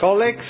Colleagues,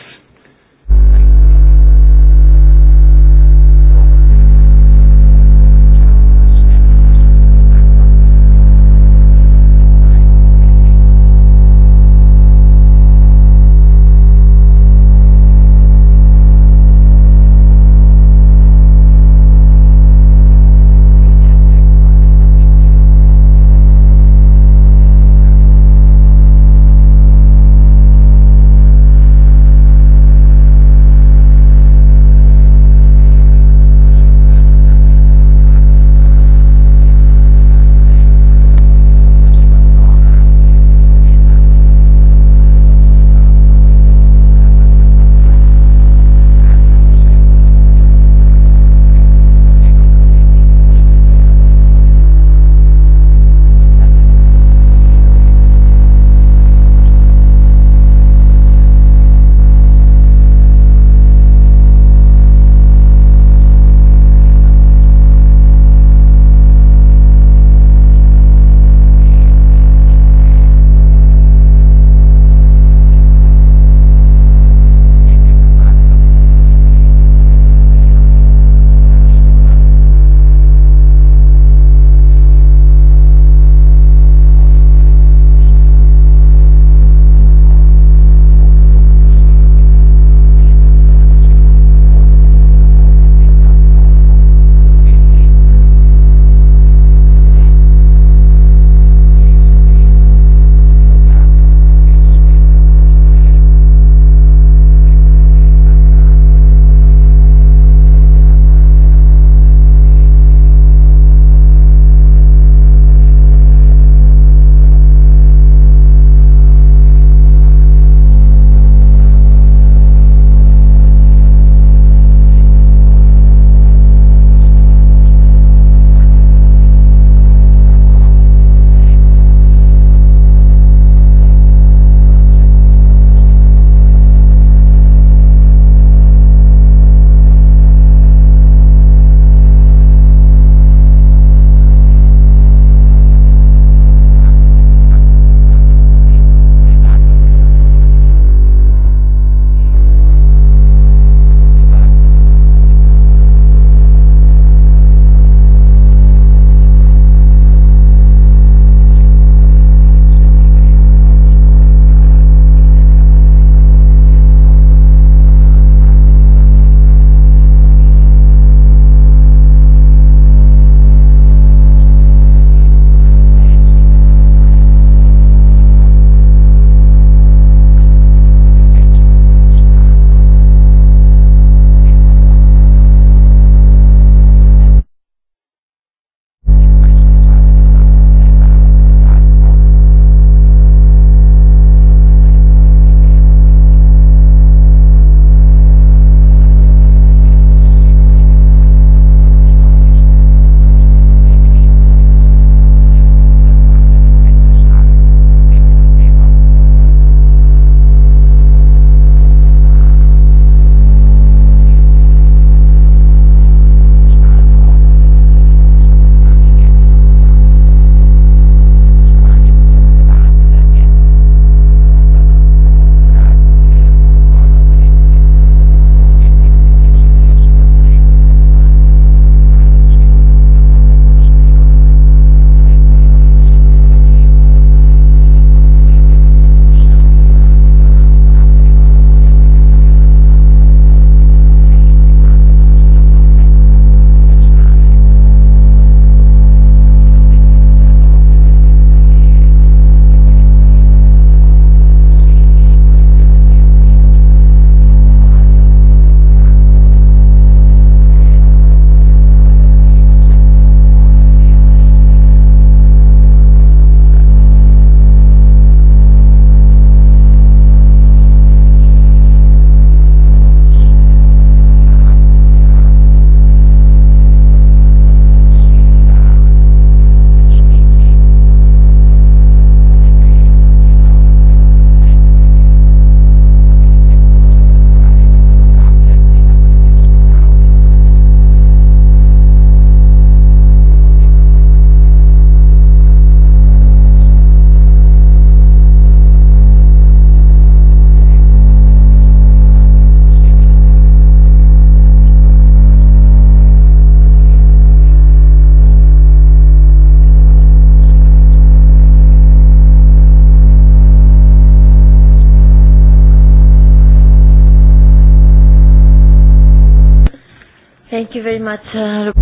Hát,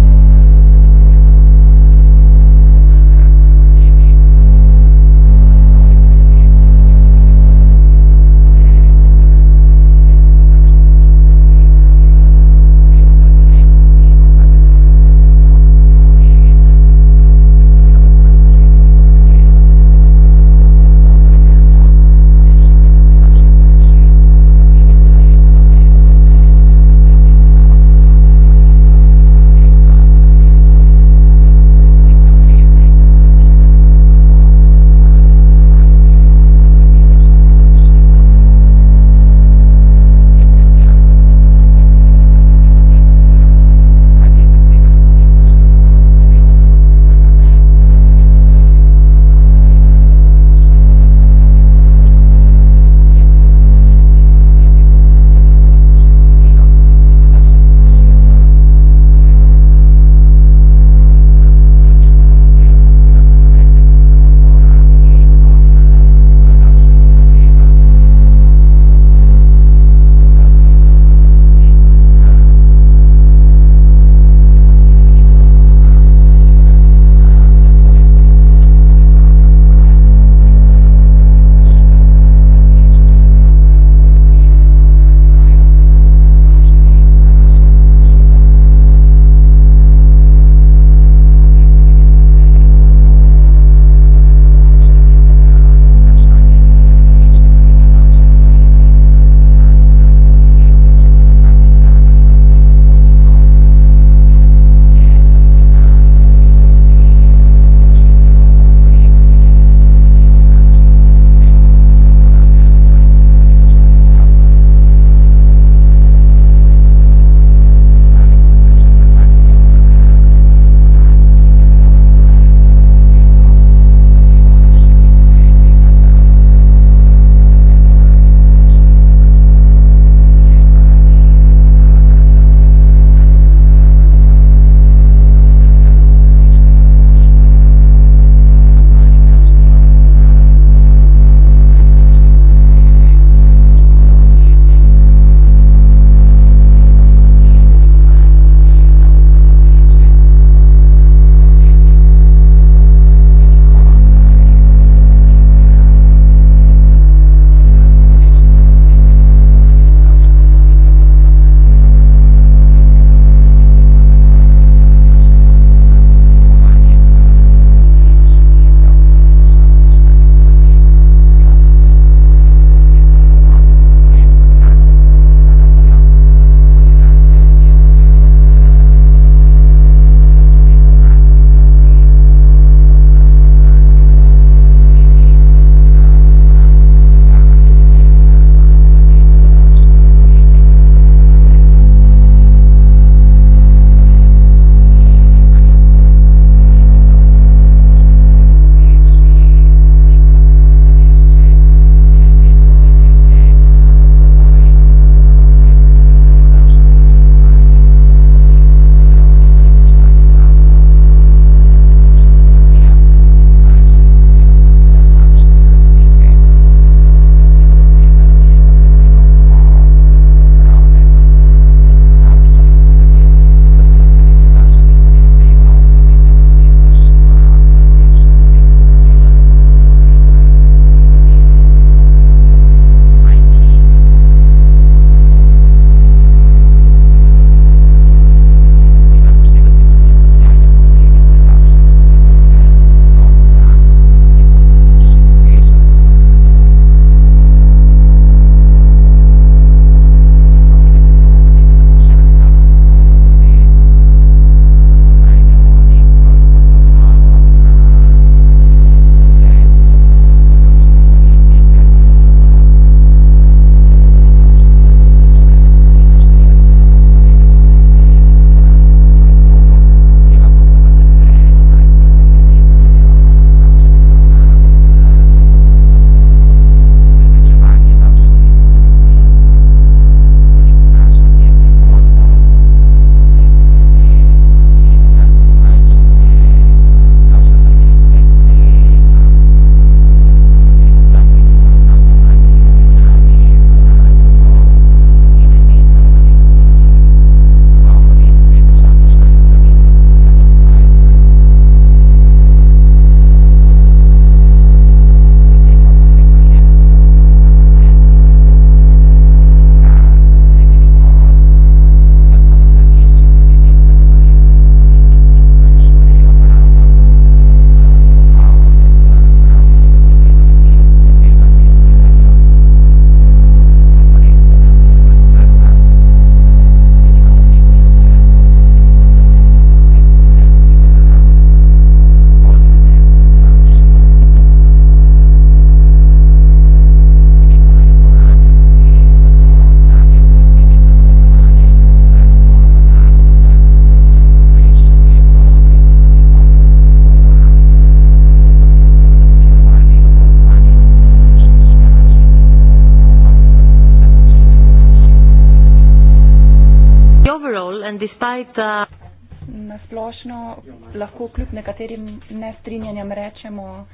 končno lahko kljub nekaterim nestrinjanjem rečemo,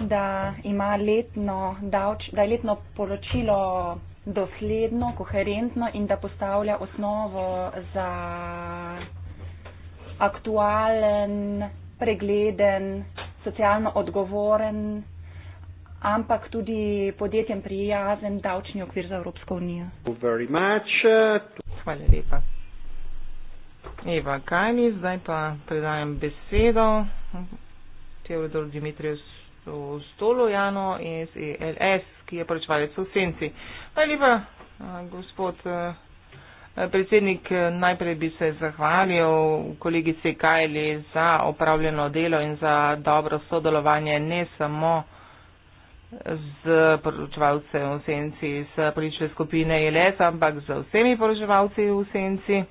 da, ima letno davč, da je letno poročilo dosledno, koherentno in da postavlja osnovo za aktualen, pregleden, socialno odgovoren, ampak tudi podjetjem prijazen davčni okvir za Evropsko unijo. Hvala lepa. Eva Kajli, zdaj pa predajam besedo Teodor Dimitrijev Stolojano iz ELS, ki je poročevalec v Senci. Hvala lepa, gospod eh, predsednik, najprej bi se zahvalil kolegici Kajli za opravljeno delo in za dobro sodelovanje ne samo z poročevalcem v Senci, s politične skupine ELS, ampak z vsemi poročevalci v Senci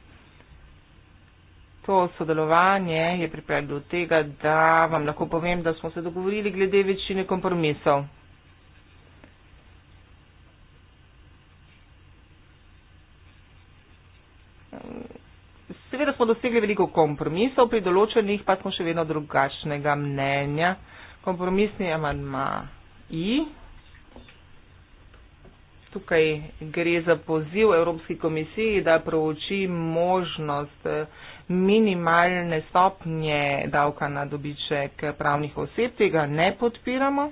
to sodelovanje je pripeljalo do tega, da vam lahko povem, da smo se dogovorili glede večine kompromisov. Seveda smo dosegli veliko kompromisov, pri določenih pa smo še vedno drugačnega mnenja. Kompromisni amandma I. Tukaj gre za poziv Evropski komisiji, da prouči možnost eh, minimalne stopnje davka na dobiček pravnih oseb, tega ne podpiramo.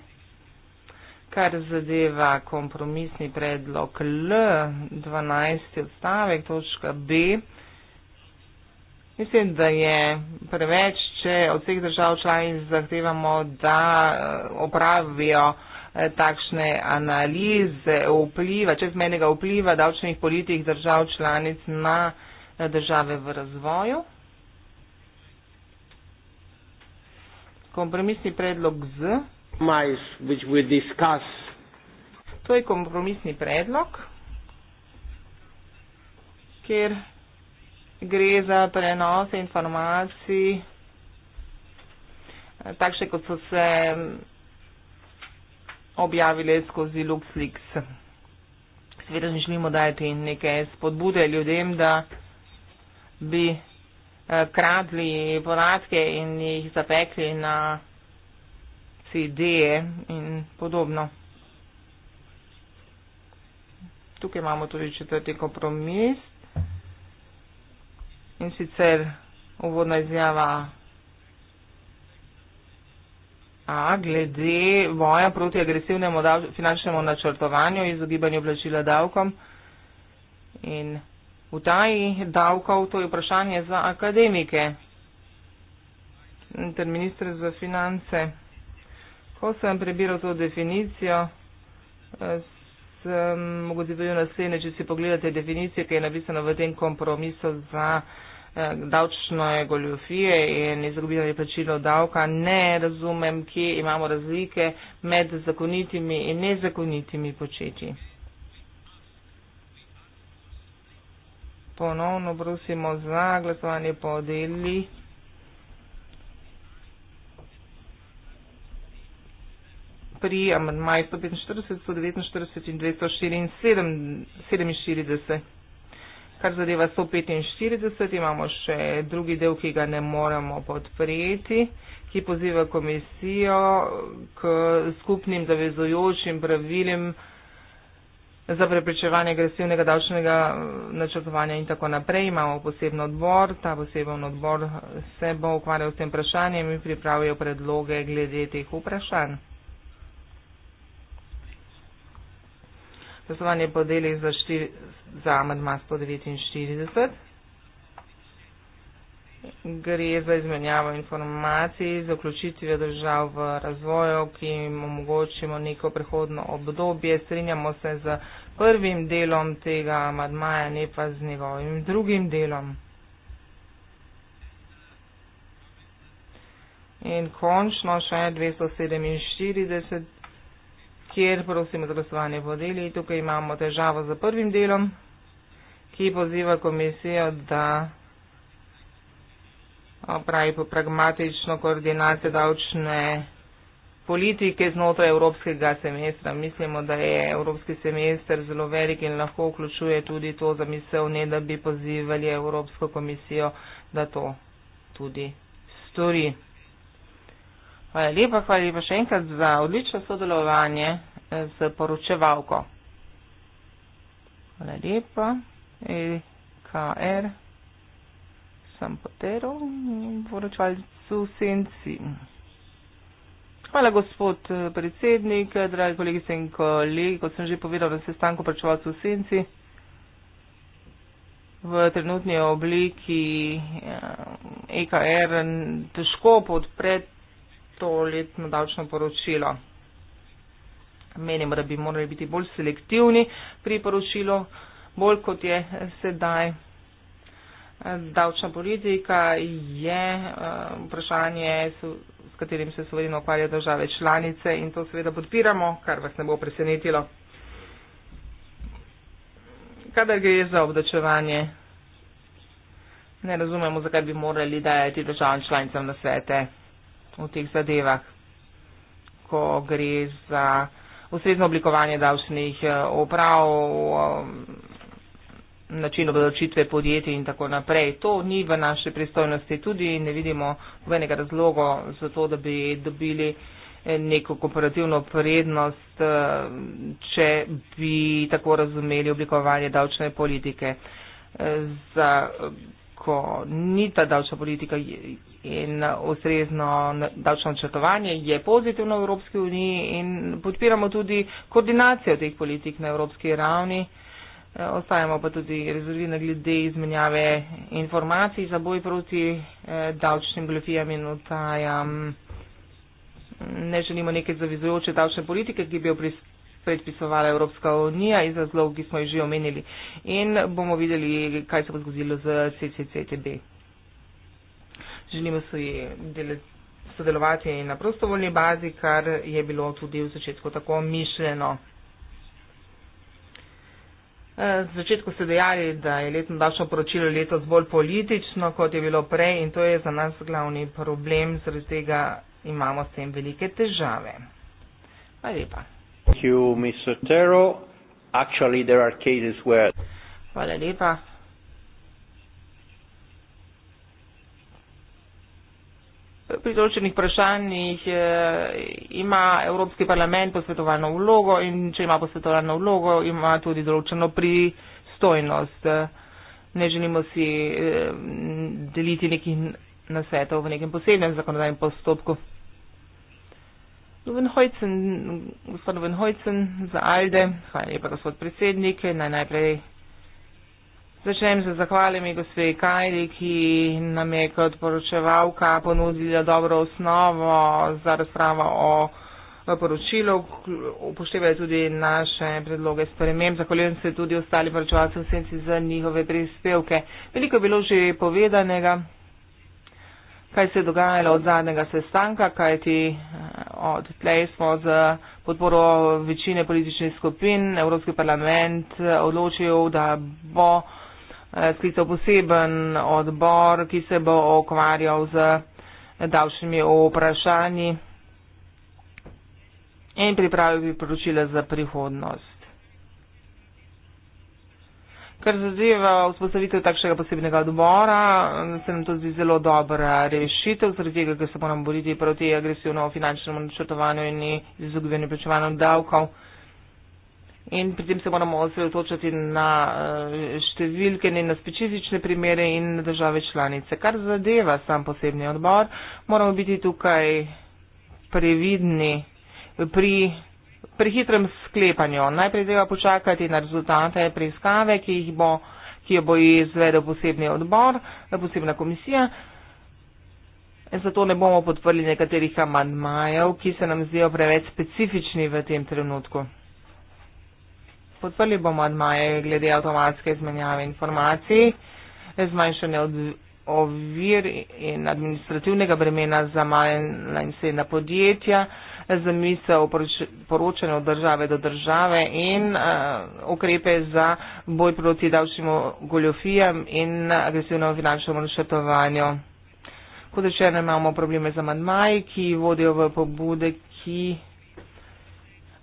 Kar zadeva kompromisni predlog L12 odstavek točka B, mislim, da je preveč, če od vseh držav članic zahtevamo, da eh, opravijo eh, takšne analize vpliva, čezmenega vpliva davčnih politik držav članic na države v razvoju. Kompromisni predlog Z. To je kompromisni predlog, kjer gre za prenose informacij, takšne kot so se mm, objavile skozi LuxLeaks. Sveda ne želimo dajati neke spodbude ljudem, da bi eh, kradli podatke in jih zapekli na CD-je in podobno. Tukaj imamo tudi četrti kompromis in sicer uvodna izjava A glede boja proti agresivnemu finančnemu načrtovanju, izogibanju plačila davkom in utaji davkov, to je vprašanje za akademike ter ministr za finance. Ko sem prebiral to definicijo, sem mogodivil naslednje, če si pogledate definicijo, ki je napisana v tem kompromisu za eh, davčno goljofije in izgubitanje plačilo davka, ne razumem, kje imamo razlike med zakonitimi in nezakonitimi početji. ponovno brusimo za glasovanje po deli. Pri amandmaju 145, 149 in 247, kar zadeva 145, imamo še drugi del, ki ga ne moramo podpreti, ki poziva komisijo k skupnim zavezojočim pravilem za preprečevanje agresivnega davčnega načrtovanja in tako naprej. Imamo poseben odbor, ta poseben odbor se bo ukvarjal s tem vprašanjem in pripravil predloge glede teh vprašanj. Glasovanje podeli za, za amadma 149 gre za izmenjavo informacij, zaključitve držav v razvoju, ki jim omogočimo neko prehodno obdobje. Strinjamo se z prvim delom tega madmaja, ne pa z njegovim drugim delom. In končno še 247, kjer prosimo za glasovanje vodili. Tukaj imamo težavo z prvim delom, ki poziva komisijo, da pravi pragmatično koordinacijo davčne politike znotraj evropskega semestra. Mislimo, da je evropski semester zelo velik in lahko vključuje tudi to zamisel, ne da bi pozivali Evropsko komisijo, da to tudi stori. Hvala lepa, hvala lepa še enkrat za odlično sodelovanje z eh, poročevalko. Hvala lepa. E, KR. San Potero in poročalcu Senci. Hvala, gospod eh, predsednik, dragi kolegice in kolegi, kot sem že povedal na sestanku poročalcu Senci. V trenutni obliki EKR eh, e težko podpre to letno davčno poročilo. Menimo, da bi morali biti bolj selektivni pri poročilu, bolj kot je sedaj. Davčna politika je eh, vprašanje, s katerim se svojino ukvarja države članice in to seveda podpiramo, kar vas ne bo presenetilo. Kadar gre za obdačevanje, ne razumemo, zakaj bi morali dajati državam članicam na svete v teh zadevah, ko gre za ustrezno oblikovanje davčnih oprav. Eh, način obdavčitve podjetij in tako naprej. To ni v naši pristojnosti tudi in ne vidimo nobenega razloga za to, da bi dobili eh, neko komparativno prednost, eh, če bi tako razumeli oblikovanje davčne politike. Eh, za, ko ni ta davčna politika in ustrezno davčno načrtovanje, je pozitivno v Evropski uniji in podpiramo tudi koordinacijo teh politik na Evropski ravni. Eh, ostajamo pa tudi rezervirani glede izmenjave informacij za boj proti eh, davčnim glifijam in utajam. Ne želimo neke zavizujoče davčne politike, ki bi jo predpisovala Evropska unija iz razlog, ki smo jih že omenili. In bomo videli, kaj se bo zgodilo z CCCTB. Želimo se sodelovati na prostovoljni bazi, kar je bilo tudi v začetku tako mišljeno. Z eh, začetku ste dejali, da je letno davčno poročilo letos bolj politično, kot je bilo prej in to je za nas glavni problem, zaradi tega imamo s tem velike težave. Hvala lepa. Hvala lepa. pri določenih vprašanjih eh, ima Evropski parlament posvetovalno vlogo in če ima posvetovalno vlogo, ima tudi določeno pristojnost. Eh, ne želimo si eh, deliti nekih nasvetov v nekem posebnem zakonodajnem postopku. Gospod Venhojcen za Alde, hvala lepa gospod predsednik, naj najprej. Začnem z zahvalami gospe Kajli, ki nam je kot poročevalka ponudila dobro osnovo za razpravo o poročilu, upoštevajo tudi naše predloge sprememb. Zahvaljujem se tudi ostali poročevalci v senci za njihove prispevke. Veliko je bilo že povedanega, kaj se je dogajalo od zadnjega sestanka, kaj ti eh, od tlej smo z podporo večine političnih skupin Evropski parlament eh, odločil, da bo Eh, sklical poseben odbor, ki se bo okvarjal z davčnimi vprašanji in pripravil bi poročila za prihodnost. Ker zadeva vzpostavitev takšnega posebnega odbora, se nam to zdi zelo dobra rešitev, zaradi tega, ker se moramo boriti proti agresivno finančnemu načrtovanju in izogibanju plačevanju davkov. In pri tem se moramo osredotočati na eh, številke in na specifične primere in na države članice. Kar zadeva sam posebni odbor, moramo biti tukaj previdni pri prehitrem sklepanju. Najprej treba počakati na rezultate preiskave, ki, bo, ki jo bo izvedel posebni odbor, posebna komisija. Zato ne bomo podprli nekaterih amandmajev, ki se nam zdijo preveč specifični v tem trenutku podprli bomo odmaje glede avtomatske izmenjave informacij, zmanjšanje ovir in administrativnega bremena za majhna in srednja podjetja, za misel o poročanju od države do države in uh, ukrepe za boj proti davčnim goljofijam in agresivnemu finančnemu rešetovanju. Kot rečeno, imamo probleme z amadmaji, ki vodijo v pobude, ki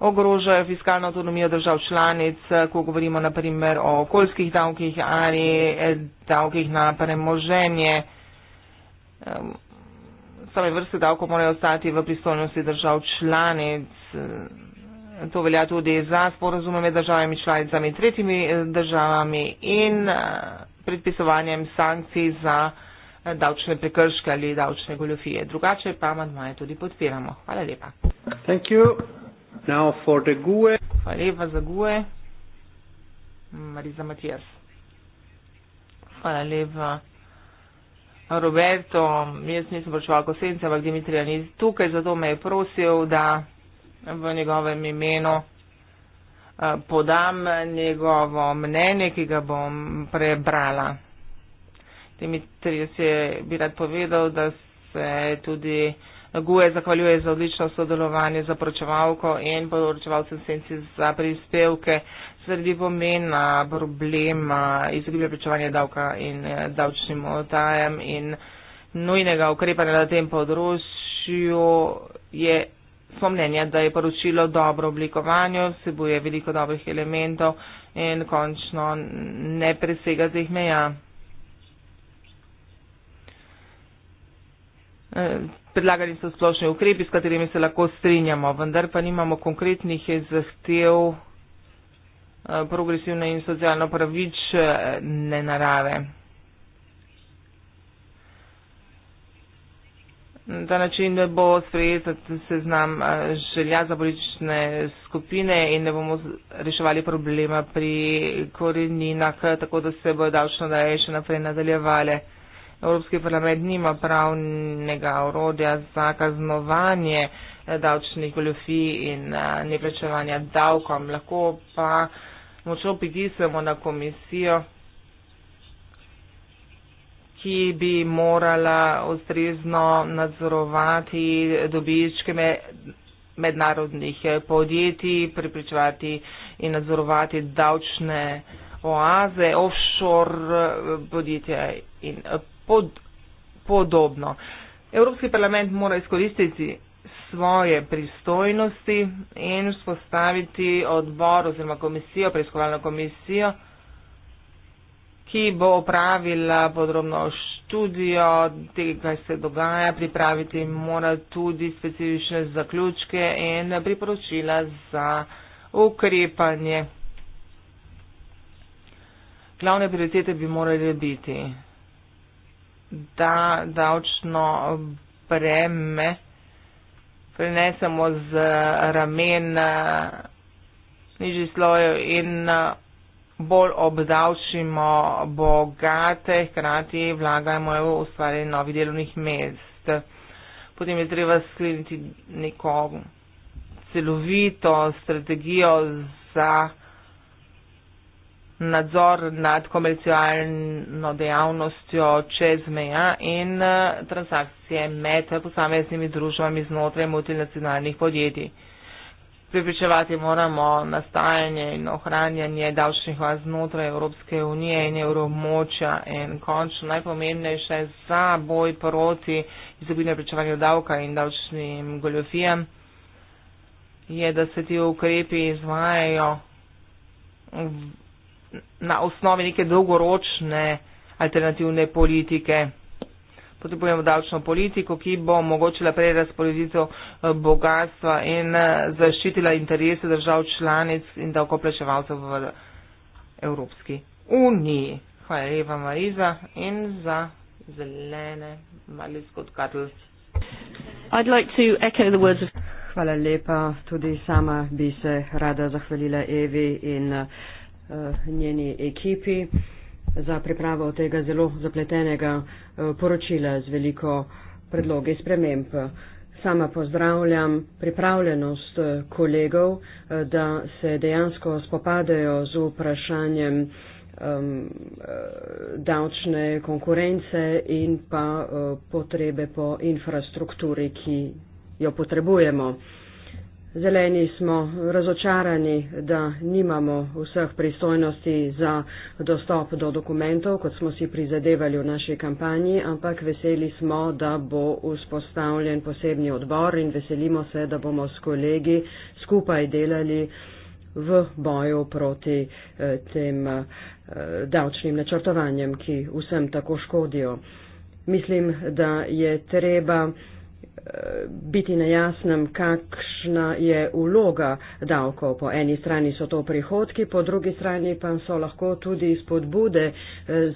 ogrožajo fiskalno autonomijo držav članic, ko govorimo naprimer o okoljskih davkih ali eh, davkih na premoženje. Same ehm, torej vrste davkov morajo ostati v pristojnosti držav članic. To velja tudi za sporozume med državami članicami in tretjimi eh, državami in eh, predpisovanjem sankcij za davčne prekrške ali davčne goljofije. Drugače pa amandmaje tudi podpiramo. Hvala lepa. Thank you. Now for the GUE. Hvala lepa za GUE. Mariza Matijas. Hvala lepa. Roberto, jaz nisem počeval kosence, ampak Dimitrija ni tukaj, zato me je prosil, da v njegovem imenu eh, podam njegovo mnenje, ki ga bom prebrala. Dimitrija se je bi rad povedal, da se tudi Guje zahvaljuje za odlično sodelovanje za poročevalko in poročevalcem senci za prispevke. Sredi pomena problema izogibanja plačevanja davka in eh, davčnim otajem in nujnega ukrepanja na tem področju je smo mnenja, da je poročilo dobro oblikovanje, vsebuje veliko dobrih elementov in končno ne presega teh meja. Eh, Predlagani so splošni ukrepi, s katerimi se lahko strinjamo, vendar pa nimamo konkretnih zahtev eh, progresivne in socialno pravične narave. Na ta način ne bo sprejet seznam eh, želja za politične skupine in ne bomo reševali problema pri koreninah, tako da se bo davčno daje še naprej nadaljevale. Evropski parlament nima pravnega orodja za kaznovanje eh, davčnih goljofij in eh, neplačevanja davkom. Lahko pa močno pritisnemo na komisijo, ki bi morala ustrezno nadzorovati dobičke mednarodnih eh, podjetij, pripričevati in nadzorovati davčne oaze, offshore podjetja in pod, podobno. Evropski parlament mora izkoristiti svoje pristojnosti in vzpostaviti odbor oziroma komisijo, preiskovalno komisijo, ki bo opravila podrobno študijo tega, kaj se dogaja, pripraviti mora tudi specifične zaključke in priporočila za ukrepanje. Glavne prioritete bi morali biti da davčno breme prenesemo z ramen eh, nižji slojev in eh, bolj obdavčimo bogate, hkrati vlagajmo v ustvarjanje novih delovnih mest. Potem je treba skliniti neko celovito strategijo za nadzor nad komercialno dejavnostjo čez meja in eh, transakcije med posameznimi družbami znotraj multinacionalnih podjetij. Pripričevati moramo nastajanje in ohranjanje davčnih vaz znotraj Evropske unije in evromoča in končno najpomembnejše za boj proti izogibanju pričevanju davka in davčnim goljofijem je, da se ti ukrepi izvajajo na osnovi neke dolgoročne alternativne politike. Potrebujemo davčno politiko, ki bo omogočila prerazporeditev eh, bogatstva in eh, zaščitila interese držav članic in davkoplačevalcev v Evropski uniji. Hvala lepa, Mariza, in za zelene mali skotkatl. Hvala lepa, tudi sama bi se rada zahvalila Evi in uh, Eh, njeni ekipi za pripravo tega zelo zapletenega eh, poročila z veliko predlogi sprememb. Sama pozdravljam pripravljenost eh, kolegov, da se dejansko spopadajo z vprašanjem um, davčne konkurence in pa uh, potrebe po infrastrukturi, ki jo potrebujemo. Zeleni smo razočarani, da nimamo vseh pristojnosti za dostop do dokumentov, kot smo si prizadevali v naši kampanji, ampak veseli smo, da bo vzpostavljen posebni odbor in veselimo se, da bomo s kolegi skupaj delali v boju proti eh, tem eh, davčnim načrtovanjem, ki vsem tako škodijo. Mislim, da je treba biti nejasnem, kakšna je vloga davkov. Po eni strani so to prihodki, po drugi strani pa so lahko tudi spodbude eh,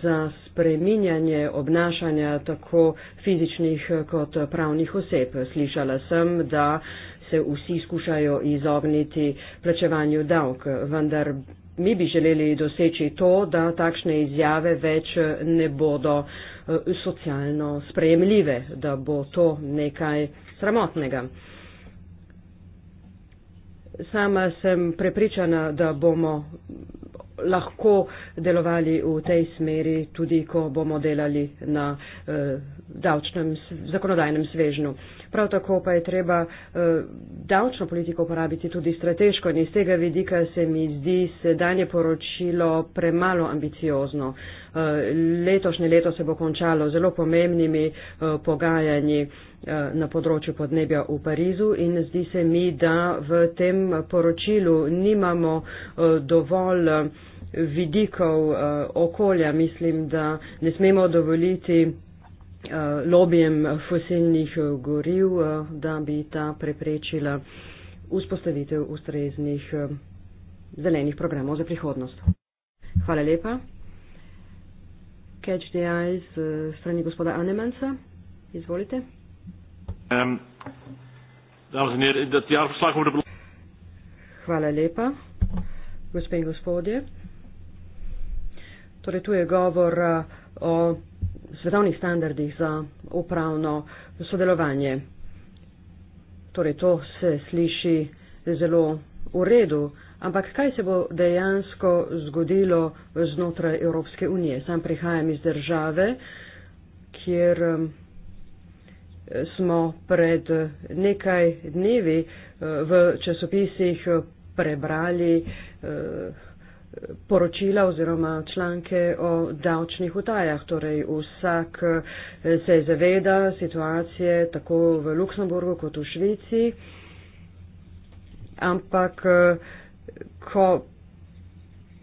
za spreminjanje obnašanja tako fizičnih eh, kot pravnih oseb. Slišala sem, da se vsi skušajo izogniti plačevanju davk, vendar. Mi bi želeli doseči to, da takšne izjave več eh, ne bodo. Eh, socialno sprejemljive, da bo to nekaj sramotnega. Sama sem prepričana, da bomo lahko delovali v tej smeri, tudi ko bomo delali na eh, davčnem zakonodajnem svežnju. Prav tako pa je treba eh, davčno politiko uporabiti tudi strateško in iz tega vidika se mi zdi sedanje poročilo premalo ambiciozno. Eh, Eh, letošnje leto se bo končalo zelo pomembnimi eh, pogajanji eh, na področju podnebja v Parizu in zdi se mi, da v tem poročilu nimamo dovolj vidikov okolja. Mislim, da ne smemo dovoliti lobijem fosilnih goriv, da bi ta preprečila vzpostavitev ustreznih zelenih programov za prihodnost. Hvala lepa. Catch the Eye z eh, strani gospoda Anemansa. Izvolite. Um, dames in heren, dat jaarverslag wordt belangrijk. Hvala lepa, gospe in gospodje. Torej, tu je govor eh, o svetovnih standardih za upravno sodelovanje. Torej, to se sliši zelo v redu, Ampak kaj se bo dejansko zgodilo znotraj Evropske unije? Sam prihajam iz države, kjer um, smo pred uh, nekaj dnevi uh, v časopisih uh, prebrali poročila oziroma članke o davčnih utajah. Torej vsak se zaveda situacije tako v Luksemburgu kot v Švici, ampak ko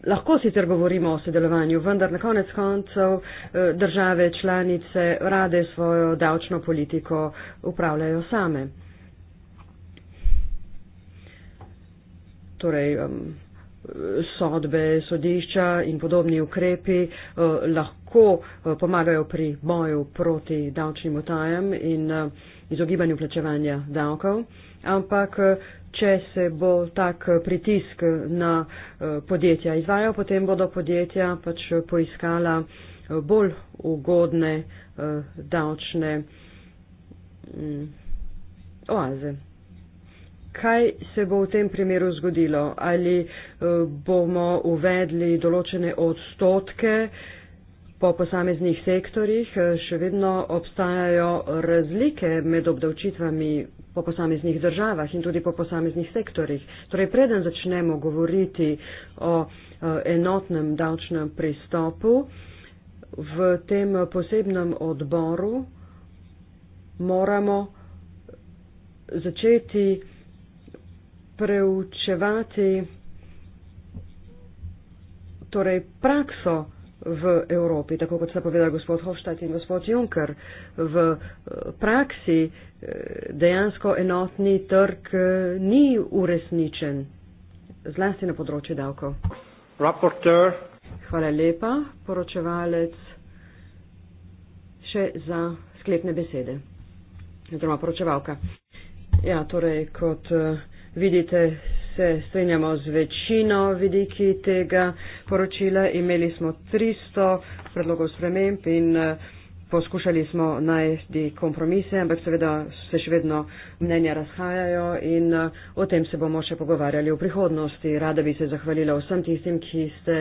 lahko sicer govorimo o sodelovanju, vendar na konec koncev eh, države članice rade svojo davčno politiko upravljajo same. Torej, sodbe, sodišča in podobni ukrepi eh, lahko eh, pomagajo pri boju proti davčnim otajem in izogibanju plačevanja davkov ampak eh, če se bo tak eh, pritisk eh, na podjetja izvajal, potem bodo podjetja pač poiskala bolj ugodne davčne mm, oaze. Kaj se bo v tem primeru zgodilo? Ali bomo uvedli določene odstotke uh, Po posameznih sektorjih eh, še vedno obstajajo razlike med obdavčitvami po posameznih državah in tudi po posameznih sektorjih. Torej, preden začnemo govoriti o eh, enotnem davčnem pristopu, v tem posebnem odboru moramo začeti preučevati torej, prakso, v Evropi, tako kot sta povedala gospod Hofstadt in gospod Juncker. V eh, praksi eh, dejansko enotni trg eh, ni uresničen, zlasti na področju davkov. Raporteur. Hvala lepa, poročevalec, še za sklepne besede. Zdravo, poročevalka. Ja, torej, kot vidite, se strinjamo z večino vidiki tega poročila. Imeli smo 300 predlogov sprememb in eh, poskušali smo najti kompromise, ampak seveda se še vedno mnenja razhajajo in eh, o tem se bomo še pogovarjali v prihodnosti. Rada bi se zahvalila vsem tistim, ki ste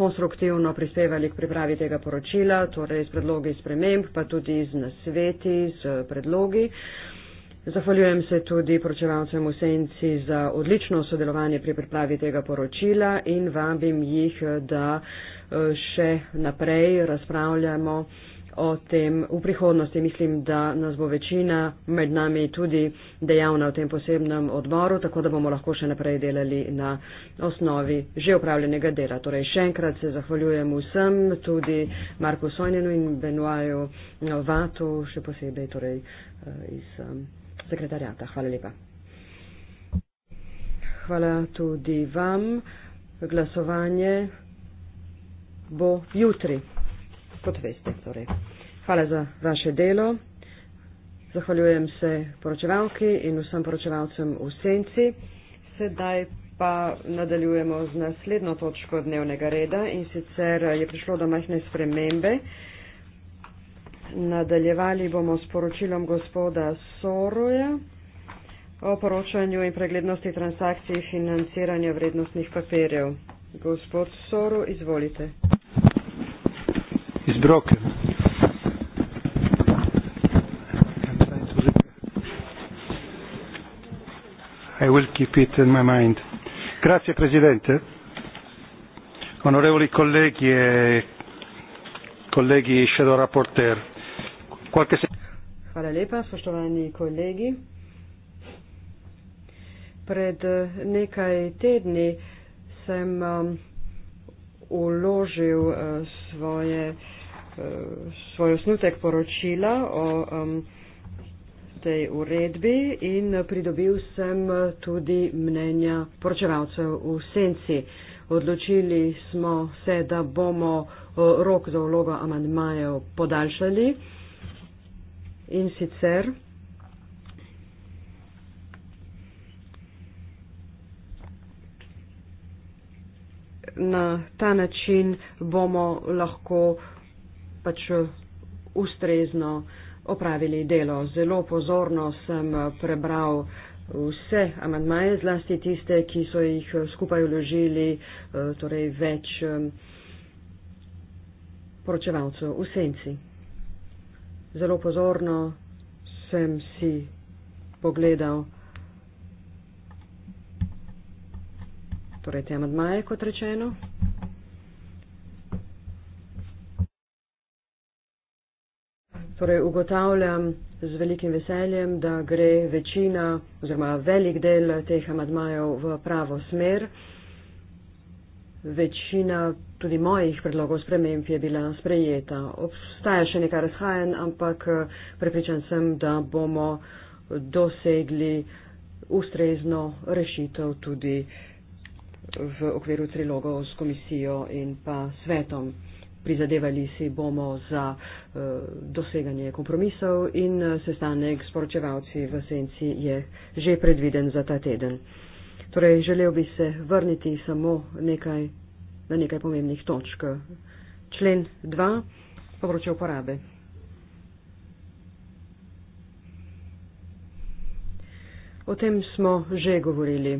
konstruktivno prispevali k pripravi tega poročila, torej s predlogi sprememb, pa tudi z nasveti, s predlogi. Zahvaljujem se tudi poročevalcem v Senci za odlično sodelovanje pri pripravi tega poročila in vabim jih, da eh, še naprej razpravljamo o tem v prihodnosti. Mislim, da nas bo večina med nami tudi dejavna v tem posebnem odboru, tako da bomo lahko še naprej delali na osnovi že upravljenega dela. Torej, še enkrat se zahvaljujem vsem, tudi Marku Sojnenu in Benoaju Vatu, še posebej torej, eh, iz. Eh, sekretarjata. Hvala lepa. Hvala tudi vam. Glasovanje bo jutri, kot veste. Torej. Hvala za vaše delo. Zahvaljujem se poročevalki in vsem poročevalcem v senci. Sedaj pa nadaljujemo z naslednjo točko dnevnega reda in sicer je prišlo do majhne spremembe. Nadaljevali bomo s poročilom gospoda Soroja o poročanju in preglednosti transakcij financiranja vrednostnih papirjev. Gospod Soro, izvolite. Iz broke. I will keep it in my mind. Grazie Presidente, onorevoli colleghi e colleghi Shadow Rapporteur. Hvala lepa, spoštovani kolegi. Pred nekaj tedni sem um, uložil uh, svoje, uh, svoj osnutek poročila o um, tej uredbi in pridobil sem uh, tudi mnenja poročevalcev v senci. Odločili smo se, da bomo uh, rok za vlogo amandmajev podaljšali. Uh, in sicer na ta način bomo lahko pač ustrezno opravili delo. Zelo pozorno sem prebral vse amandmaje, zlasti tiste, ki so jih skupaj vložili, eh, torej več eh, poročevalcev v senci zelo pozorno sem si pogledal torej te amadmaje, kot rečeno. Torej ugotavljam z velikim veseljem, da gre večina oziroma velik del teh amadmajev v pravo smer. Večina tudi mojih predlogov sprememb je bila sprejeta. Obstaja še nekaj razhajanj, ampak eh, prepričan sem, da bomo dosegli ustrezno rešitev tudi v okviru trilogov s komisijo in pa svetom. Prizadevali si bomo za eh, doseganje kompromisov in eh, sestanek s poročevalci v senci je že predviden za ta teden. Torej, želel bi se vrniti samo nekaj, na nekaj pomembnih točk. Člen 2, povroče uporabe. O tem smo že govorili.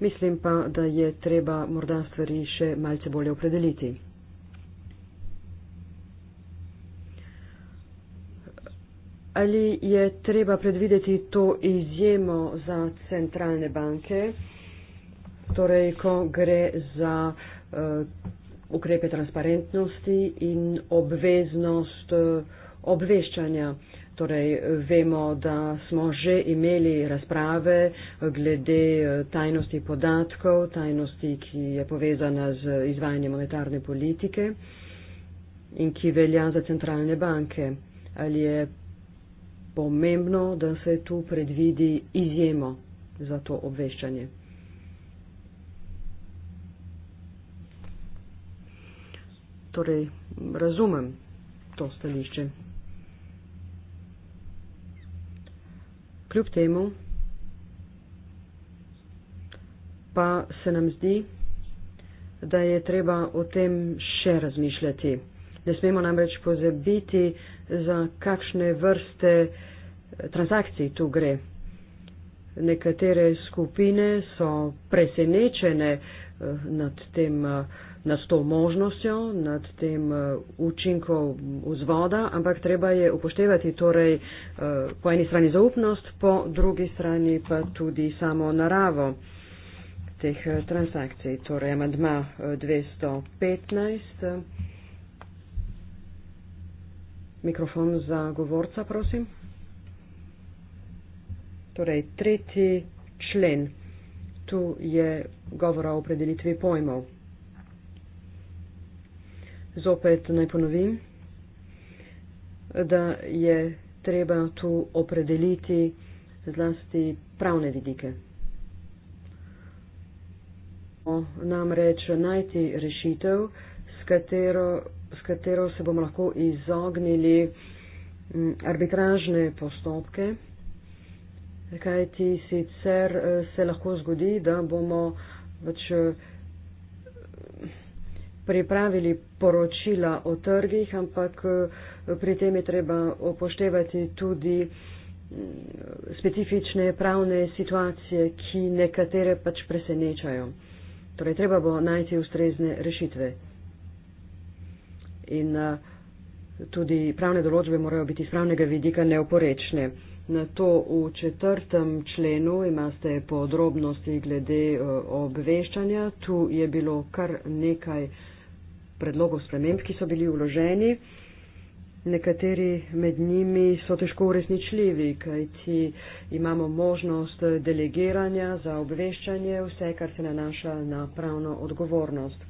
Mislim pa, da je treba morda stvari še malce bolje opredeliti. ali je treba predvideti to izjemo za centralne banke, torej ko gre za uh, ukrepe transparentnosti in obveznost uh, obveščanja. Torej, vemo, da smo že imeli razprave eh, glede tajnosti podatkov, tajnosti, ki je povezana z izvajanjem monetarne politike in ki velja za centralne banke. Ali je pomembno, da se tu predvidi izjemo za to obveščanje. Torej, razumem to stališče. Kljub temu pa se nam zdi, da je treba o tem še razmišljati. Ne smemo namreč pozabiti, za kakšne vrste eh, transakcij tu gre. Nekatere skupine so presenečene eh, nad, tem, eh, nad to možnostjo, nad tem učinkom vzvoda, ampak treba je upoštevati torej po eni strani zaupnost, po drugi strani pa tudi samo naravo teh transakcij. Torej, amadma 215. Mikrofon za govorca, prosim. Torej, tretji člen. Tu je govora o predelitvi pojmov. Zopet naj ponovim, da je treba tu opredeliti zlasti pravne vidike. Namreč najti rešitev, s katero s katero se bomo lahko izognili mm, arbitražne postopke, kajti sicer eh, se lahko zgodi, da bomo več pač, eh, pripravili poročila o trgih, ampak eh, pri tem je treba upoštevati tudi mm, specifične pravne situacije, ki nekatere pač presenečajo. Torej, treba bo najti ustrezne rešitve in eh, tudi pravne določbe morajo biti iz pravnega vidika neoporečne. Na to v četrtem členu imate podrobnosti glede eh, obveščanja. Tu je bilo kar nekaj predlogov sprememb, ki so bili vloženi. Nekateri med njimi so težko uresničljivi, kajti imamo možnost delegiranja za obveščanje vse, kar se nanaša na pravno odgovornost.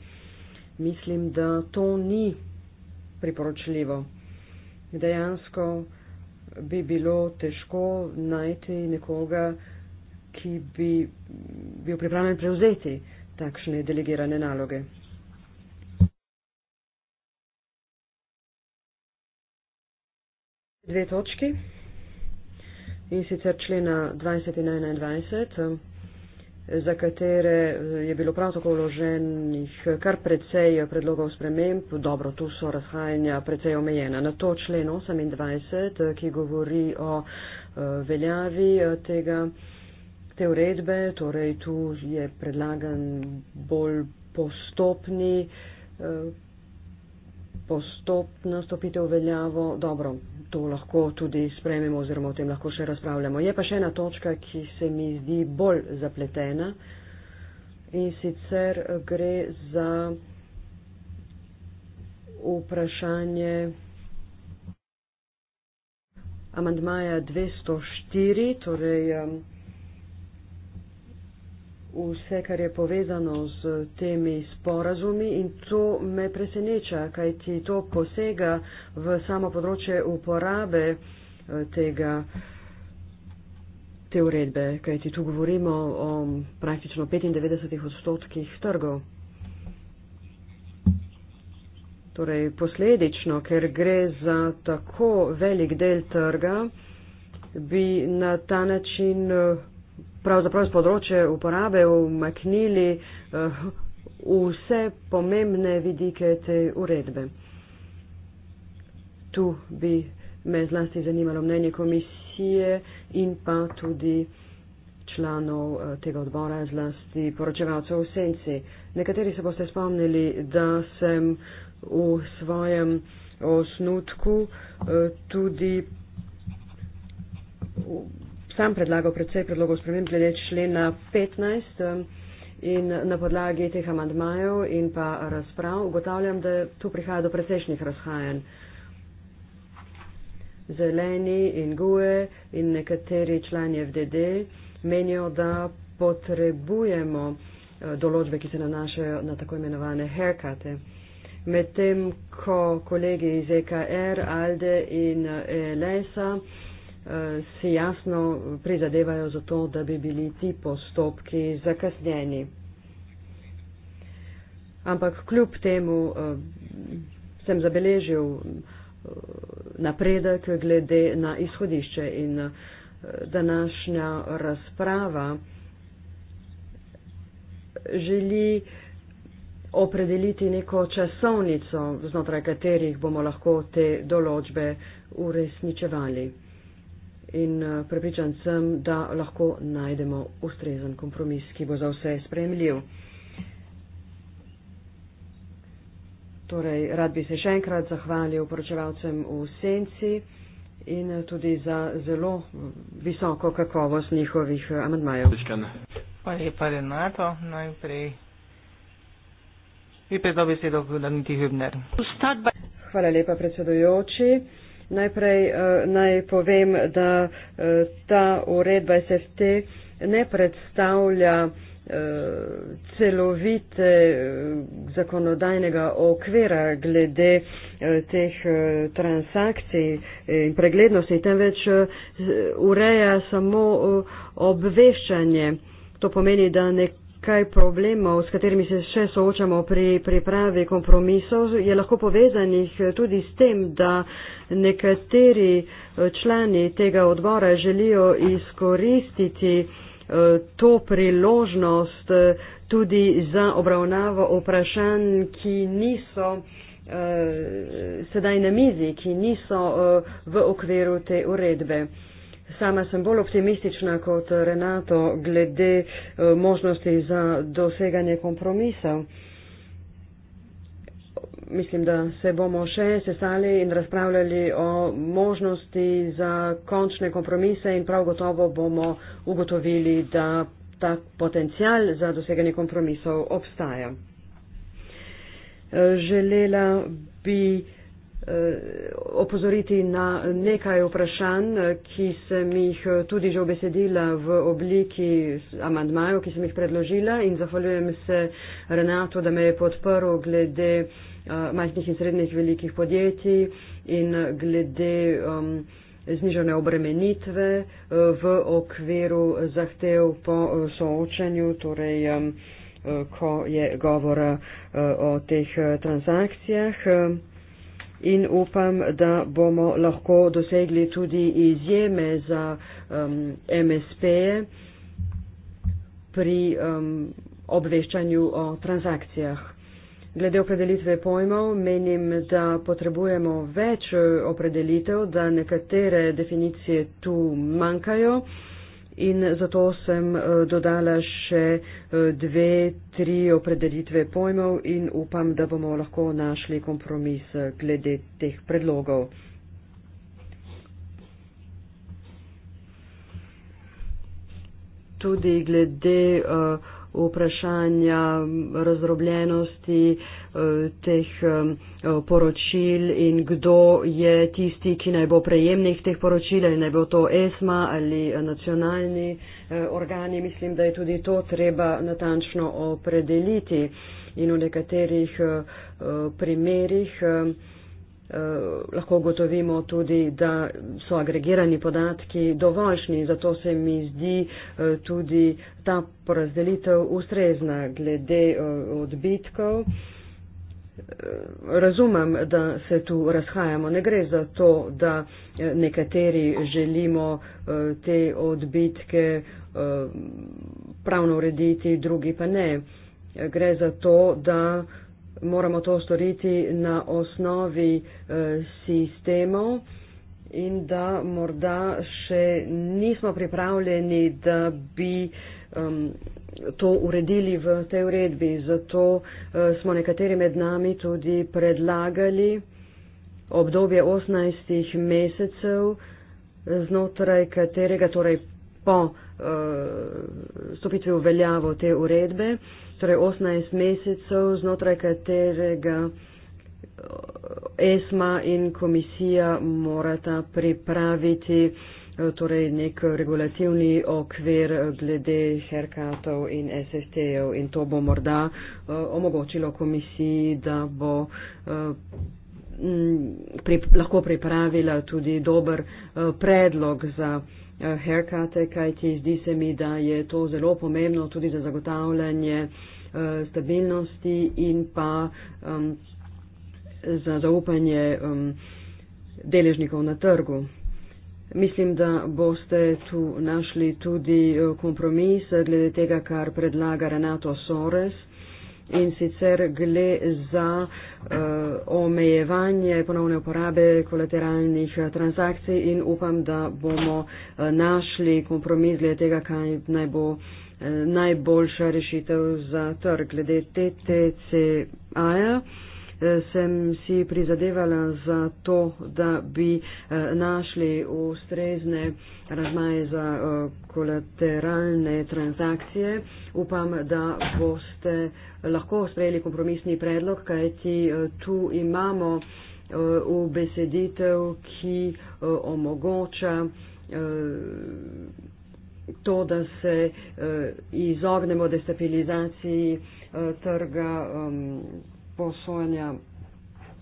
Mislim, da to ni priporočljivo. Dejansko bi bilo težko najti nekoga, ki bi bil pripravljen prevzeti takšne delegirane naloge. Dve točki in sicer člena 20 in 21 za katere eh, je bilo prav tako vloženih kar precej predlogov sprememb. Dobro, tu so razhajanja precej omejena. Na to člen 28, eh, ki govori o eh, veljavi tega, te uredbe, torej tu je predlagan bolj postopni postopno stopite v veljavo. Dobro, to lahko tudi sprememo oziroma o tem lahko še razpravljamo. Je pa še ena točka, ki se mi zdi bolj zapletena in sicer gre za vprašanje amandmaja 204, torej. Um, vse, kar je povezano z temi sporazumi in to me preseneča, kajti to posega v samo področje uporabe eh, tega, te uredbe, kajti tu govorimo o praktično 95 odstotkih trgov. Torej, posledično, ker gre za tako velik del trga, bi na ta način eh, pravzaprav z področje uporabe umaknili eh, vse pomembne vidike te uredbe. Tu bi me zlasti zanimalo mnenje komisije in pa tudi članov eh, tega odbora, zlasti poročevalcev v senci. Nekateri se boste spomnili, da sem v svojem osnutku eh, tudi sam predlagal predvsej predlogov spremem glede člena 15 um, in na podlagi teh amandmajev in pa razprav ugotavljam, da tu prihaja do precejšnjih razhajanj. Zeleni in GUE in nekateri člani FDD menijo, da potrebujemo uh, določbe, ki se nanašajo na tako imenovane herkate. Medtem, ko kolegi iz EKR, ALDE in uh, ELS-a si jasno prizadevajo za to, da bi bili ti postopki zakasnjeni. Ampak kljub temu eh, sem zabeležil eh, napredek glede na izhodišče in eh, današnja razprava želi opredeliti neko časovnico, znotraj katerih bomo lahko te določbe uresničevali in eh, prepričan sem, da lahko najdemo ustrezen kompromis, ki bo za vse sprejemljiv. Torej, rad bi se še enkrat zahvalil poročevalcem v Senci in eh, tudi za zelo mm, visoko kakovost njihovih eh, amandmajev. Hvala lepa, Renato. Najprej bi predal besedo, da ni ti Hübner. Hvala lepa, predsedujoči. Najprej uh, naj povem, da uh, ta uredba SFT ne predstavlja uh, celovite uh, zakonodajnega okvira glede uh, teh uh, transakcij in preglednosti, temveč uh, ureja samo uh, obveščanje. To pomeni, da nekaj kaj problemov, s katerimi se še soočamo pri pripravi kompromisov, je lahko povezanih eh, tudi s tem, da nekateri eh, člani tega odbora želijo izkoristiti eh, to priložnost tudi za obravnavo vprašanj, ki niso sedaj na mizi, ki niso v okviru te uredbe. Sama sem bolj optimistična kot Renato glede eh, možnosti za doseganje kompromisov. Mislim, da se bomo še sestali in razpravljali o možnosti za končne kompromise in prav gotovo bomo ugotovili, da ta potencial za doseganje kompromisov obstaja. Eh, želela bi. Eh, opozoriti na nekaj vprašanj, ki sem jih eh, tudi že obesedila v obliki amandmajev, ki sem jih predložila in zahvaljujem se Renato, da me je podprl glede eh, majhnih in srednjih velikih podjetij in glede um, znižene obremenitve v okviru zahtev po soočanju, torej um, ko je govora o teh transakcijah in upam, da bomo lahko dosegli tudi izjeme za um, MSP-je pri um, obveščanju o transakcijah. Glede opredelitve pojmov, menim, da potrebujemo več eh, opredelitev, da nekatere definicije tu manjkajo in zato sem eh, dodala še eh, dve, tri opredelitve pojmov in upam, da bomo lahko našli kompromis eh, glede teh predlogov. Tudi glede uh, vprašanja razdrobljenosti eh, teh eh, poročil in kdo je tisti, ki naj bo prejemnik teh poročil, ali naj bo to ESMA ali nacionalni eh, organi. Mislim, da je tudi to treba natančno opredeliti in v nekaterih primerih. Eh, lahko ugotovimo tudi, da so agregirani podatki dovoljšni, zato se mi zdi eh, tudi ta porazdelitev ustrezna glede eh, odbitkov. Razumem, da se tu razhajamo. Ne gre za to, da nekateri želimo te odbitke pravno urediti, drugi pa ne. Gre za to, da moramo to storiti na osnovi eh, sistemov in da morda še nismo pripravljeni, da bi to uredili v tej uredbi. Zato eh, smo nekateri med nami tudi predlagali obdobje 18 mesecev, znotraj katerega, torej po uh, stopitvi v veljavo te uredbe, uh, torej 18 mesecev, znotraj katerega eh, ESMA in komisija morata pripraviti eh, torej nek regulativni okvir glede herkatov in SST-jev in to bo morda eh, omogočilo komisiji, da bo Mm, prip, lahko pripravila tudi dober eh, predlog za herkate, eh, kajti zdi se mi, da je to zelo pomembno tudi za zagotavljanje eh, stabilnosti in pa um, za zaupanje um, deležnikov na trgu. Mislim, da boste tu našli tudi kompromis glede tega, kar predlaga Renato Sores, in sicer gre za uh, omejevanje ponovne uporabe kolateralnih uh, transakcij in upam, da bomo uh, našli kompromis glede tega, kaj naj bo uh, najboljša rešitev za trg glede TTCA. -ja sem si prizadevala za to, da bi eh, našli ustrezne razmaje za eh, kolateralne transakcije. Upam, da boste lahko sprejeli kompromisni predlog, kajti eh, tu imamo v beseditev, ki omogoča to, da se izognemo destabilizaciji trga posojanja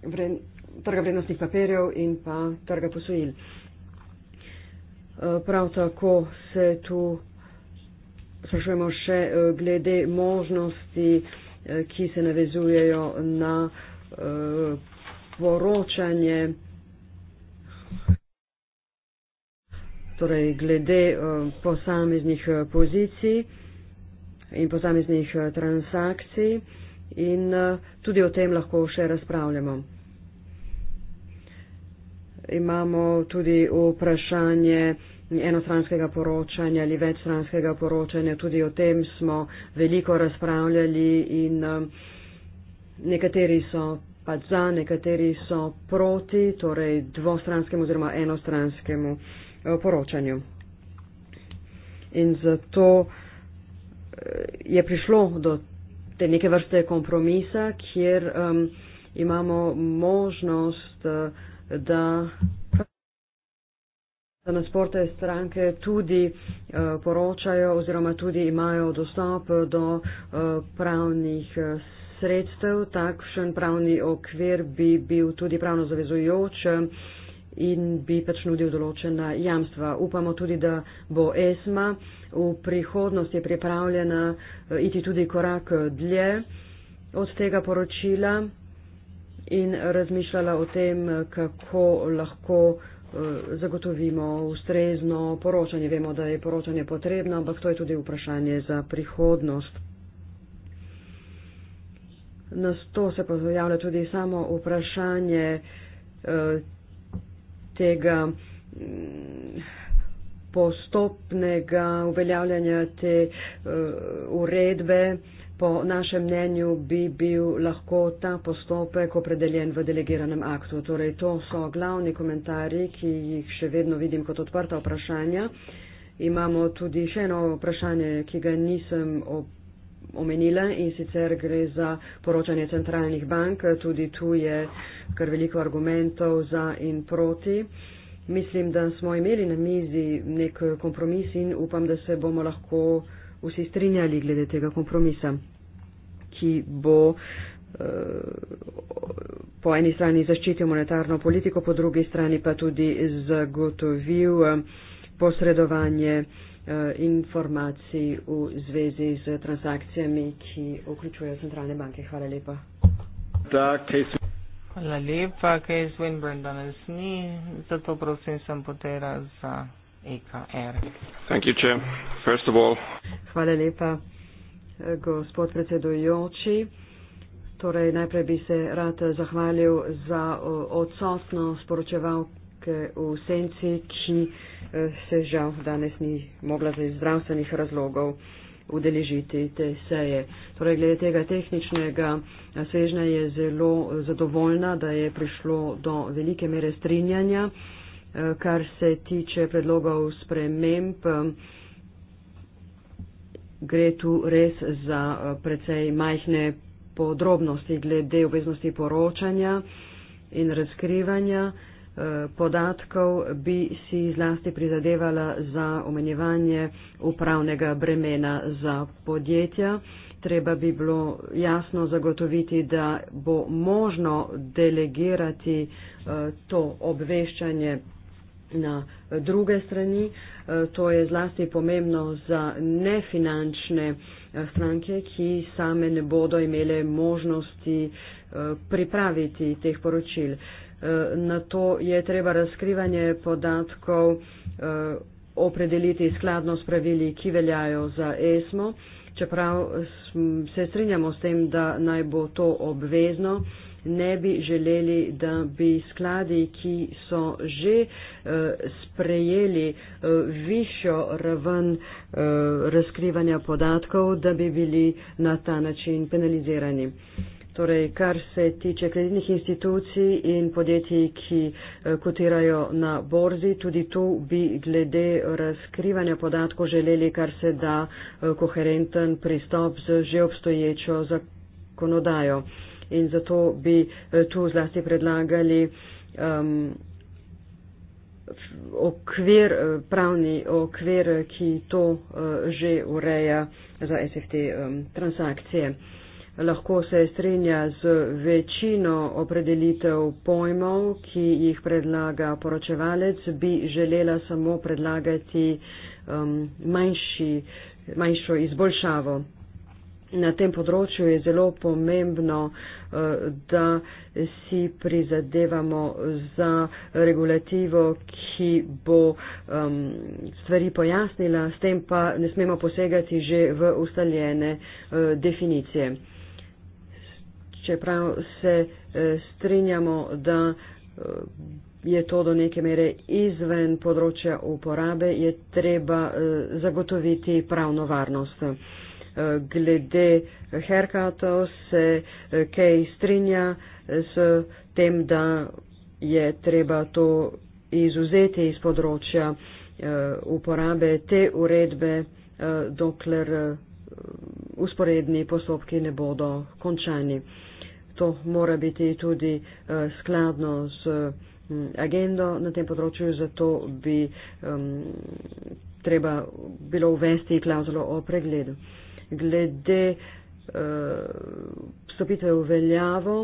vren, trga vrednostnih papirjev in pa trga posojil. Eh, prav tako se tu sprašujemo še eh, glede možnosti, eh, ki se navezujejo na poročanje, torej glede posameznih pozicij in posameznih transakcij in eh, tudi o tem lahko še razpravljamo. Imamo tudi vprašanje enostranskega poročanja ali večstranskega poročanja. Tudi o tem smo veliko razpravljali in eh, nekateri so pač za, nekateri so proti, torej dvostranskemu oziroma enostranskemu eh, poročanju. In zato je prišlo do te neke vrste kompromisa, kjer um, imamo možnost, uh, da, da nas porte stranke tudi uh, poročajo oziroma tudi imajo dostop do uh, pravnih uh, sredstev. Takšen pravni okvir bi bil tudi pravno zavezujoč. Uh, in bi pač nudil določena jamstva. Upamo tudi, da bo ESMA v prihodnosti pripravljena eh, iti tudi korak eh, dlje od tega poročila in razmišljala o tem, eh, kako lahko zagotovimo ustrezno poročanje. Vemo, da je poročanje potrebno, ampak to je tudi vprašanje za prihodnost. Na to se pojavlja tudi samo vprašanje tega mm, postopnega uveljavljanja te eh, uredbe. Po našem mnenju bi bil lahko ta postopek opredeljen v delegiranem aktu. Torej, to so glavni komentarji, ki jih še vedno vidim kot odprta vprašanja. Imamo tudi še eno vprašanje, ki ga nisem opisala omenila in sicer gre za poročanje centralnih bank. Tudi tu je kar veliko argumentov za in proti. Mislim, da smo imeli na mizi nek kompromis in upam, da se bomo lahko vsi strinjali glede tega kompromisa, ki bo eh, po eni strani zaščitil monetarno politiko, po drugi strani pa tudi zagotovil eh, posredovanje Eh, informacij v zvezi z transakcijami, ki vključujejo centralne banke. Hvala lepa. Da, Hvala lepa, Case Winburn danes ni, zato prosim sem potera za EKR. You, Hvala lepa, eh, gospod predsedujoči. Torej, najprej bi se rad zahvalil za odsotnost poročeval ženske v senci, ki eh, se žal danes ni mogla iz zdravstvenih razlogov udeležiti te seje. Torej, glede tega tehničnega eh, svežnja je zelo eh, zadovoljna, da je prišlo do velike mere strinjanja, kar se tiče predlogov sprememb. Gre tu res za precej majhne podrobnosti glede obveznosti poročanja in razkrivanja. Eh, podatkov bi si zlasti prizadevala za omenjevanje upravnega bremena za podjetja. Treba bi bilo jasno zagotoviti, da bo možno delegirati eh, to obveščanje na druge strani. Eh, to je zlasti pomembno za nefinančne stranke, ki same ne bodo imele možnosti pripraviti teh poročil. Eh, na to je treba razkrivanje podatkov eh, opredeliti skladno s pravili, ki veljajo za ESMO. Čeprav se strinjamo s tem, da naj bo to obvezno, ne bi želeli, da bi skladi, ki so že eh, sprejeli višjo raven razkrivanja podatkov, da bi bili na ta način penalizirani. Torej, kar se tiče kreditnih institucij in podjetij, ki eh, kotirajo na borzi, tudi tu bi glede razkrivanja podatkov želeli, kar se da eh, koherenten pristop z že obstoječo zakonodajo. In zato bi eh, tu zlasti predlagali um, okvir, pravni okvir, ki to uh, že ureja za SFT um, ehm, transakcije lahko se strinja z večino opredelitev pojmov, ki jih predlaga poročevalec, bi želela samo predlagati um, manjši, manjšo izboljšavo. Na tem področju je zelo pomembno, uh, da si prizadevamo za regulativo, ki bo um, stvari pojasnila, s tem pa ne smemo posegati že v ustaljene uh, definicije čeprav se e, strinjamo, da e, je to do neke mere izven področja uporabe, je treba e, zagotoviti pravno varnost. Glede herkatov se Kej strinja s tem, da je treba to izuzeti iz področja uporabe te uredbe, dokler usporedni postopki ne bodo končani. To mora biti tudi eh, skladno z mm, agendo na tem področju, zato bi um, treba bilo uvesti klauzulo o pregledu. Glede uh, stopitve v veljavo,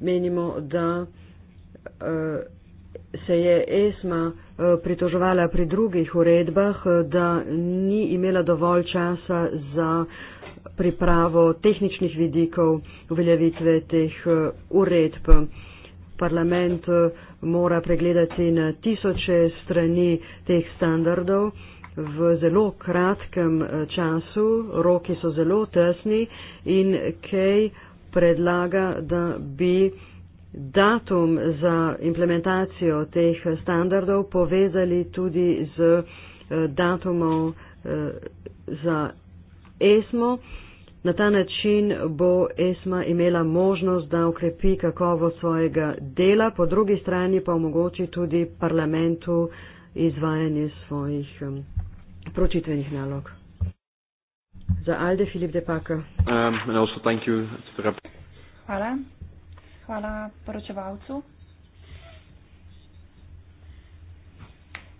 menimo, da uh, se je Esma eh, pritoževala pri drugih uredbah, eh, da ni imela dovolj časa za pripravo tehničnih vidikov uveljavitve teh eh, uredb. Parlament mora pregledati na tisoče strani teh standardov v zelo kratkem času, roki so zelo tesni in Kej predlaga, da bi datum za implementacijo teh standardov povezali tudi z eh, datumom eh, za ESMO. Na ta način bo ESMA imela možnost, da ukrepi kakovost svojega dela, po drugi strani pa omogoči tudi parlamentu izvajanje svojih um, pročitvenih nalog. Za Alde Filip Depaka. Um, Hvala. Hvala poročevalcu.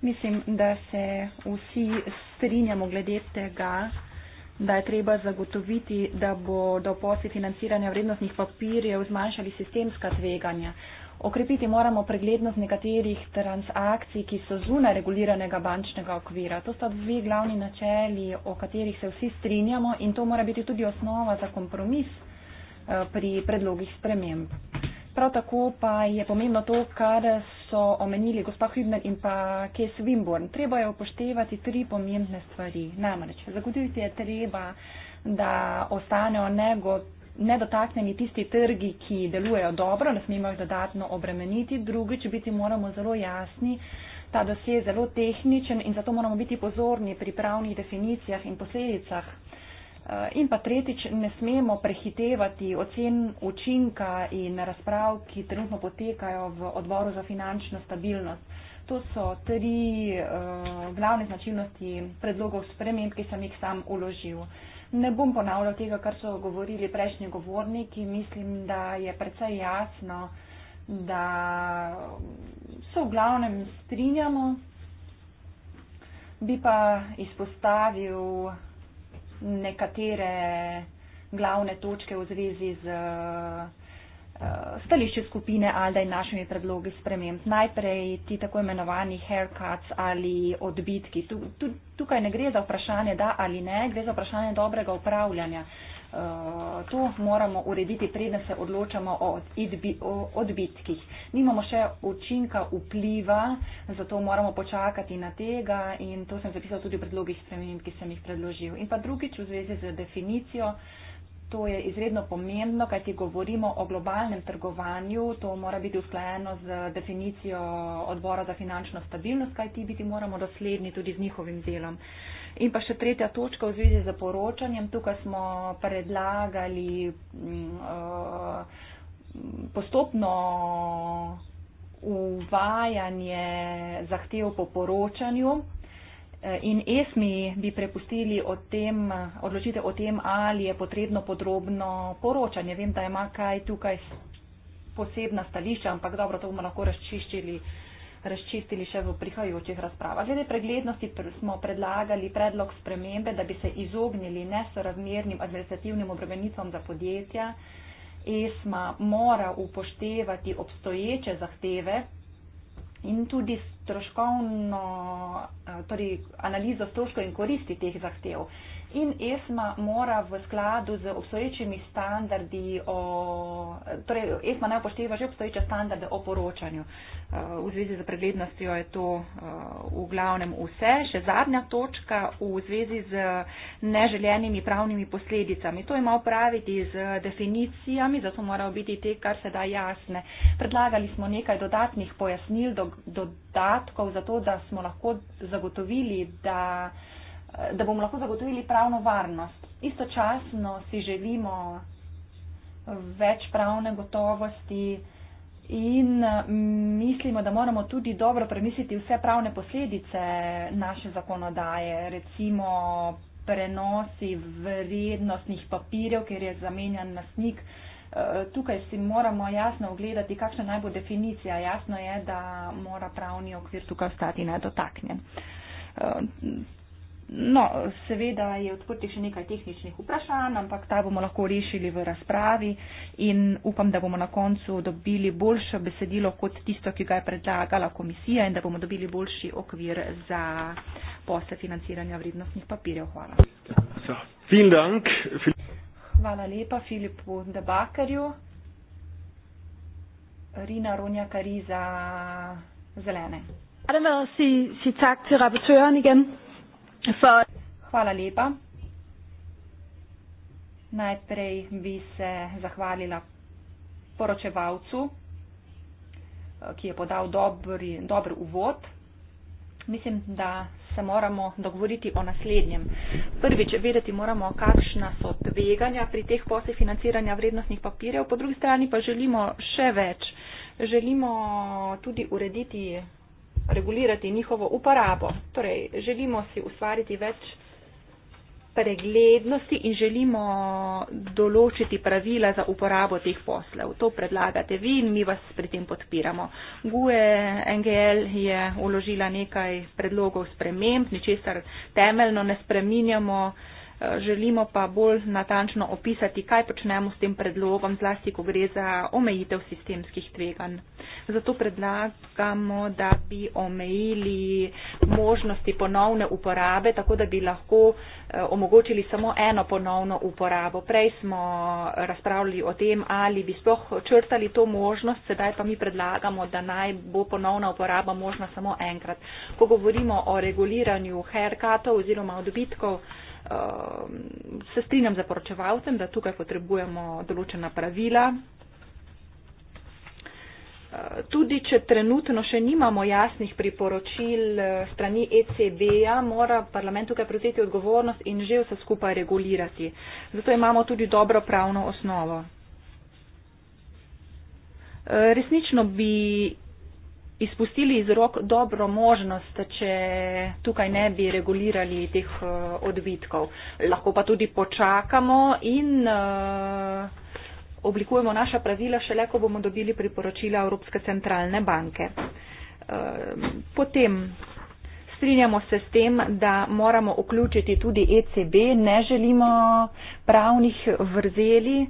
Mislim, da se vsi strinjamo glede tega, da je treba zagotoviti, da bodo posli financiranja vrednostnih papirjev zmanjšali sistemska tveganja. Okrepiti moramo preglednost nekaterih transakcij, ki so zunaj reguliranega bančnega okvira. To sta dve glavni načeli, o katerih se vsi strinjamo in to mora biti tudi osnova za kompromis Eh, pri predlogih sprememb. Prav tako pa je pomembno to, kar so omenili gospa Hübner in pa Kes Wimborn. Treba je upoštevati tri pomembne stvari. Namreč zagotoviti je treba, da ostanejo nedotaknjeni tisti trgi, ki delujejo dobro, ne smemo jih dodatno obremeniti. Drugič, biti moramo zelo jasni, ta dosje je zelo tehničen in zato moramo biti pozorni pri pravnih definicijah in posledicah uh, Eh, in pa tretjič, ne smemo prehitevati ocen učinka in razprav, ki trenutno potekajo v odboru za finančno stabilnost. To so tri eh, glavne značilnosti predlogov sprememb, ki sem jih sam uložil. Ne bom ponavljal tega, kar so govorili prejšnji govorniki. Mislim, da je precej jasno, da se v glavnem strinjamo. Bi pa izpostavil nekatere glavne točke v zvezi z eh, stališče skupine Alda in našimi predlogi sprememb. Najprej ti tako imenovani haircuts ali odbitki. Tukaj ne gre za vprašanje da ali ne, gre za vprašanje dobrega upravljanja. Eh, to moramo urediti, preden se odločamo o odbitkih. Nimamo še učinka vpliva, zato moramo počakati na tega in to sem zapisal tudi v predlogih sprememb, ki sem jih predložil. In pa drugič v zvezi z definicijo. To je izredno pomembno, kajti govorimo o globalnem trgovanju, to mora biti usklajeno z definicijo odbora za finančno stabilnost, kajti biti moramo dosledni tudi z njihovim delom. In pa še tretja točka v zvezi z poročanjem. Tukaj smo predlagali uh, postopno uvajanje zahtev po poročanju eh, in ESMI bi prepustili o tem, odločitev o tem, ali je potrebno podrobno poročanje. Vem, da ima kaj tukaj posebna stališča, ampak dobro, to bomo lahko razčiščili. Uh, razčistili še v prihajajočih razpravah. Glede preglednosti smo predlagali predlog spremembe, da bi se izognili nesorazmernim administrativnim obremenitvam za podjetja. ESMA mora upoštevati obstoječe zahteve in tudi stroškovno, eh, torej analizo stroškov in koristi teh zahtev in ESMA mora v skladu z obstoječimi standardi, o, torej ESMA ne upošteva že obstoječe standarde o poročanju. Eh, v zvezi z preglednostjo je to eh, v glavnem vse. Še zadnja točka v zvezi z neželjenimi pravnimi posledicami. To ima opraviti z definicijami, zato morajo biti te, kar se da jasne. Predlagali smo nekaj dodatnih pojasnil, do, dodatkov, zato da smo lahko zagotovili, da. Eh, da bomo lahko zagotovili pravno varnost. Istočasno si želimo več pravne gotovosti in eh, mislimo, da moramo tudi dobro premisliti vse pravne posledice naše zakonodaje, recimo prenosi vrednostnih papirjev, ker je zamenjan nasnik. Eh, tukaj si moramo jasno ogledati, kakšna naj bo definicija. Jasno je, da mora pravni okvir tukaj ostati nedotaknjen. No, seveda je odprtih še nekaj tehničnih vprašanj, ampak ta bomo lahko rešili v razpravi in upam, da bomo na koncu dobili boljše besedilo kot tisto, ki ga je predlagala komisija in da bomo dobili boljši okvir za posle financiranja vrednostnih papirjev. Hvala. Hvala lepa Filipu Debakarju. Rina Ronja Kariza Zelene. Adam, si, si tak til rapportøren igen. Hvala lepa. Najprej bi se zahvalila poročevalcu, ki je podal dober, dober uvod. Mislim, da se moramo dogovoriti o naslednjem. Prvič, vedeti moramo, kakšna so tveganja pri teh poslih financiranja vrednostnih papirjev, po drugi strani pa želimo še več. Želimo tudi urediti regulirati njihovo uporabo. Torej, želimo si ustvariti več preglednosti in želimo določiti pravila za uporabo teh poslov. To predlagate vi in mi vas pri tem podpiramo. GUE NGL je uložila nekaj predlogov sprememb, ničesar temeljno ne spreminjamo želimo pa bolj natančno opisati, kaj počnemo s tem predlogom, zlasti, ko gre za omejitev sistemskih tveganj. Zato predlagamo, da bi omejili možnosti ponovne uporabe, tako da bi lahko eh, omogočili samo eno ponovno uporabo. Prej smo razpravljali o tem, ali bi sploh črtali to možnost, sedaj pa mi predlagamo, da naj bo ponovna uporaba možna samo enkrat. Ko govorimo o reguliranju herkatov oziroma odbitkov, Ehm, se strinjam z poročevalcem, da tukaj potrebujemo določena pravila. Eh, tudi, če trenutno še nimamo jasnih priporočil eh, strani ECB-ja, mora parlament tukaj prevzeti odgovornost in že vse skupaj regulirati. Zato imamo tudi dobro pravno osnovo. Eh, resnično bi izpustili iz rok dobro možnost, če tukaj ne bi regulirali teh eh, odbitkov. Lahko pa tudi počakamo in eh, oblikujemo naša pravila šele, ko bomo dobili priporočila Evropske centralne banke. Eh, potem strinjamo se s tem, da moramo vključiti tudi ECB, ne želimo pravnih vrzeli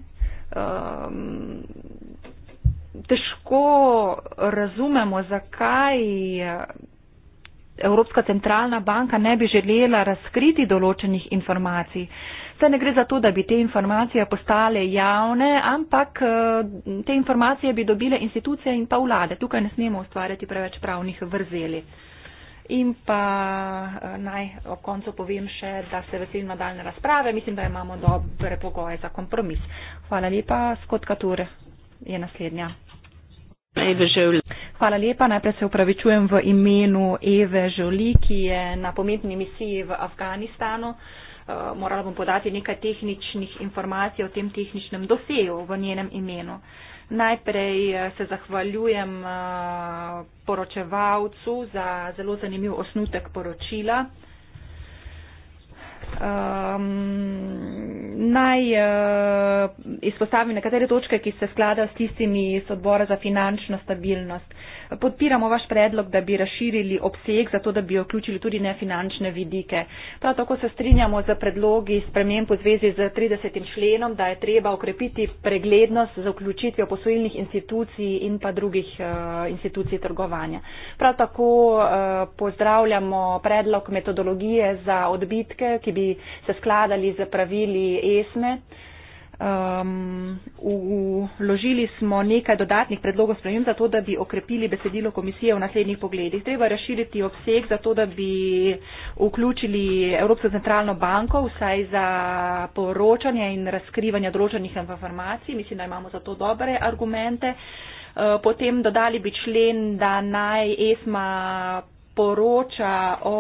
težko razumemo, zakaj eh, Evropska centralna banka ne bi želela razkriti določenih informacij. Se ne gre za to, da bi te informacije postale javne, ampak eh, te informacije bi dobile institucije in pa vlade. Tukaj ne smemo ustvarjati preveč pravnih vrzeli. In pa eh, naj ob koncu povem še, da se veselim nadaljne razprave. Mislim, da imamo dobre pogoje za kompromis. Hvala lepa. Skotka Ture je naslednja. Hvala lepa. Najprej se upravičujem v imenu Eve Žoli, ki je na pomembni misiji v Afganistanu. Eh, morala bom podati nekaj tehničnih informacij o tem tehničnem doseju v njenem imenu. Najprej eh, se zahvaljujem eh, poročevalcu za zelo zanimiv osnutek poročila. Um, naj uh, izpostavim nekatere točke, ki se skladajo s tistimi iz odbora za finančno stabilnost. Uh, podpiramo vaš predlog, da bi razširili obseg, zato da bi vključili tudi nefinančne vidike. Prav tako se strinjamo z predlogi sprememb v zvezi z 30. členom, da je treba okrepiti preglednost za vključitvijo posojilnih institucij in pa drugih uh, institucij trgovanja. Prav tako uh, pozdravljamo predlog metodologije za odbitke, ki bi se skladali z pravili ESME. Uh, Um, vložili smo nekaj dodatnih predlogov sprememb za to, da bi okrepili besedilo komisije v naslednjih pogledih. Treba razširiti obseg za to, da bi vključili Evropsko centralno banko vsaj za poročanje in razkrivanje določenih informacij. Mislim, da imamo za to dobre argumente. Uh, potem dodali bi člen, da naj ESMA poroča o.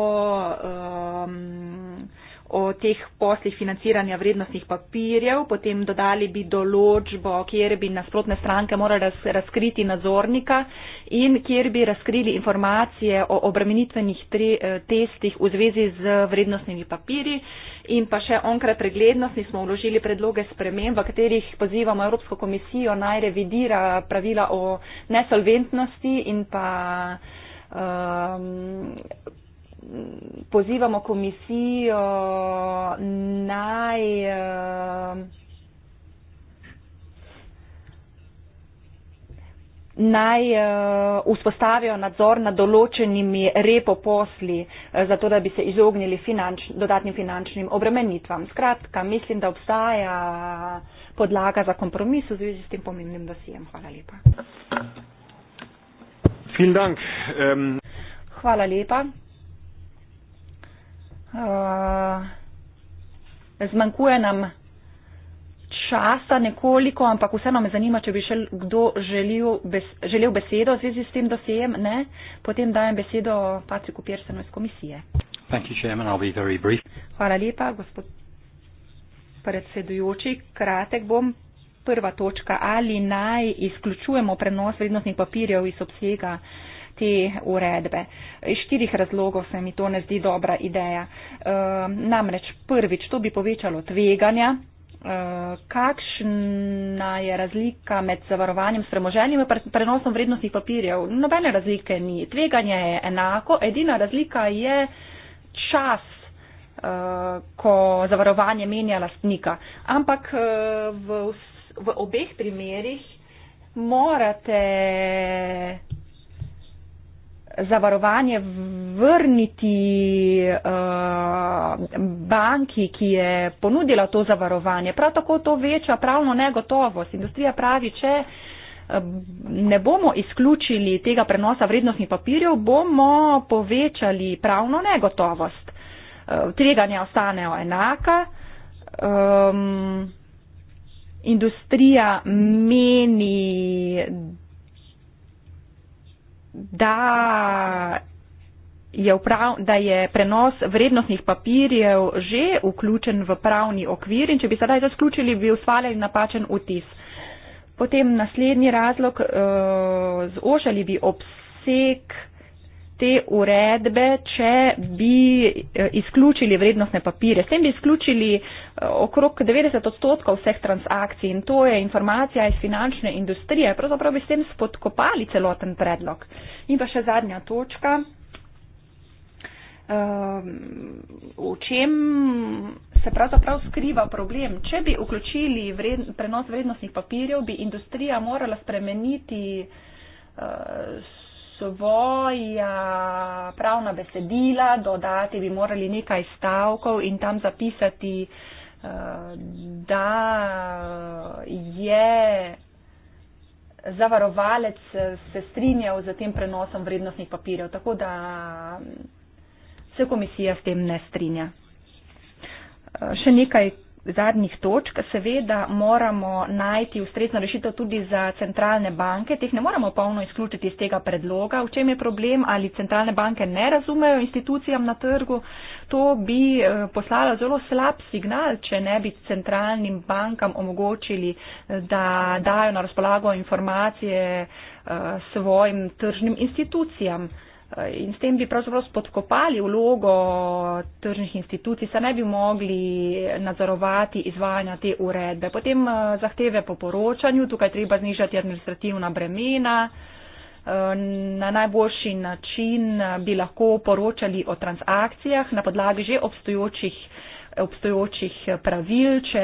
Um, o teh poslih financiranja vrednostnih papirjev, potem dodali bi določbo, kjer bi nasprotne stranke morali raz, razkriti nadzornika in kjer bi razkrili informacije o obremenitvenih tri, eh, testih v zvezi z vrednostnimi papirji. In pa še onkraj preglednosti smo vložili predloge sprememb, v katerih pozivamo Evropsko komisijo naj revidira pravila o nesolventnosti in pa um, pozivamo komisijo naj. naj eh, vzpostavijo nadzor nad določenimi repoposli, eh, zato da bi se izognili finanč, dodatnim finančnim obremenitvam. Skratka, mislim, da obstaja podlaga za kompromis v zvezi s tem pomembnim dosijem. Hvala lepa. Ähm, Hvala lepa. Eh, zmanjkuje nam časa nekoliko, ampak vseeno me zanima, če bi še kdo želil, bes, želel besedo v zvezi s tem dosijem. Ne, potem dajem besedo Patriku Piersenu iz komisije. Hvala lepa, gospod predsedujoči. Kratek bom. Prva točka, ali naj izključujemo prenos vrednostnih papirjev iz obsega te uredbe. Iz štirih razlogov se mi to ne zdi dobra ideja. E, namreč prvič, to bi povečalo tveganja. Ehm, kakšna je razlika med zavarovanjem s premoženjem in prenosom vrednostnih papirjev? Nobene razlike ni. Tveganje je enako. Edina razlika je čas, ehm, ko zavarovanje menja lastnika. Ampak v obeh primerjih morate zavarovanje vrniti uh, banki, ki je ponudila to zavarovanje. Prav tako to veča pravno negotovost. Industrija pravi, če eh, ne bomo izključili tega prenosa vrednostnih papirjev, bomo povečali pravno negotovost. Eh, tveganja ostanejo enaka. Um, industrija meni, da je, uprav, da je prenos vrednostnih papirjev že vključen v pravni okvir in če bi sedaj zasključili, bi ustvarjali napačen vtis. Potem naslednji razlog, uh, eh, zožali bi obseg uh, te uredbe, če bi eh, izključili vrednostne papire. S tem bi izključili eh, okrog 90 odstotkov vseh transakcij in to je informacija iz finančne industrije. Pravzaprav bi s tem spodkopali celoten predlog. In pa še zadnja točka. Ehm, v čem se pravzaprav skriva problem? Če bi vključili vred, prenos vrednostnih papirjev, bi industrija morala spremeniti uh, svoja pravna besedila, dodati bi morali nekaj stavkov in tam zapisati, eh, da je zavarovalec eh, se strinjal z tem prenosom vrednostnih papirjev, tako da mm, se komisija s tem ne strinja. Eh, še nekaj zadnjih točk. Seveda moramo najti ustrezno rešitev tudi za centralne banke. Teh ne moremo polno izključiti iz tega predloga. V čem je problem? Ali centralne banke ne razumejo institucijam na trgu? To bi eh, poslalo zelo slab signal, če ne bi centralnim bankam omogočili, eh, da dajo na razpolago informacije eh, svojim tržnim institucijam. In s tem bi pravzaprav spodkopali vlogo tržnih institucij, saj ne bi mogli nadzorovati izvajanja te uredbe. Potem eh, zahteve po poročanju, tukaj treba znižati administrativna bremena. Eh, na najboljši način eh, bi lahko poročali o transakcijah na podlagi že obstojočih obstojočih pravil, če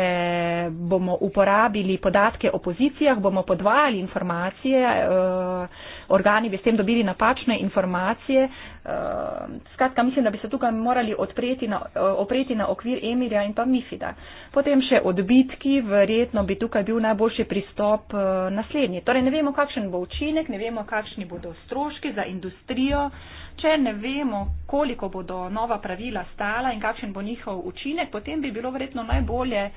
bomo uporabili podatke o pozicijah, bomo podvajali informacije, eh, organi bi s tem dobili napačne informacije, Ehm, skratka, mislim, da bi se tukaj morali na, eh, opreti na okvir Emirja in pa Mifida. Potem še odbitki, verjetno bi tukaj bil najboljši pristop eh, naslednji. Torej, ne vemo, kakšen bo učinek, ne vemo, kakšni bodo stroški za industrijo, če ne vemo, koliko bodo nova pravila stala in kakšen bo njihov učinek, potem bi bilo verjetno najbolje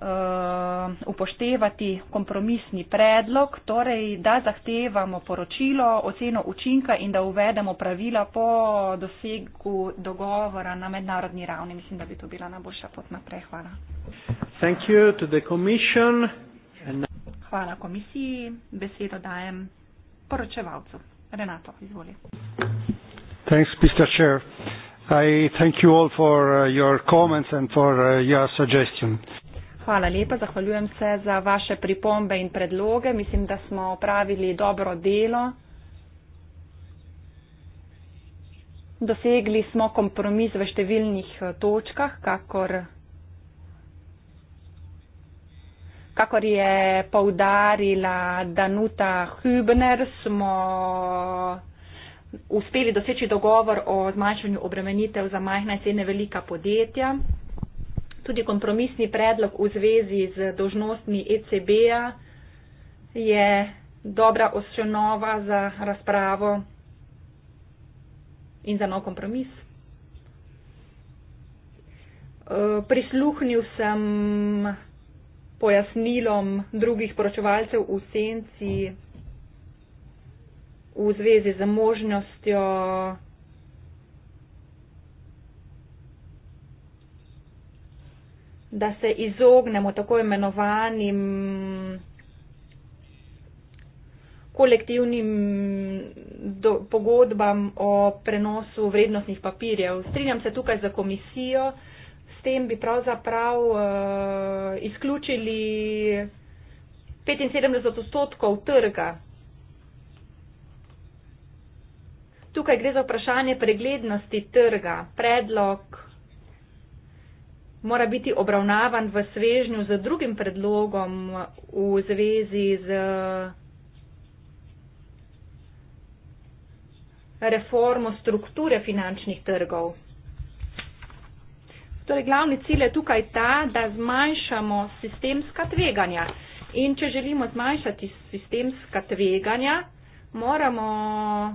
Eh, upoštevati kompromisni predlog, torej da zahtevamo poročilo, oceno učinka in da uvedemo pravila po dosegu dogovora na mednarodni ravni. Mislim, da bi to bila najboljša pot naprej. Hvala. Hvala komisiji. Besedo dajem poročevalcu. Renato, izvoli. Thanks, Mr. Chair. I thank you all for uh, your comments and for uh, your suggestions. Hvala lepa, zahvaljujem se za vaše pripombe in predloge. Mislim, da smo opravili dobro delo. Dosegli smo kompromis v številnih eh, točkah, kakor, kakor je poudarila Danuta Hübner, smo uspeli doseči dogovor o zmanjšanju obremenitev za majhna in srednje velika podjetja tudi kompromisni predlog v zvezi z dožnostmi ECB-a je dobra osnova za razpravo in za nov kompromis. Eh, prisluhnil sem pojasnilom drugih poročevalcev v senci v zvezi z možnostjo da se izognemo tako imenovanim kolektivnim do, pogodbam o prenosu vrednostnih papirjev. Strinjam se tukaj za komisijo, s tem bi pravzaprav uh, izključili 75 odstotkov trga. Tukaj gre za vprašanje preglednosti trga. Predlog uh, mora biti obravnavan v svežnju z drugim predlogom v zvezi z reformo strukture finančnih trgov. Torej, glavni cilj je tukaj ta, da zmanjšamo sistemska tveganja. In če želimo zmanjšati sistemska tveganja, moramo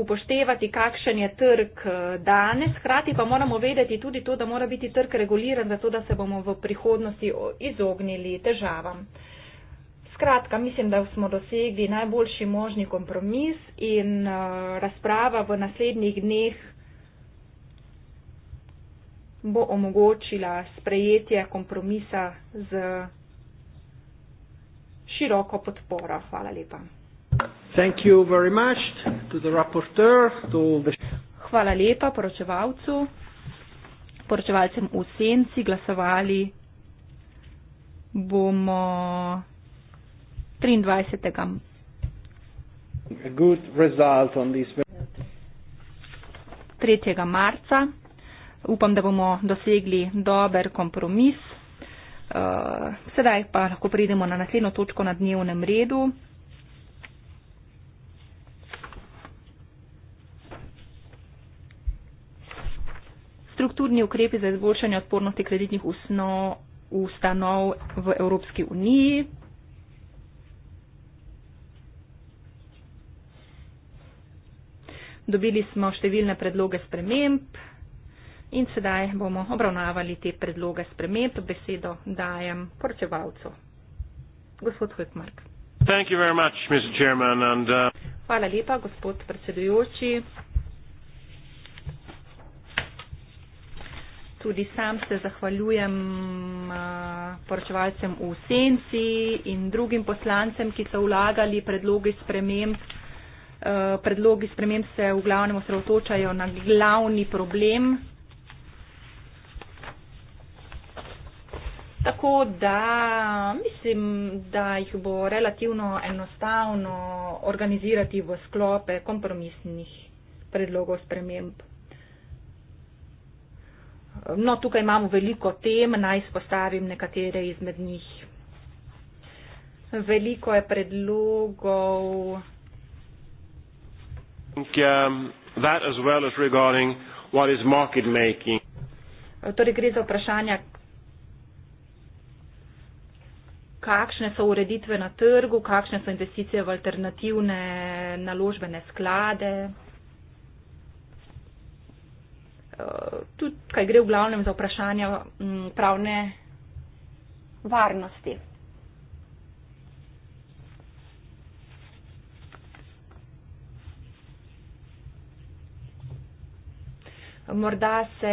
upoštevati, kakšen je trg eh, danes. Hkrati pa moramo vedeti tudi to, da mora biti trg reguliran, zato da se bomo v prihodnosti izognili težavam. Skratka, mislim, da smo dosegli najboljši možni kompromis in eh, razprava v naslednjih dneh bo omogočila sprejetje kompromisa z široko podporo. Hvala lepa. Thank you very much to the rapporteur, to the... Hvala lepa poročevalcu, poročevalcem v senci glasovali bomo 23. A good result on this... 3. marca. Upam, da bomo dosegli dober kompromis. Uh, sedaj pa lahko pridemo na naslednjo točko na dnevnem redu. strukturni ukrepi za izboljšanje odpornosti kreditnih usnov, ustanov v Evropski uniji. Dobili smo številne predloge sprememb in sedaj bomo obravnavali te predloge sprememb. Besedo dajem poročevalcu. Gospod Hojkmark. Uh, Hvala lepa, gospod predsedujoči. Tudi sam se zahvaljujem uh, poročevalcem v Senci in drugim poslancem, ki so vlagali predlogi sprememb. Uh, predlogi sprememb se v glavnem osredotočajo na glavni problem. Tako da mislim, da jih bo relativno enostavno organizirati v sklope kompromisnih predlogov sprememb. No, tukaj imamo veliko tem, naj spostavim nekatere izmed njih. Veliko je predlogov. Um, torej gre za vprašanja, kakšne so ureditve na trgu, kakšne so investicije v alternativne naložbene sklade tudi, kaj gre v glavnem za vprašanja mm, pravne varnosti. Morda se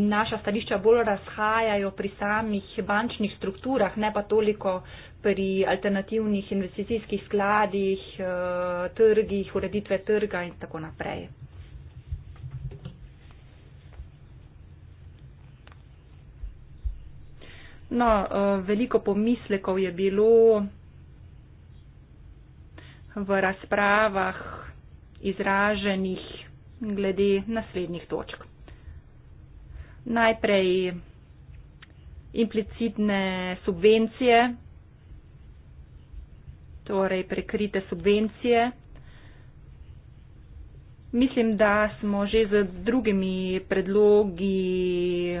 naša stališča bolj razhajajo pri samih bančnih strukturah, ne pa toliko pri alternativnih investicijskih skladih, eh, trgih, ureditve trga in tako naprej. No, eh, veliko pomislekov je bilo v razpravah izraženih glede naslednjih točk. Najprej implicitne subvencije, torej prekrite subvencije. Mislim, da smo že z drugimi predlogi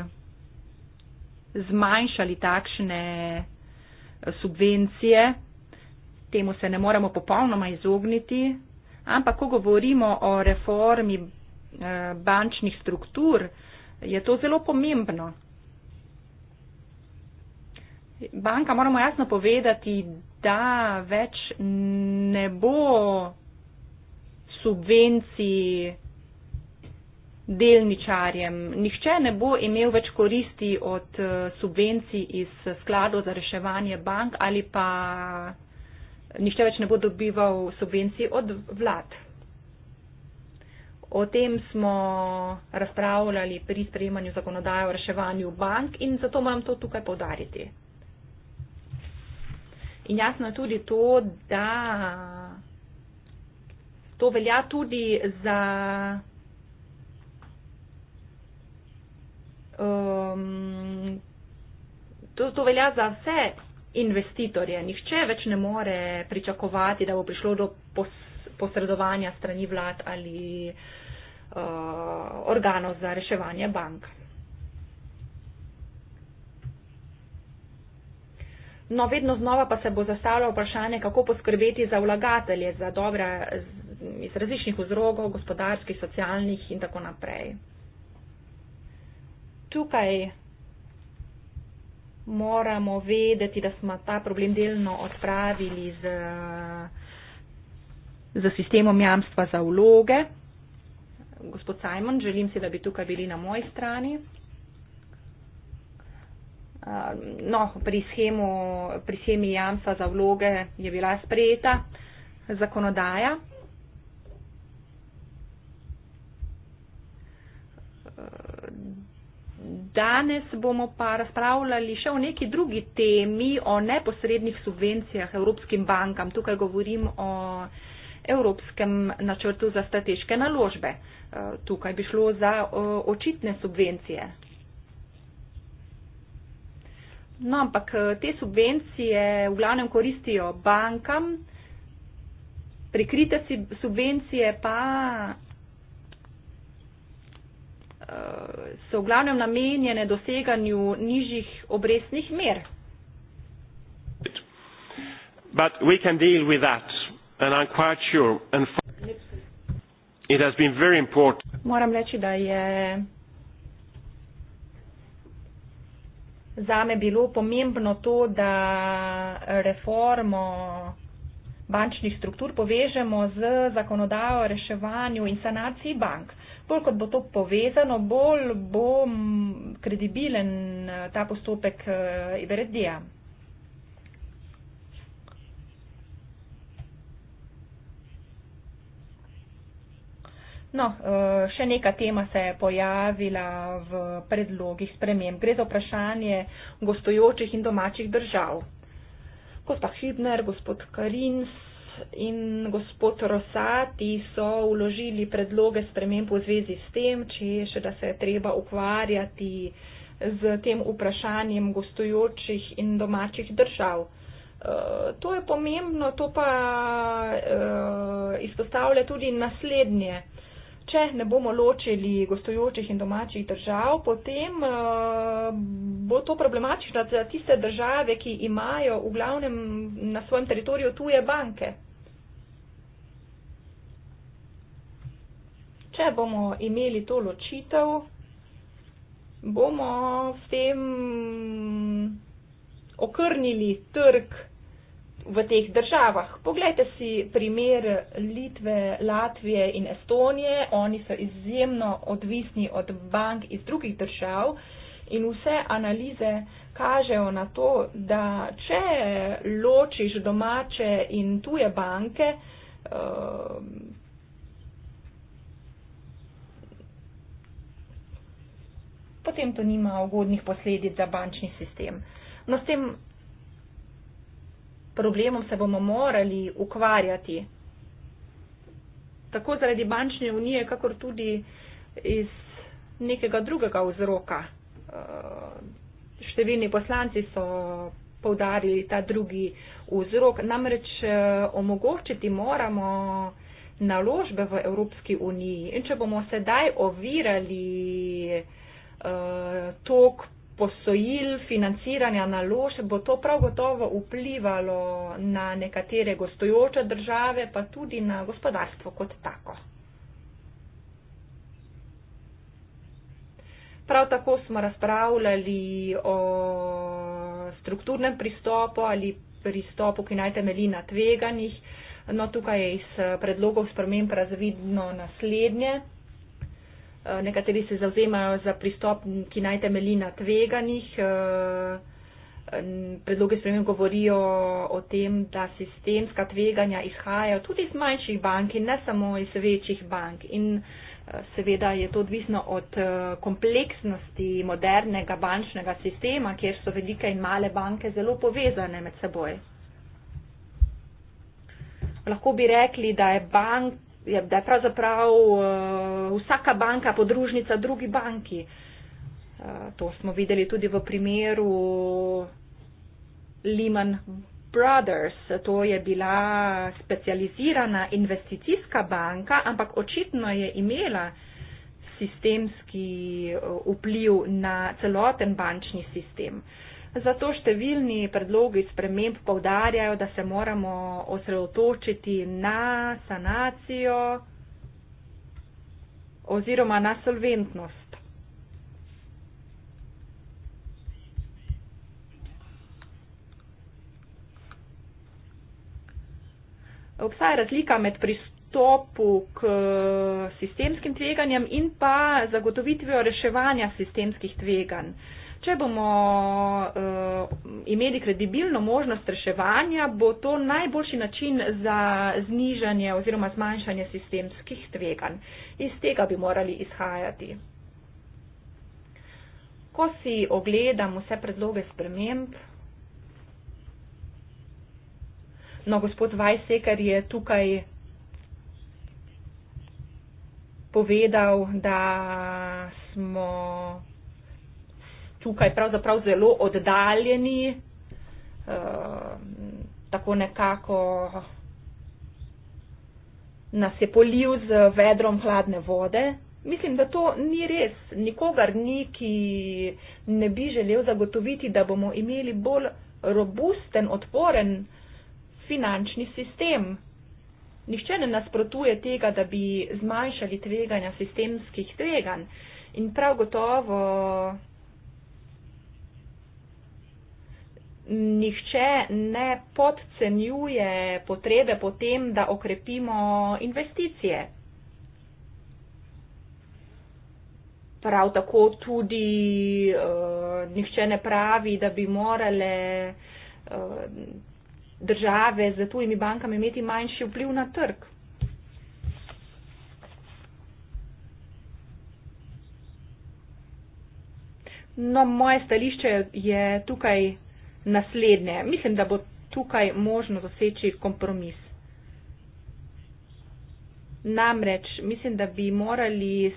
zmanjšali takšne eh, subvencije. Temu se ne moremo popolnoma izogniti, ampak ko govorimo o reformi eh, bančnih struktur, je to zelo pomembno. Banka, moramo jasno povedati, da več ne bo subvencij delničarjem. Nihče ne bo imel več koristi od eh, subvencij iz eh, skladov za reševanje bank ali pa eh, nihče več ne bo dobival subvencij od vlad. O tem smo razpravljali pri sprejemanju zakonodaje o reševanju bank in zato moram to tukaj povdariti. In jasno je tudi to, da to velja tudi za um, to, to velja za vse investitorje. Nihče več ne more pričakovati, da bo prišlo do pos, posredovanja strani vlad ali uh, organov za reševanje bank. No, vedno znova pa se bo zastavljalo vprašanje, kako poskrbeti za vlagatelje, za dobre iz različnih vzrokov, gospodarskih, socialnih in tako naprej tukaj moramo vedeti, da smo ta problem delno odpravili z, z sistemom jamstva za vloge. Gospod Simon, želim si, da bi tukaj bili na moji strani. Um, no, pri, schemu, pri schemi jamstva za vloge je bila sprejeta zakonodaja. Danes bomo pa razpravljali še o neki drugi temi, o neposrednih subvencijah evropskim bankam. Tukaj govorim o evropskem načrtu za strateške naložbe. E, tukaj bi šlo za e, očitne subvencije. No, ampak e, te subvencije v glavnem koristijo bankam, prikrite subvencije pa so v glavnem namenjene doseganju nižjih obrestnih mer. But we can deal with that and I'm quite sure and it has been very important. Moram reči, da je zame bilo pomembno to, da reformo bančnih struktur povežemo z zakonodajo o reševanju in sanaciji bank. Uh, bolj kot bo to povezano, bolj bo kredibilen eh, ta postopek eh, Iberedija. No, eh, še neka tema se je pojavila v predlogih spremem. Gre za vprašanje gospodojočih in domačih držav. Gospod Hübner, gospod Karins, in gospod Rosati so uložili predloge sprememb v zvezi s tem, če še da se je treba ukvarjati z tem vprašanjem gostujočih in domačih držav. Eh, to je pomembno, to pa eh, izpostavlja tudi naslednje. Če ne bomo ločili gostujočih in domačih držav, potem eh, bo to problematično za tiste države, ki imajo v glavnem na svojem teritoriju tuje banke. če bomo imeli to ločitev, bomo s tem okrnili trg v teh državah. Poglejte si primer Litve, Latvije in Estonije. Oni so izjemno odvisni od bank iz drugih držav in vse analize kažejo na to, da če ločiš domače in tuje banke, potem to nima ugodnih posledic za bančni sistem. No, s tem problemom se bomo morali ukvarjati, tako zaradi bančne unije, kakor tudi iz nekega drugega vzroka. Eh, številni poslanci so povdarili ta drugi vzrok, namreč eh, omogočiti moramo naložbe v Evropski uniji. In če bomo sedaj ovirali uh, tok posojil, financiranja naložb, bo to prav gotovo vplivalo na nekatere gostujoče države, pa tudi na gospodarstvo kot tako. Prav tako smo razpravljali o strukturnem pristopu ali pristopu, ki naj temelji na tveganjih. No, tukaj je iz predlogov sprememb razvidno naslednje. Eh, nekateri se zauzemajo za pristop, ki naj temelji na tveganih. Eh, Predloge spremem govorijo o tem, da sistemska tveganja izhajajo tudi iz manjših bank in ne samo iz večjih bank. In eh, seveda je to odvisno od kompleksnosti modernega bančnega sistema, kjer so velike in male banke zelo povezane med seboj. Lahko bi rekli, da je bank je, da je pravzaprav uh, vsaka banka podružnica drugi banki. Uh, to smo videli tudi v primeru Lehman Brothers. To je bila specializirana investicijska banka, ampak očitno je imela sistemski eh, vpliv na celoten bančni sistem. Uh, Zato številni predlogi sprememb povdarjajo, da se moramo osredotočiti na sanacijo oziroma na solventnost. Obstaja razlika med pristopu k sistemskim tveganjem in pa zagotovitvijo reševanja sistemskih tveganj če bomo uh, imeli kredibilno možnost reševanja, bo to najboljši način za znižanje oziroma zmanjšanje sistemskih tveganj. Iz tega bi morali izhajati. Ko si ogledam vse predloge sprememb, no, gospod Vajsekar je tukaj povedal, da smo tukaj pravzaprav zelo oddaljeni, uh, tako nekako nas je polil z vedrom hladne vode. Mislim, da to ni res. Nikogar ni, ki ne bi želel zagotoviti, da bomo imeli bolj robusten, odporen finančni sistem. Nihče ne nasprotuje tega, da bi zmanjšali tveganja sistemskih tveganj. In prav gotovo nihče ne podcenjuje potrebe potem, da okrepimo investicije. Prav tako tudi uh, nihče ne pravi, da bi morale uh, države z tujimi bankami imeti manjši vpliv na trg. No, moje stališče je tukaj naslednje. Mislim, da bo tukaj možno doseči kompromis. Namreč mislim, da bi morali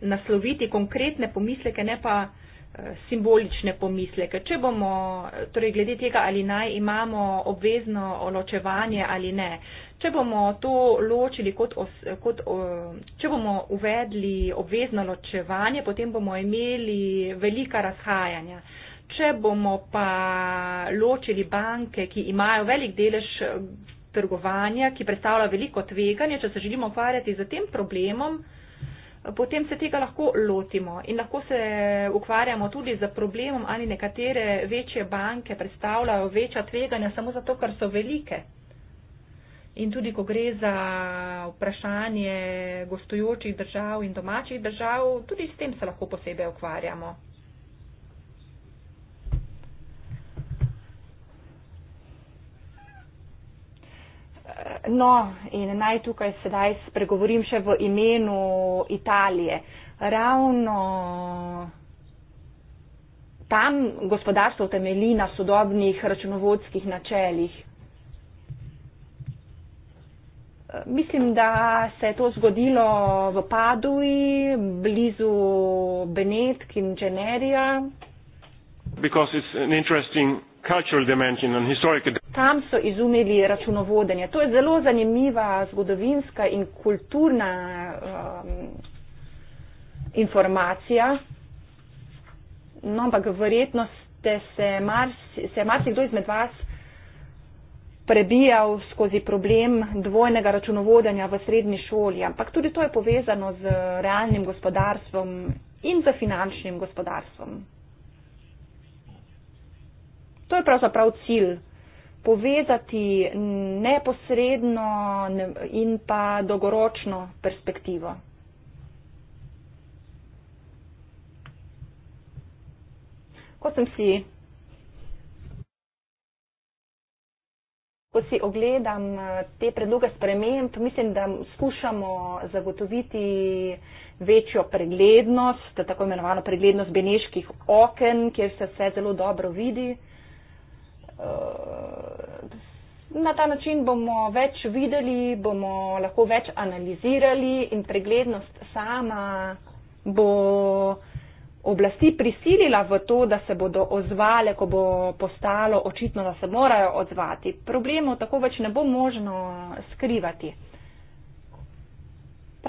nasloviti konkretne pomisleke, ne pa eh, simbolične pomisleke. Če bomo, torej glede tega, ali naj imamo obvezno ločevanje ali ne, če bomo to ločili kot, kot, če bomo uvedli obvezno ločevanje, potem bomo imeli velika razhajanja. Če bomo pa ločili banke, ki imajo velik delež eh, trgovanja, ki predstavlja veliko tveganje, če se želimo ukvarjati z tem problemom, eh, potem se tega lahko lotimo in lahko se ukvarjamo tudi z problemom, ali nekatere večje banke predstavljajo večja tveganja samo zato, ker so velike. In tudi, ko gre za vprašanje gostujočih držav in domačih držav, tudi s tem se lahko posebej ukvarjamo. no, in naj tukaj sedaj spregovorim še v imenu Italije. Ravno tam gospodarstvo temelji na sodobnih računovodskih načelih. Mislim, da se je to zgodilo v Paduji, blizu Benetk in Generija. Because it's an interesting Tam so izumili računovodenje. To je zelo zanimiva zgodovinska in kulturna um, informacija. No, ampak verjetno ste se, mars, se marsikdo izmed vas prebijal skozi problem dvojnega računovodenja v srednji šoli, ampak tudi to je povezano z realnim gospodarstvom in z finančnim gospodarstvom. To je pravzaprav cilj. Povezati neposredno in pa dolgoročno perspektivo. Ko sem si, ko si ogledam eh, te predloge sprememb, mislim, da skušamo zagotoviti večjo preglednost, tako imenovano preglednost beneških oken, kjer se vse zelo dobro vidi. Eh, na ta način bomo več videli, bomo lahko več analizirali in preglednost sama bo oblasti prisilila v to, da se bodo ozvale, ko bo postalo očitno, da se morajo odzvati. Problemov tako več ne bo možno skrivati.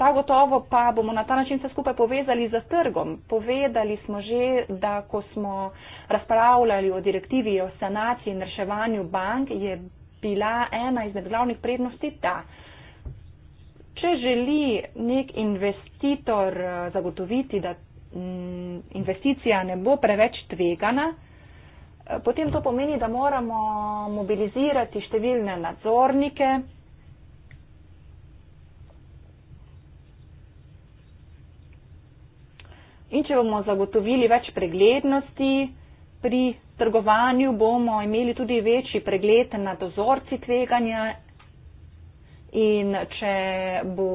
Prav gotovo pa bomo na ta način vse skupaj povezali z trgom. Povedali smo že, da ko smo razpravljali o direktivi o sanaciji in reševanju bank, je bila ena izmed glavnih prednosti ta. Če želi nek investitor eh, zagotoviti, da mm, investicija ne bo preveč tvegana, eh, potem to pomeni, da moramo mobilizirati številne nadzornike, In če bomo zagotovili več preglednosti pri trgovanju, bomo imeli tudi večji pregled nad ozorci tveganja. In če bo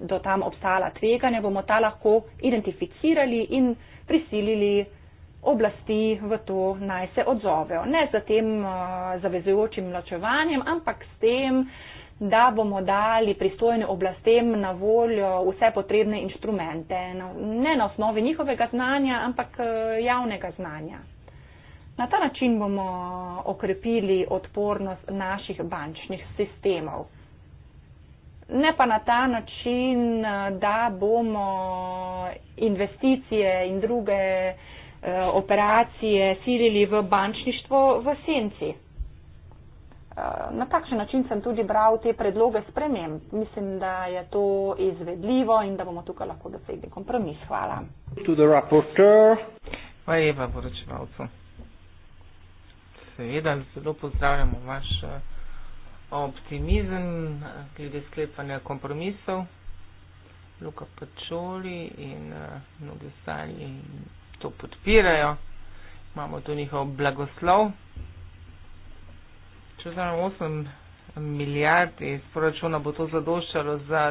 do tam obstala tveganja, bomo ta lahko identificirali in prisilili oblasti v to naj se odzovejo. Ne z tem eh, zavezujočim vlačevanjem, ampak s tem, da bomo dali pristojne oblastem na voljo vse potrebne inštrumente, ne na osnovi njihovega znanja, ampak eh, javnega znanja. Na ta način bomo okrepili odpornost naših bančnih sistemov. Ne pa na ta način, eh, da bomo investicije in druge eh, operacije silili v bančništvo v senci. Eh, na takšen način sem tudi bral te predloge sprememb. Mislim, da je to izvedljivo in da bomo tukaj lahko dosegli kompromis. Hvala. Hvala lepa, poročevalcu. Seveda zelo pozdravljamo vaš eh, optimizem eh, glede sklepanja kompromisov. Luka Pačoli in mnogi ostali to podpirajo. Imamo tu njihov blagoslov če vzamem 8 milijard iz proračuna, bo to zadoščalo za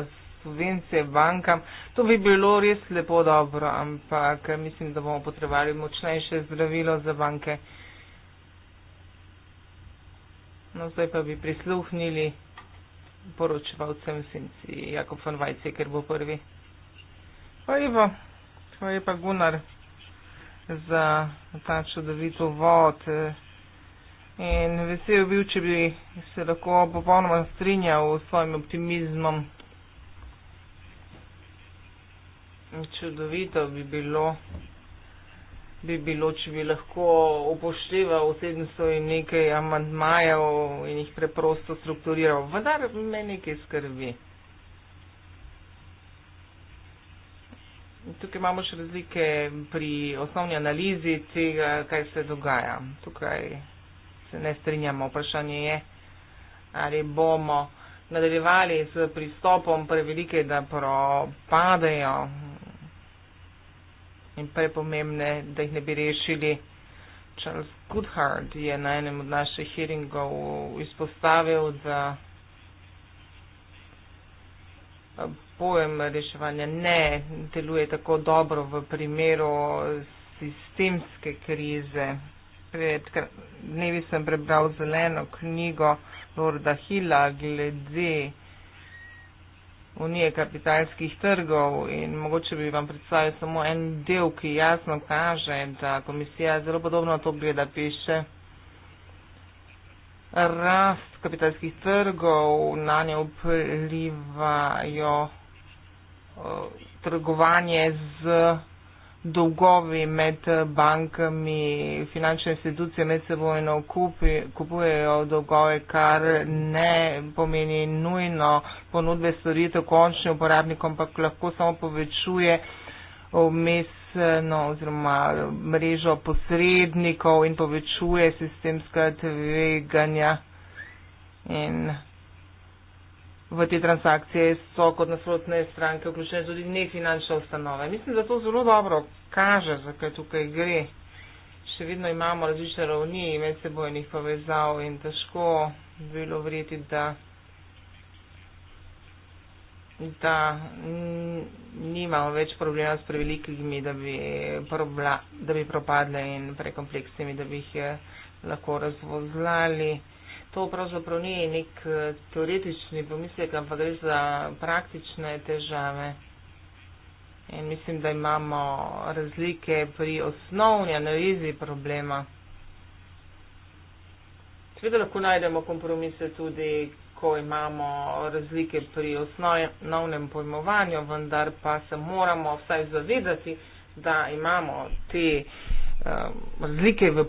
subvencije bankam. To bi bilo res lepo dobro, ampak mislim, da bomo potrebovali močnejše zdravilo za banke. No, zdaj pa bi prisluhnili poročevalcem Sinci Jakob von Vajce, ker bo prvi. Pa Ivo, pa je pa Gunnar za ta čudovit uvod. Eh in vesel bil, če bi se lahko popolnoma strinjal s svojim optimizmom. Čudovito bi bilo, bi bilo, če bi lahko upošteval 700 in nekaj amantmajev in jih preprosto strukturiral. Vendar me nekaj skrbi. Tukaj imamo še razlike pri osnovni analizi tega, kaj se dogaja. Tukaj se ne strinjamo. Vprašanje je, ali bomo nadaljevali s pristopom prevelike, da propadejo in prepomembne, da jih ne bi rešili. Charles Goodhart je na enem od naših hearingov izpostavil, da pojem reševanja ne deluje tako dobro v primeru sistemske krize pred dnevi sem prebral zeleno knjigo Lorda Hilla glede unije kapitalskih trgov in mogoče bi vam predstavil samo en del, ki jasno kaže, da komisija zelo podobno to gleda, piše rast kapitalskih trgov, na nje vplivajo eh, trgovanje z dolgovi med bankami, finančne institucije med sebojno kupujejo dolgove, kar ne pomeni nujno ponudbe storitev končnim uporabnikom, ampak lahko samo povečuje vmesno oziroma mrežo posrednikov in povečuje sistemska tveganja. In v te transakcije so kot nasprotne stranke vključene tudi nefinančne ustanove. Mislim, da to zelo dobro kaže, zakaj tukaj gre. Še vedno imamo različne ravni medsebojnih povezav in težko bilo vreti, da, da nimamo več problema s prevelikimi, da bi, probla, da bi propadle in prekompleksnimi, da bi jih eh, lahko razvozlali to pravzaprav ni nek eh, teoretični pomislek, ampak gre za praktične težave. In mislim, da imamo razlike pri osnovni analizi problema. Seveda lahko najdemo kompromise tudi, ko imamo razlike pri osnovnem pojmovanju, vendar pa se moramo vsaj zavedati, da imamo te um, razlike v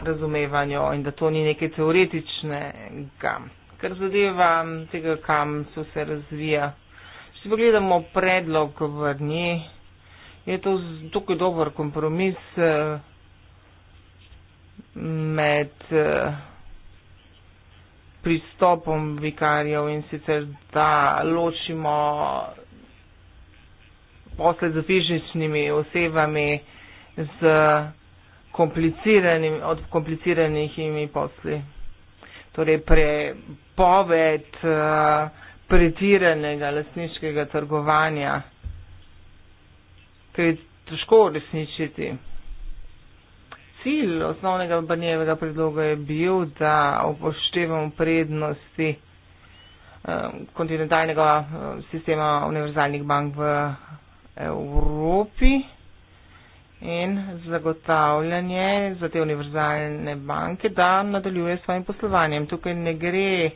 razumevanju in da to ni nekaj teoretičnega, kar zadeva tega, kam so se razvija. Če pogledamo predlog vrnji, je to tukaj dober kompromis eh, med eh, pristopom vikarjev in sicer, da ločimo posle z fizičnimi osebami z kompliciranimi, od kompliciranih imi posli. Torej, prepoved uh, pretiranega lasniškega trgovanja, ki je težko uresničiti. Cilj osnovnega banjevega predloga je bil, da upoštevamo prednosti eh, kontinentalnega eh, sistema univerzalnih bank v Evropi in zagotavljanje za te univerzalne banke, da nadaljuje s svojim poslovanjem. Tukaj ne gre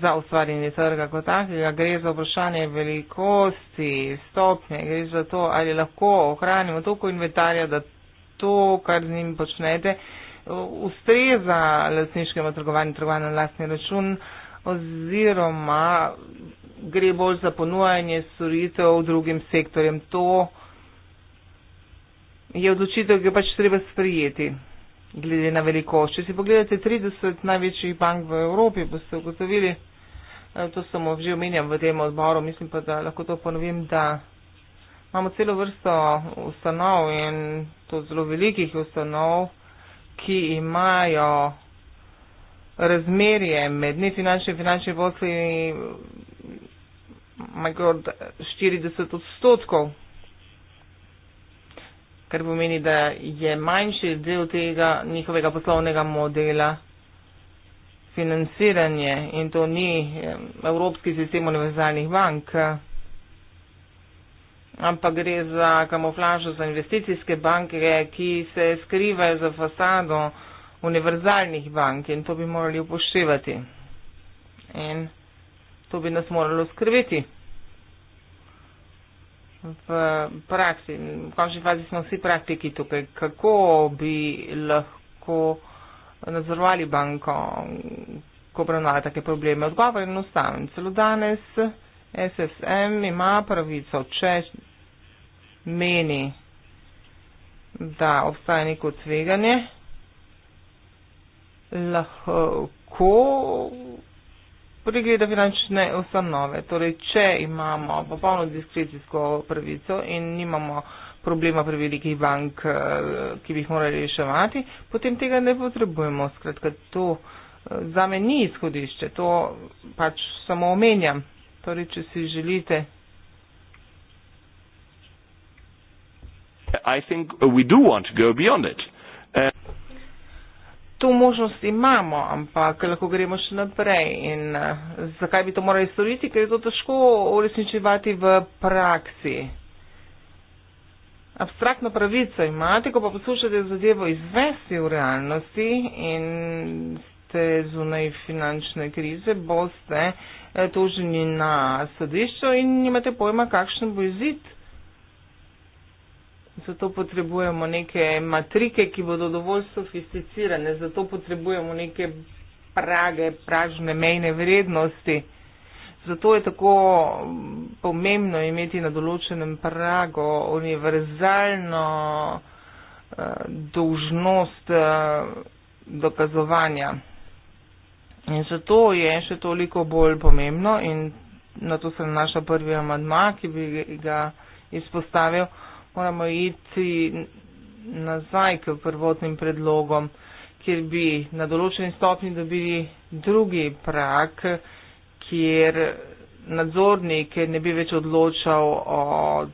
za ustvarjanje trga kot takega, gre za vprašanje velikosti, stopnje, gre za to, ali lahko ohranimo toliko inventarja, da to, kar z njim počnete, ustreza lasniškemu trgovanju, trgovanju na lastni račun oziroma gre bolj za ponujanje storitev drugim sektorjem. To je odločitev, ki jo pač treba sprijeti, glede na velikost. Če si pogledate 30 največjih bank v Evropi, boste ugotovili, eh, to sem že omenjal v tem odboru, mislim pa, da lahko to ponovim, da imamo celo vrsto ustanov in to zelo velikih ustanov, ki imajo razmerje med nefinančnim in finančnim eh, vodstvom 40 odstotkov kar pomeni, da je manjši del tega njihovega poslovnega modela financiranje in to ni Evropski sistem univerzalnih bank, ampak gre za kamuflažo za investicijske banke, ki se skrivajo za fasado univerzalnih bank in to bi morali upoštevati. In to bi nas moralo skrbeti v praksi, v končni fazi smo vsi praktiki tukaj, kako bi lahko nadzorovali banko, ko obravnava take probleme. Odgovor je enostaven. Celo danes SSM ima pravico, če meni, da obstaja neko tveganje, lahko Prvi gre, da finančne ustanove, torej če imamo popolno diskrecijsko pravico in nimamo problema pri velikih bank, eh, ki bi jih morali reševati, potem tega ne potrebujemo. Skratka, to eh, za me ni izhodišče, to pač samo omenjam. Torej, če si želite. I think we do want to go beyond it. Uh, to možnost imamo, ampak lahko gremo še naprej. In eh, zakaj bi to morali storiti, ker je to težko uresničevati v praksi. Abstraktno pravico imate, ko pa poslušate zadevo izvesti v realnosti in ste zunaj finančne krize, boste eh, toženi na sodišču in nimate pojma, kakšen bo izid. Zato potrebujemo neke matrike, ki bodo dovolj sofisticirane, zato potrebujemo neke prage, pražne mejne vrednosti. Zato je tako pomembno imeti na določenem pragu univerzalno eh, dolžnost eh, dokazovanja. In zato je še toliko bolj pomembno in na to se nanaša prvi amadma, ki bi ga izpostavil moramo iti nazaj k prvotnim predlogom, kjer bi na določeni stopni dobili drugi prak, kjer nadzornik ne bi več odločal o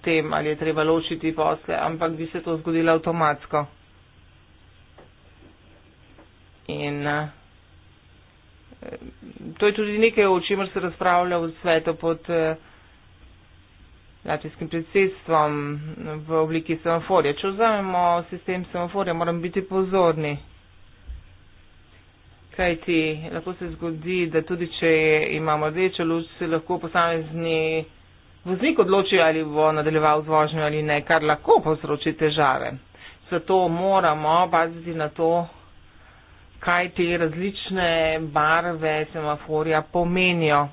tem, ali je treba ločiti posle, ampak bi se to zgodilo avtomatsko. In eh, to je tudi nekaj, o čemer se razpravlja v svetu pod. Eh, latvijskim predsedstvom v obliki semaforja. Če vzamemo sistem semaforja, moramo biti pozorni. Kaj ti lahko se zgodi, da tudi če imamo rdečo luč, se lahko posamezni voznik odloči, ali bo nadaljeval z vožnjo ali ne, kar lahko povzroči težave. Zato moramo paziti na to, kaj te različne barve semaforja pomenijo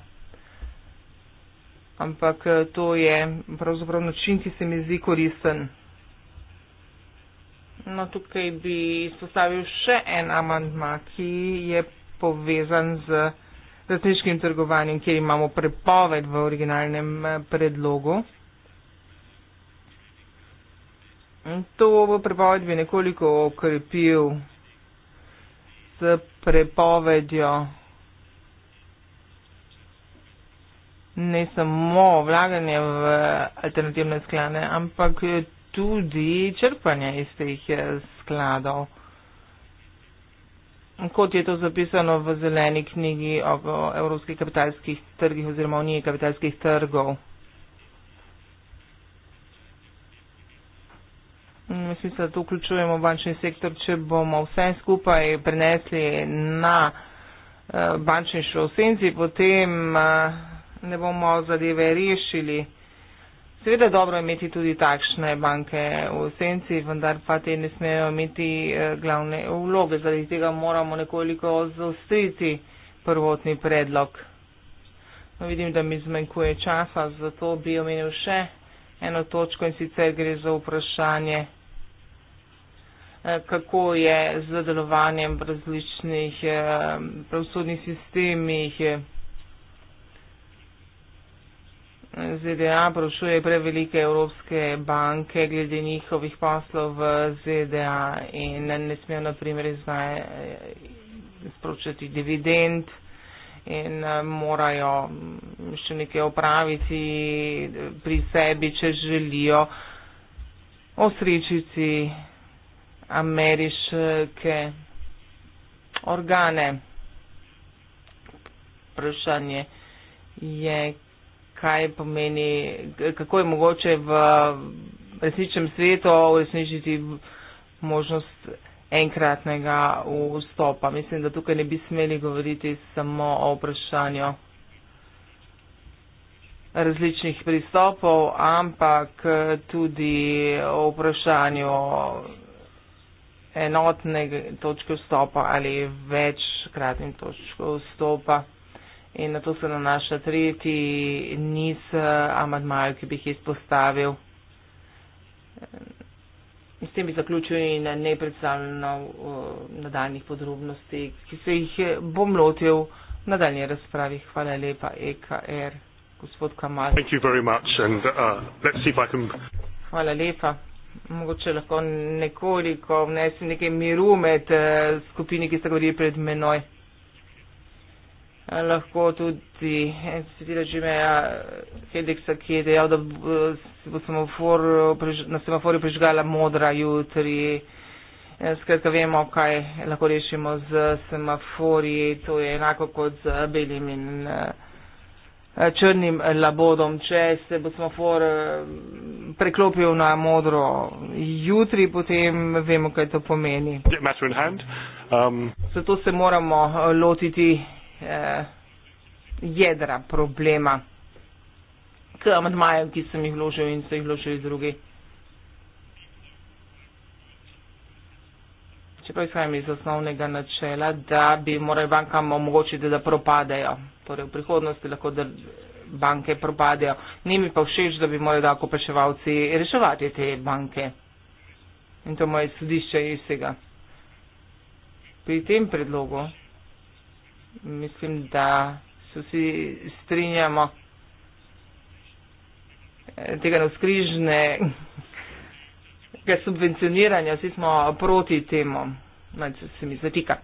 ampak eh, to je pravzaprav način, ki se mi zdi koristen. No, tukaj bi izpostavil še en amantma, ki je povezan z različnim trgovanjem, kjer imamo prepoved v originalnem eh, predlogu. To prepoved bi nekoliko okrepil s prepovedjo ne samo vlaganje v alternativne sklade, ampak tudi črpanje iz teh eh, skladov. Kot je to zapisano v zeleni knjigi o evropskih kapitalskih trgih oziroma o njih kapitalskih trgov. Mislim, da to vključujemo bančni sektor, če bomo vse skupaj prenesli na eh, bančni šov senci, potem uh, ne bomo zadeve rešili. Seveda dobro je imeti tudi takšne banke v senci, vendar pa te ne smejo imeti eh, glavne vloge. Zaradi tega moramo nekoliko zaostriti prvotni predlog. No, vidim, da mi zmanjkuje časa, zato bi omenil še eno točko in sicer gre za vprašanje, eh, kako je z delovanjem različnih eh, pravsodnih sistemih. Je, ZDA prošuje prevelike evropske banke glede njihovih poslov v ZDA in ne smejo naprimer izpročati dividend in morajo še nekaj opraviti pri sebi, če želijo osrečiti ameriške organe. Vprašanje je, kaj pomeni, kako je mogoče v resničnem svetu uresničiti možnost enkratnega vstopa. Mislim, da tukaj ne bi smeli govoriti samo o vprašanju različnih pristopov, ampak tudi o vprašanju enotne točke vstopa ali večkratne točke vstopa in na to se nanaša tretji niz eh, amadmajev, ki bi jih izpostavil. Eh, S tem bi zaključil in ne predstavljeno eh, nadaljnih podrobnosti, ki se jih bom lotil v nadaljnji razpravi. Hvala lepa, EKR, gospod Kamal. And, uh, can... Hvala lepa. Mogoče lahko nekoliko vnesem nekaj miru med skupini, ki ste govorili pred menoj lahko tudi en citira Jimmyja Hendriksa, ki je dejal, da se bo semafor, na semaforju prižgala modra jutri. Ja, skratka, vemo, kaj lahko rešimo z semaforji. To je enako kot z belim in eh, črnim labodom. Če se bo semafor eh, preklopil na modro jutri, potem vemo, kaj to pomeni. Um, Zato se moramo lotiti eh, jedra problema k amadmajem, ki sem jih vložil in so jih vložili drugi. Čeprav izhajam iz osnovnega načela, da bi morali bankam omogočiti, da propadejo. Torej v prihodnosti lahko da banke propadejo. Ni mi pa všeč, da bi morali dakopeševalci reševati te banke. In to moje sodišče je iz tega. Pri tem predlogu mislim, da se vsi strinjamo, eh, tega navskrižnega subvencioniranja, vsi smo proti temu, malce se mi zatika.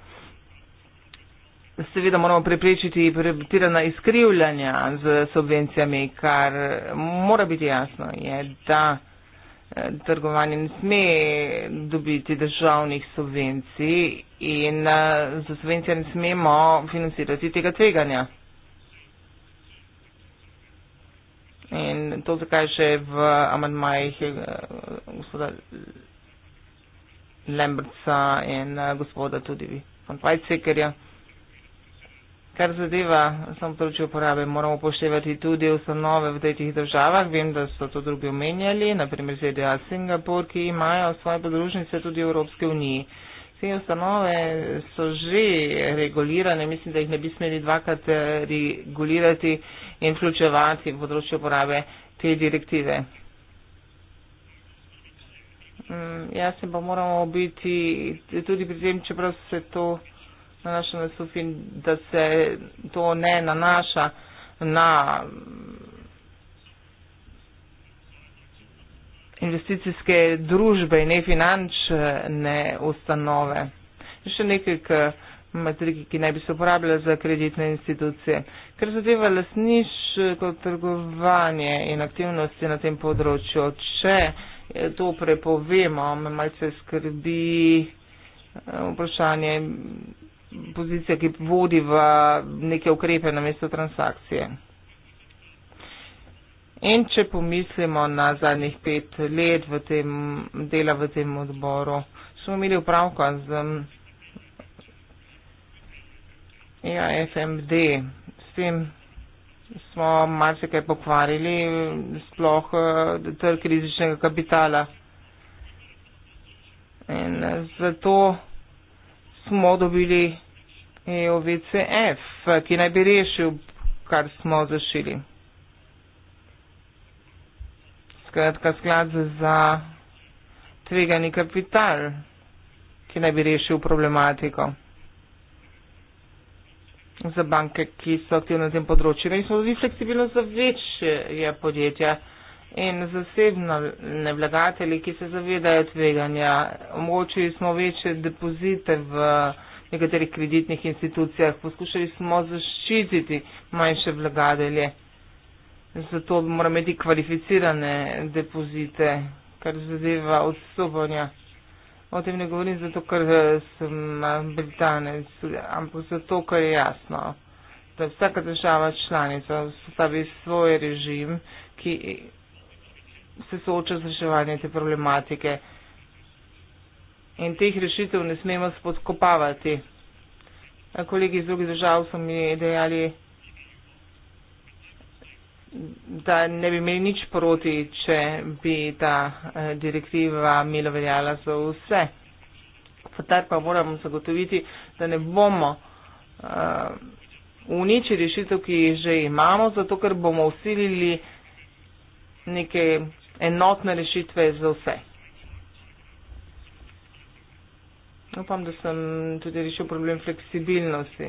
Seveda moramo preprečiti prebitirana izkrivljanja z subvencijami, kar mora biti jasno, je, da trgovanje ne sme dobiti državnih subvencij in eh, za subvencije ne smemo financirati tega tveganja. In to, zakaj še v amadmajih eh, gospoda Lembrca in eh, gospoda tudi von Weizsäckerja. Ja. Kar zadeva samo področje uporabe, moramo upoštevati tudi ustanove v tretjih državah. Vem, da so to drugi omenjali, naprimer ZDA Singapur, ki imajo svoje podružnice tudi v Evropske uniji. Te ustanove so že regulirane, mislim, da jih ne bi smeli dvakrat eh, regulirati in vključevati v področje uporabe te direktive. Ja, se pa moramo biti tudi pri tem, čeprav se to nanaša na sufin, da se to ne nanaša na investicijske družbe in ne finančne ustanove. In še nekaj k matriki, ki naj bi se uporabljala za kreditne institucije. Ker zadeva lasniško trgovanje in aktivnosti na tem področju, če to prepovemo, me malce skrbi eh, vprašanje pozicija, ki vodi v neke ukrepe na mesto transakcije. In če pomislimo na zadnjih pet let v tem, dela v tem odboru, smo imeli upravka z ja, e FMD. S tem smo marsikaj pokvarili, sploh eh, trg rizičnega kapitala. In eh, zato smo dobili je ovece F, ki naj bi rešil, kar smo zašili. Skratka, sklad za tvegani kapital, ki naj bi rešil problematiko za banke, ki so aktivne na tem področju. Mi smo tudi fleksibilno za večje podjetja in zasebne vlagatelje, ki se zavedajo tveganja. Omogočili smo večje depozite v nekaterih kreditnih institucijah. Poskušali smo zaščititi manjše vlagatelje, zato moramo imeti kvalificirane depozite, kar zadeva odstopanja. O tem ne govorim zato, ker sem Britanec, ampak zato, ker je jasno, da vsaka država članica vstavi svoj režim, ki se sooča z reševanjem te problematike in teh rešitev ne smemo spodkopavati. Kolegi iz drugih držav so mi dejali, da ne bi imeli nič proti, če bi ta eh, direktiva milo veljala za vse. Potem pa moramo zagotoviti, da ne bomo uh, uničili rešitev, ki jih že imamo, zato ker bomo usilili neke enotne rešitve za vse. Upam, da sem tudi rešil problem fleksibilnosti.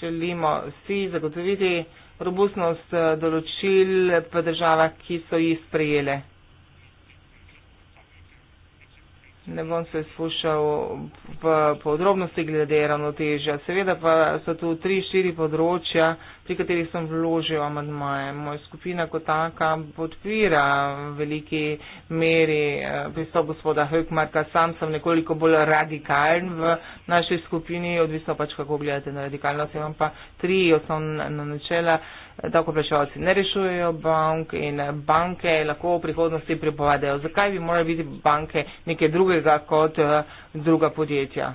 Želimo si zagotoviti robustnost eh, določil v državah, ki so jih sprejele. ne bom se spuščal v podrobnosti glede ravnotežja. Seveda pa so tu tri, štiri področja, pri katerih sem vložil amadmaje. Moja skupina kot taka podpira v veliki meri eh, pristop gospoda Höckmarka. Sam sem nekoliko bolj radikaln v naši skupini, odvisno pač kako gledate na radikalnost. Imam pa tri osnovne načela. Na davkoplačevalci ne rešujejo bank in banke lahko v prihodnosti pripovedajo. Zakaj bi morali biti banke nekaj drugega kot eh, druga podjetja?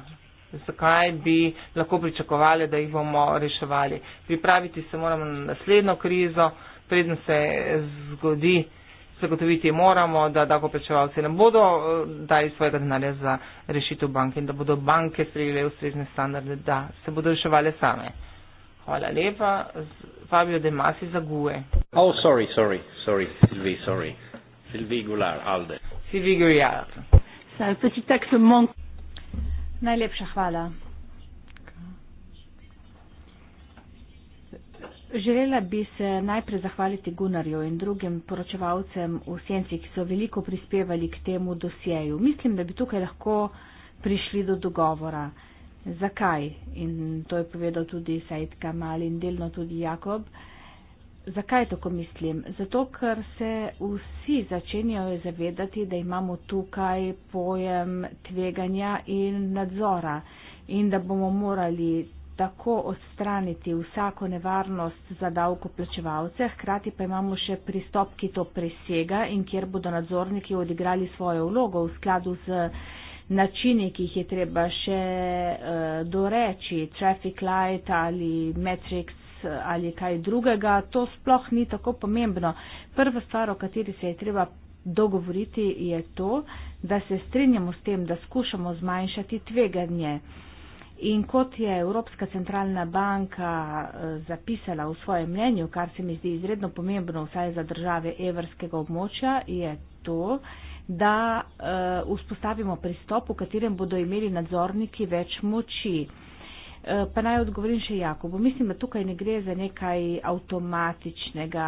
Zakaj bi lahko pričakovali, da jih bomo reševali? Pripraviti se moramo na naslednjo krizo, predn se zgodi, zagotoviti moramo, da davkoplačevalci ne bodo eh, dali svojega denarja za rešitev banke in da bodo banke sprejele ustrezne standarde, da se bodo reševali same. Hvala lepa. Fabio De Masi zaguje. Oh, sorry, sorry, sorry, Sylvie, sorry. Sylvie Goulart, Alde. Sylvie Goulart. C'est un petit acte manque. Najlepša hvala. Želela bi se najprej zahvaliti Gunarju in drugim poročevalcem v Senci, ki so veliko prispevali k temu dosjeju. Mislim, da bi tukaj lahko prišli do dogovora zakaj, in to je povedal tudi Said Kamal in delno tudi Jakob, zakaj tako mislim? Zato, ker se vsi začenjajo zavedati, da imamo tukaj pojem tveganja in nadzora in da bomo morali tako odstraniti vsako nevarnost za davkoplačevalce, hkrati pa imamo še pristop, ki to presega in kjer bodo nadzorniki odigrali svojo vlogo v skladu z načini, ki jih je treba še uh, doreči, traffic light ali matrix eh, ali kaj drugega, to sploh ni tako pomembno. Prva stvar, o kateri se je treba dogovoriti, je to, da se strinjamo s tem, da skušamo zmanjšati tveganje. In kot je Evropska centralna banka eh, zapisala v svojem mnenju, kar se mi zdi izredno pomembno vsaj za države evrskega območja, je to, da uh, vzpostavimo pristop, v katerem bodo imeli nadzorniki več moči. Eh, pa naj odgovorim še Jakobu. Mislim, da tukaj ne gre za nekaj avtomatičnega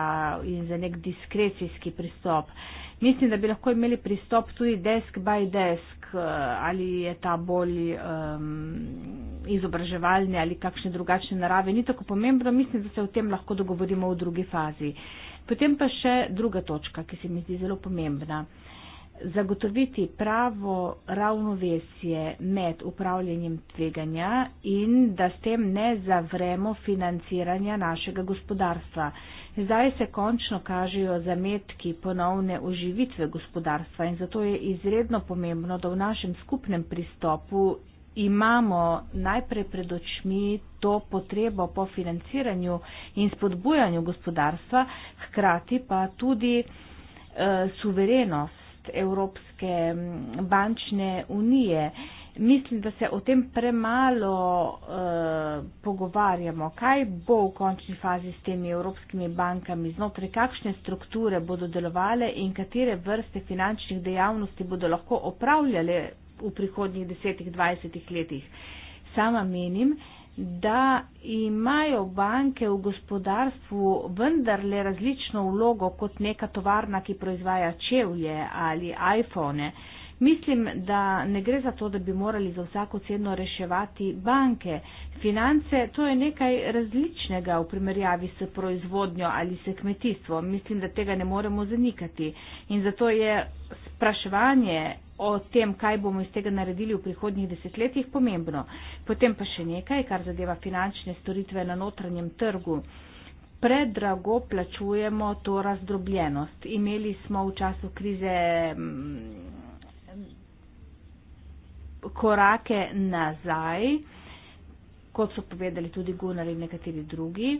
in za nek diskrecijski pristop. Mislim, da bi lahko imeli pristop tudi desk by desk, eh, ali je ta bolj um, izobraževalni ali kakšne drugačne narave. Ni tako pomembno, mislim, da se o tem lahko dogovorimo v drugi fazi. Potem pa še druga točka, ki se mi zdi zelo pomembna. Uh, zagotoviti pravo ravnovesje med upravljanjem tveganja in da s tem ne zavremo financiranja našega gospodarstva. Zdaj se končno kažejo zametki ponovne oživitve gospodarstva in zato je izredno pomembno, da v našem skupnem pristopu imamo najprej pred očmi to potrebo po financiranju in spodbujanju gospodarstva, hkrati pa tudi e, suverenost Evropske bančne unije. Mislim, da se o tem premalo uh, pogovarjamo, kaj bo v končni fazi s temi evropskimi bankami, znotraj kakšne strukture bodo delovale in katere vrste finančnih dejavnosti bodo lahko opravljale v prihodnjih desetih, dvajsetih letih. Sama menim, da imajo banke v gospodarstvu vendarle različno vlogo kot neka tovarna, ki proizvaja čevlje ali iPhone. Mislim, da ne gre za to, da bi morali za vsako ceno reševati banke. Finance, to je nekaj različnega v primerjavi s proizvodnjo ali s kmetijstvom. Mislim, da tega ne moremo zanikati. In zato je spraševanje o tem, kaj bomo iz tega naredili v prihodnjih desetletjih, pomembno. Potem pa še nekaj, kar zadeva finančne storitve na notranjem trgu. Predrago plačujemo to razdrobljenost. Imeli smo v času krize mm, korake nazaj, kot so povedali tudi Gunnar in nekateri drugi.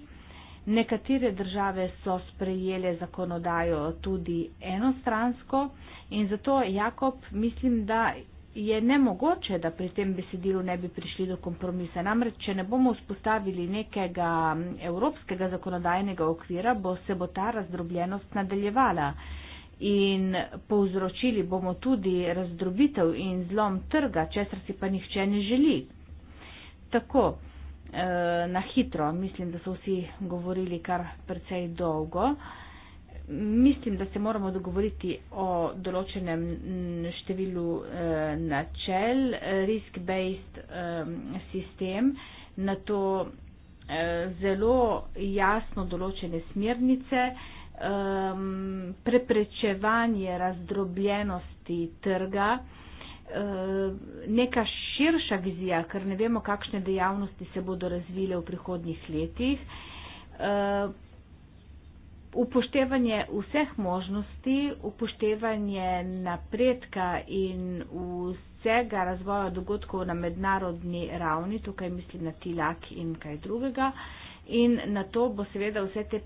Nekatere države so sprejele zakonodajo tudi enostransko in zato, Jakob, mislim, da je nemogoče, da pri tem besedilu ne bi prišli do kompromisa. Namreč, če ne bomo vzpostavili nekega evropskega zakonodajnega okvira, bo se bo ta razdrobljenost nadaljevala in povzročili bomo tudi razdrobitev in zlom trga, česar si pa nihče ne želi. Tako. Eh, na hitro. Mislim, da so vsi govorili kar precej dolgo. Mislim, da se moramo dogovoriti o določenem mm, številu eh, načel, risk-based eh, sistem, na to zelo jasno določene smernice, preprečevanje razdrobljenosti trga, Eh, neka širša vizija, ker ne vemo, kakšne dejavnosti se bodo razvile v prihodnjih letih. Eh, upoštevanje vseh možnosti, upoštevanje napredka in vsega razvoja dogodkov na mednarodni ravni, tukaj mislim na tilak in kaj drugega, uh, in na to bo seveda vse te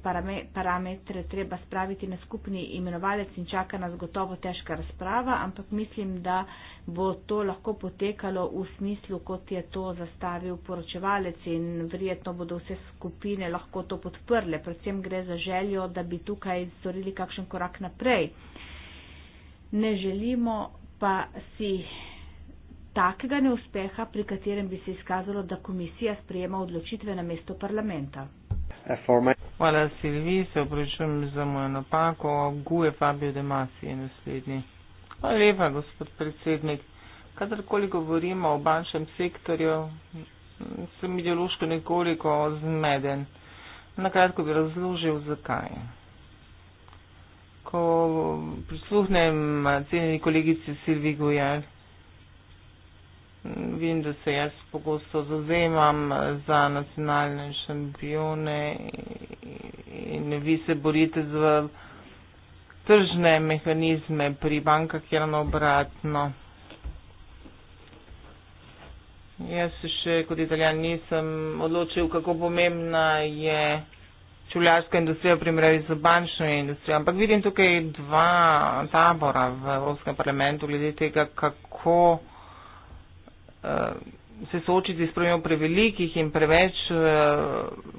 parametre treba spraviti na skupni imenovalec in čaka nas gotovo težka razprava, ampak mislim, da bo to lahko potekalo v smislu, kot je to zastavil poročevalec in verjetno bodo vse skupine lahko to podprle. Predvsem gre za željo, da bi tukaj storili kakšen korak naprej. Ne želimo pa si takega neuspeha, pri katerem bi se izkazalo, da komisija sprejema odločitve na mesto parlamenta. Hvala, Silvi, se opravičujem za mojo napako. Guje Fabio De Masi je naslednji. Hvala lepa, gospod predsednik. Kadarkoli govorimo o bančnem sektorju, sem ideološko nekoliko zmeden. Na kratko bi razložil, zakaj. Ko prisluhnem cenjeni kolegici Silvi Gujar, Vem, da se jaz pogosto zauzemam za nacionalne šampione in vi se borite z tržne mehanizme pri bankah, ker ono obratno. Jaz se še kot italijan nisem odločil, kako pomembna je čuljarska industrija v primerjavi z bančno industrijo, ampak vidim tukaj dva tabora v Evropskem parlamentu glede tega, kako Eh, se soočiti s problemom prevelikih in preveč eh,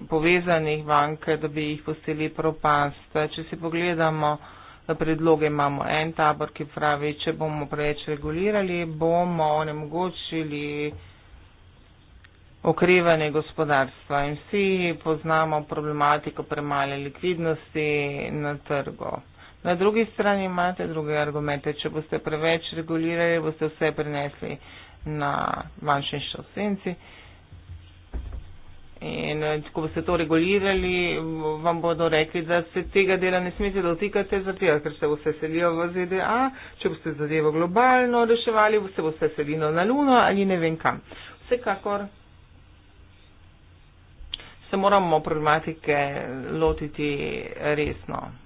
povezanih bank, da bi jih pustili propast. Če si pogledamo eh, predloge, imamo en tabor, ki pravi, če bomo preveč regulirali, bomo onemogočili okrevanje gospodarstva in vsi poznamo problematiko premale likvidnosti na trgu. Na drugi strani imate druge argumente, če boste preveč regulirali, boste vse prenesli na manjšinšče v senci. In eh, ko boste to regulirali, vam bodo rekli, da se tega dela ne smete dotikati, zato ker se boste selili v ZDA, če boste zadevo globalno reševali, se boste selili na Luno ali ne vem kam. Vsekakor se moramo problematike lotiti resno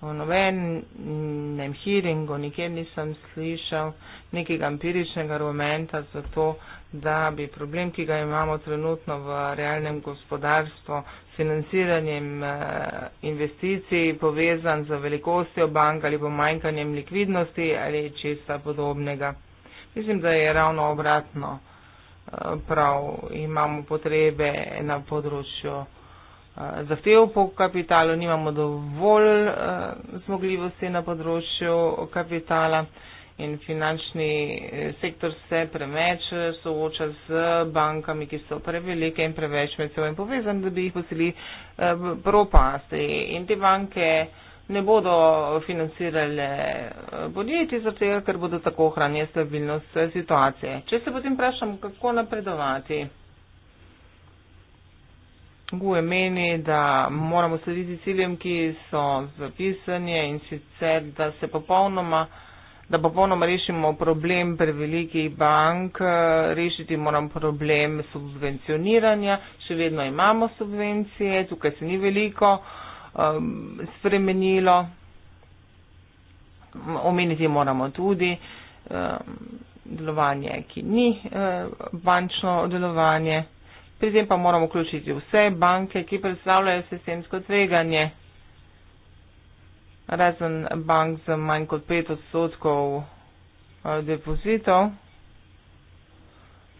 v nobenem hiringu, nikjer nisem slišal nekega empiričnega argumenta za to, da bi problem, ki ga imamo trenutno v realnem gospodarstvu, s financiranjem eh, investicij povezan z velikostjo bank ali pomanjkanjem likvidnosti ali česa podobnega. Mislim, da je ravno obratno. Eh, prav imamo potrebe na področju Eh, zahtev po kapitalu, nimamo dovolj eh, zmogljivosti na področju kapitala in finančni eh, sektor se premeč sooča z bankami, ki so prevelike in preveč med seboj povezane, da bi jih poseli propasti. In te banke ne bodo financirale podjetij, ker bodo tako ohranjali stabilnost situacije. Če se potem vprašam, kako napredovati. Guje meni, da moramo slediti ciljem, ki so zapisani in sicer, da se popolnoma, da popolnoma rešimo problem prevelikih bank, rešiti moramo problem subvencioniranja, še vedno imamo subvencije, tukaj se ni veliko um, spremenilo. Omeniti moramo tudi um, delovanje, ki ni um, bančno delovanje. Pri tem pa moramo vključiti vse banke, ki predstavljajo sistemsko tveganje, razen bank z manj kot 5 odstotkov eh, depozitov.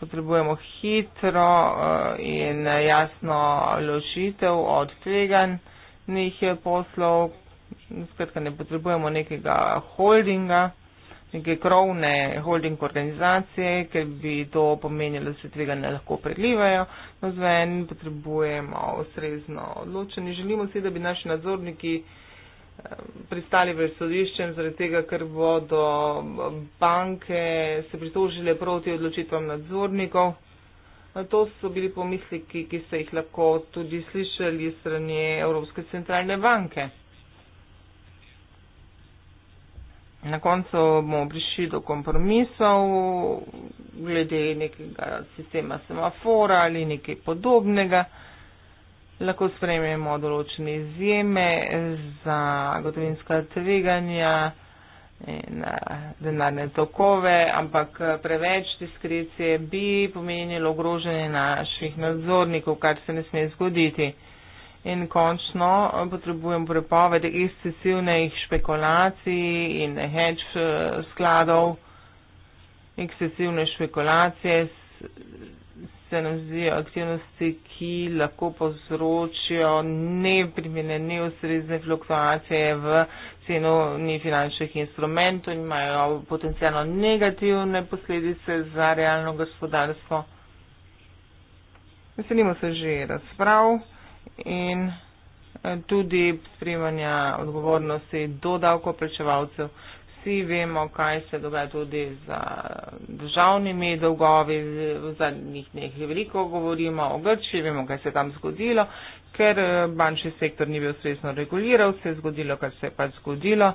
Potrebujemo hitro eh, in jasno ločitev od tveganih eh, poslov. Skratka, ne potrebujemo nekega holdinga, neke krovne holding organizacije, ker bi to pomenilo, da se tveganja lahko preglivajo navzven, potrebujemo ustrezno odločanje. Želimo si, da bi naši nadzorniki eh, pristali pred sodiščem, zaradi tega, ker bodo eh, banke se pritožile proti odločitvam nadzornikov. To so bili pomisliki, ki ste jih lahko tudi slišali strani Evropske centralne banke. Na koncu bomo prišli do kompromisov glede nekega sistema semafora ali nekaj podobnega. Lahko sprejmemo določene izjeme za gotovinska tveganja in eh, denarne tokove, ampak eh, preveč diskrecije bi pomenilo ogrožanje naših nadzornikov, kar se ne sme zgoditi in končno potrebujem prepoved ekscesivnih špekulacij in hedge eh, skladov. Ekscesivne špekulacije se nam zdijo aktivnosti, ki lahko povzročijo neprimene, neustrezne fluktuacije v ceno finančnih instrumentov in imajo potencijalno negativne posledice za realno gospodarstvo. Veselimo se že razprav in eh, tudi primanja odgovornosti do davkoprečevalcev. Vsi vemo, kaj se dogaja tudi z državnimi dolgovi. V zadnjih dneh veliko govorimo o Grči, vemo, kaj se tam zgodilo, ker eh, bančni sektor ni bil ustrezno reguliral, se je zgodilo, kar se je pač zgodilo.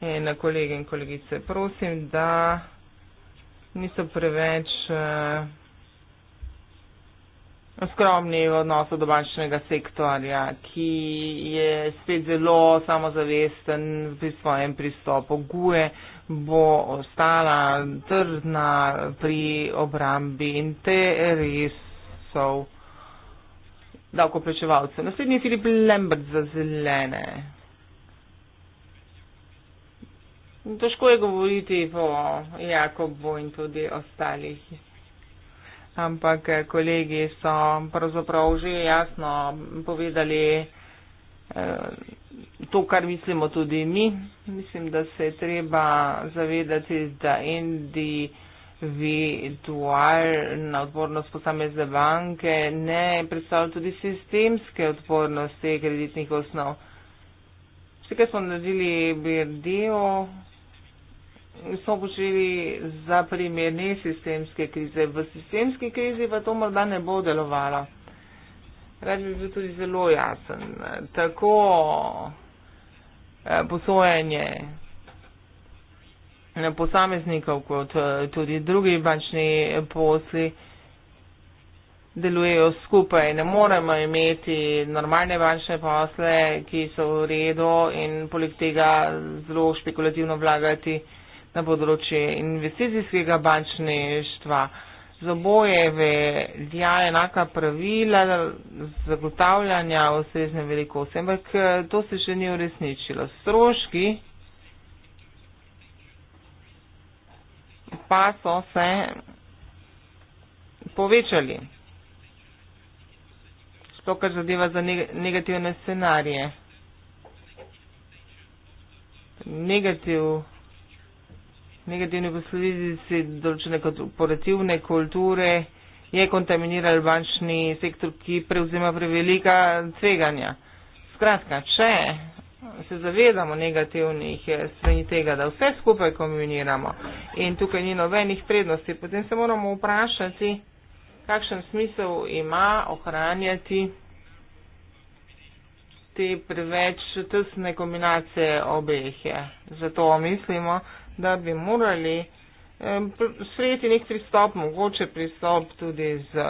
In eh, kolege in kolegice, prosim, da niso preveč. Uh, skromnega odnosa do bančnega sektorja, ki je spet zelo samozavesten pri svojem pristopu. Guje bo ostala trdna pri obrambi interesov davkoplačevalcev. Naslednji je Filip Lambert za zelene. Težko je govoriti o Jakobu in tudi ostalih ampak eh, kolegi so pravzaprav že jasno povedali eh, to, kar mislimo tudi mi. Mislim, da se je treba zavedati, da individualna odpornost posamezne banke ne predstavlja tudi sistemske odpornosti kreditnih osnov. Vse, kar smo naredili, bi del smo počeli za primer ne sistemske krize. V sistemski krizi pa to morda ne bo delovalo. Rad bi bil tudi zelo jasen. Tako eh, posojanje posameznikov kot eh, tudi drugi bančni posli delujejo skupaj. Ne moremo imeti normalne bančne posle, ki so v redu in poleg tega zelo špekulativno vlagati na področju investicijskega bančništva. Za oboje velja enaka pravila zagotavljanja ustrezne velikosti, ampak eh, to se še ni uresničilo. Stroški pa so se povečali. To, kar zadeva za negativne scenarije. Negativ negativne posledice določene korporativne kulture je kontaminiral bančni sektor, ki prevzema prevelika tveganja. Skratka, če se zavedamo negativnih strani tega, da vse skupaj kombiniramo in tukaj ni nobenih prednosti, potem se moramo vprašati, kakšen smisel ima ohranjati te preveč tesne kombinacije obeh. Zato mislimo, da bi morali sprejeti nek pristop, mogoče pristop tudi z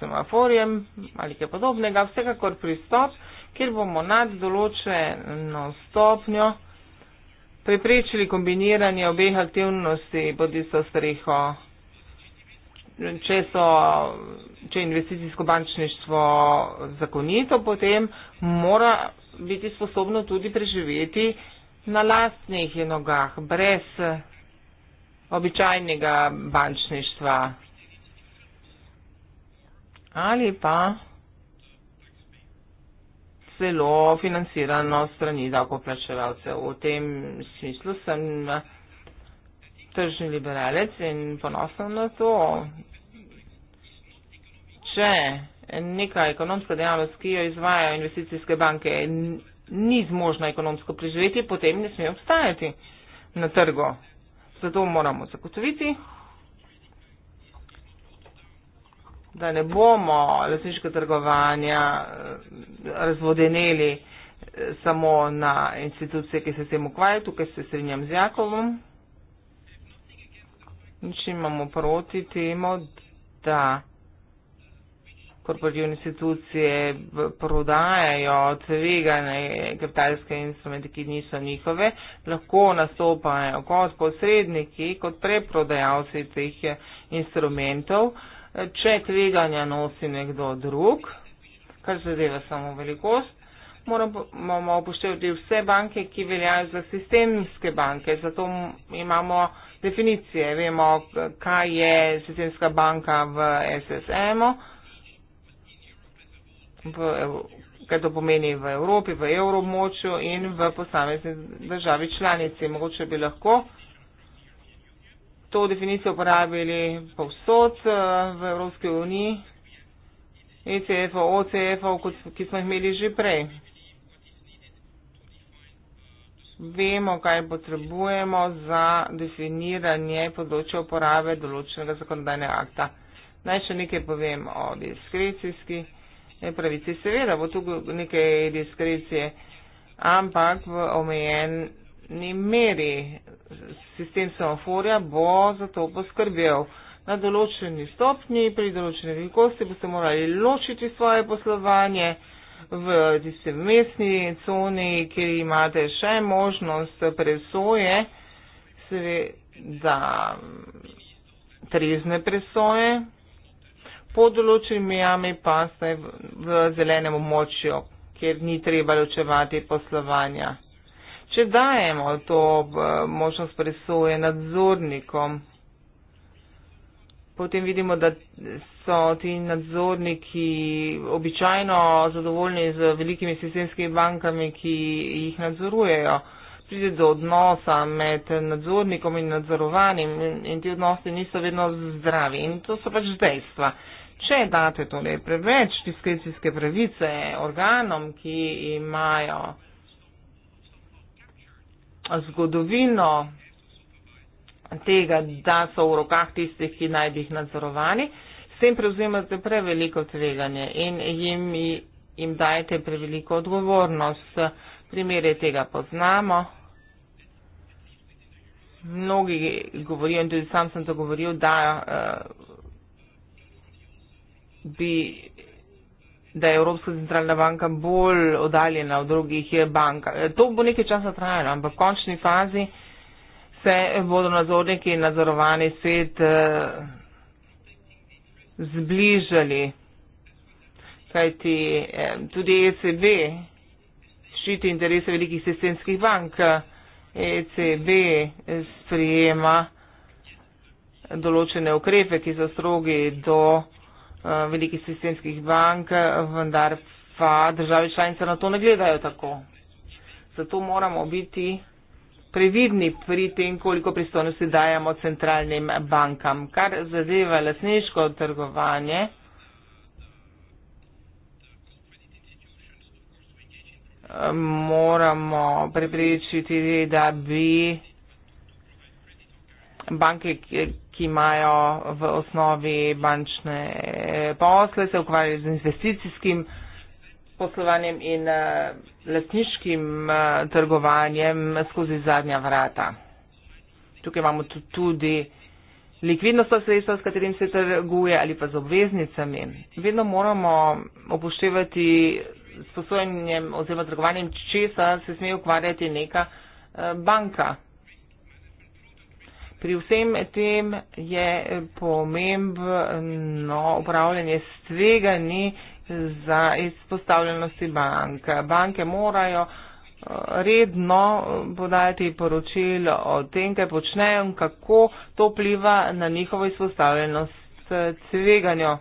semaforjem ali kaj podobnega, vsekakor pristop, kjer bomo nad določeno stopnjo preprečili kombiniranje obeh aktivnosti, bodi so streho, če, so, če je investicijsko bančništvo zakonito, potem mora biti sposobno tudi preživeti na lastnih nogah, brez eh, običajnega bančništva. Ali pa celo financirano strani davkoplačevalcev. V tem smislu sem eh, tržni liberalec in ponosen na to. Če neka ekonomska dejavnost, ki jo izvajajo investicijske banke, ni zmožna ekonomsko preživeti, potem ne sme obstajati na trgu. Zato moramo zagotoviti, da ne bomo lasniško trgovanja eh, razvodeneli eh, samo na institucije, ki se s tem ukvarjajo. Tukaj se srinjam z Jakovom. Nič imamo proti temu, da korporativne institucije prodajajo tvegane kapitalske instrumente, ki niso njihove, lahko nastopajo kot posredniki, kot preprodajalci teh instrumentov, če tveganja nosi nekdo drug, kar zadeva samo velikost. Moramo upoštevati vse banke, ki veljajo za sistemske banke, zato imamo definicije, vemo, kaj je sistemska banka v SSM-u, v, kaj to pomeni v Evropi, v evromočju in v posamezni državi članici. Mogoče bi lahko to definicijo uporabili povsod eh, v Evropski uniji, ECF-ov, OCF-ov, ki smo jih imeli že prej. Vemo, kaj potrebujemo za definiranje področja uporabe določenega zakonodajnega akta. Naj še nekaj povem o diskrecijski pravici. Seveda bo tukaj nekaj diskrecije, ampak v omejeni meri sistem semaforja bo za to poskrbel. Na določeni stopnji, pri določeni velikosti boste morali ločiti svoje poslovanje v tiste mestni coni, kjer imate še možnost presoje, seveda trezne presoje, pod določenimi jami pa ste v zelenem območju, kjer ni treba ločevati poslovanja. Če dajemo to eh, možnost presoje nadzornikom, potem vidimo, da so ti nadzorniki običajno zadovoljni z velikimi sistemskimi bankami, ki jih nadzorujejo. Pride do odnosa med nadzornikom in nadzorovanim in ti odnosi niso vedno zdravi in to so pač dejstva če date torej preveč diskrecijske pravice organom, ki imajo zgodovino tega, da so v rokah tistih, ki naj bi jih nadzorovali, s tem prevzemate preveliko tveganje in jim, jim dajete preveliko odgovornost. Primere tega poznamo. Mnogi govorijo, in tudi sam sem to govoril, da uh, bi, da je Evropska centralna banka bolj oddaljena od drugih bank. To bo nekaj časa trajalo, ampak v končni fazi se bodo nadzorniki in nadzorovani svet eh, zbližali. Kajti eh, tudi ECB ščiti interese velikih sistemskih bank. ECB sprijema določene ukrepe, ki so strogi do Eh, velikih sistemskih bank, eh, vendar pa države članice na to ne gledajo tako. Zato moramo biti previdni pri tem, koliko pristojnosti dajemo centralnim bankam. Kar zadeva lasniško trgovanje, eh, moramo preprečiti, da bi banke, ki imajo v osnovi bančne eh, posle, se ukvarjajo z investicijskim poslovanjem in eh, lastniškim eh, trgovanjem skozi zadnja vrata. Tukaj imamo tudi likvidnostna sredstva, s katerim se trguje ali pa z obveznicami. Vedno moramo opuštevati sposojenjem oziroma trgovanjem, česa se sme ukvarjati neka banka. Pri vsem tem je pomembno upravljanje stvegani za izpostavljenosti bank. Banke morajo eh, redno eh, podajati poročilo o tem, kaj počnejo in kako to pliva na njihovo izpostavljenost eh, tveganju.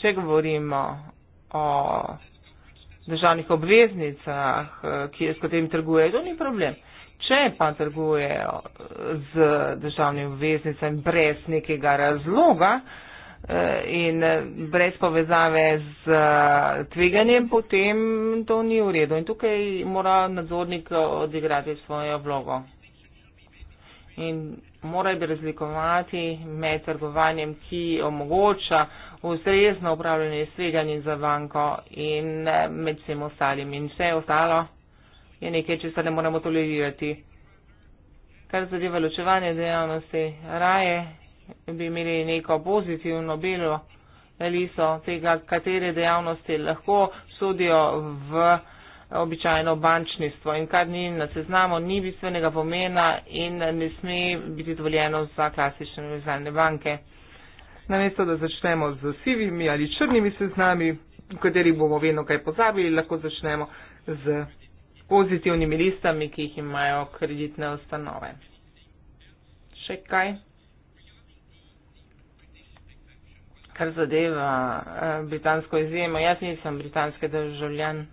Če govorimo o državnih obveznicah, s katerimi trgujejo, to ni problem če pa trgujejo z državnim obveznicam brez nekega razloga eh, in brez povezave z eh, tveganjem, potem to ni v redu. In tukaj mora nadzornik odigrati svojo vlogo. In morajo bi razlikovati med trgovanjem, ki omogoča ustrezno upravljanje sveganj za banko in eh, med vsem ostalim. In vse ostalo je nekaj, če se ne moramo tolerirati. Kar zadeva ločevanje dejavnosti, raje bi imeli neko pozitivno belo liso tega, katere dejavnosti lahko sodijo v običajno bančništvo in kar ni na seznamu, ni bistvenega pomena in ne sme biti dovoljeno za klasične univerzalne banke. Namesto, da začnemo z sivimi ali črnimi seznami, v katerih bomo vedno kaj pozabili, lahko začnemo z pozitivnimi listami, ki jih imajo kreditne ustanove. Še kaj? Kar zadeva eh, britansko izjemo, jaz nisem britanski državljan.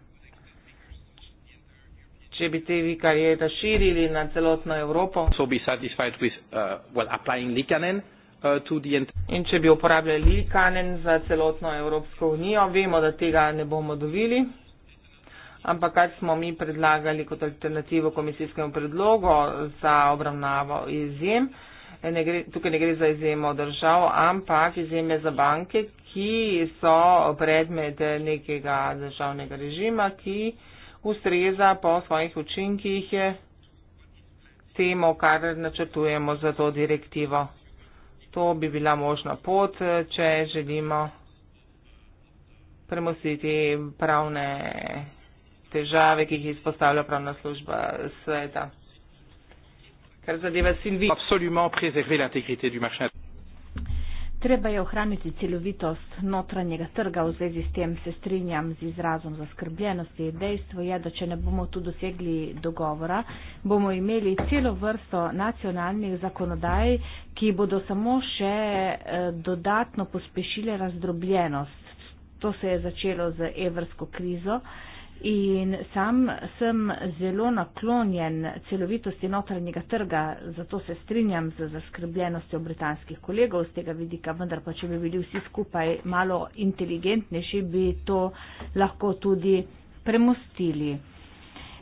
Če bi te vi karijere širili na celotno Evropo. With, uh, well, uh, in če bi uporabljali Likanen za celotno Evropsko unijo, vemo, da tega ne bomo dobili ampak kar smo mi predlagali kot alternativo komisijskemu predlogu za obravnavo izjem, e, ne gre, tukaj ne gre za izjemo držav, ampak izjeme za banke, ki so predmet nekega državnega režima, ki ustreza po svojih učinkih temu, kar načrtujemo za to direktivo. To bi bila možna pot, če želimo premostiti pravne težave, ki jih izpostavlja pravna služba sveta. Kar zadeva Silvi. Treba je ohraniti celovitost notranjega trga, v zvezi s tem se strinjam z izrazom zaskrbljenosti. Dejstvo je, da če ne bomo tu dosegli dogovora, bomo imeli celo vrsto nacionalnih zakonodaj, ki bodo samo še eh, dodatno pospešile razdrobljenost. To se je začelo z evrsko krizo in sam sem zelo naklonjen celovitosti notranjega trga, zato se strinjam z zaskrbljenostjo britanskih kolegov z tega vidika, vendar pa če bi bili vsi skupaj malo inteligentnejši, bi to lahko tudi premustili.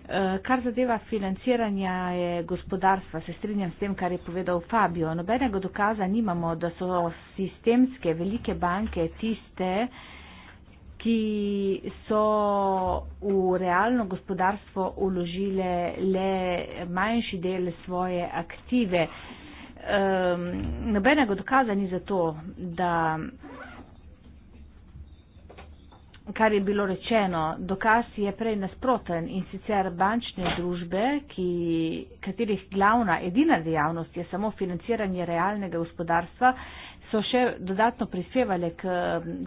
Eh, kar zadeva financiranja je gospodarstva, se strinjam s tem, kar je povedal Fabio. Nobenega dokaza nimamo, da so sistemske velike banke tiste, ki so v realno gospodarstvo uložile le manjši del svoje aktive. Um, nobenega dokaza ni za to, da kar je bilo rečeno, dokaz je prej nasproten in sicer bančne družbe, ki, katerih glavna edina dejavnost je samo financiranje realnega gospodarstva, so še dodatno prispevale k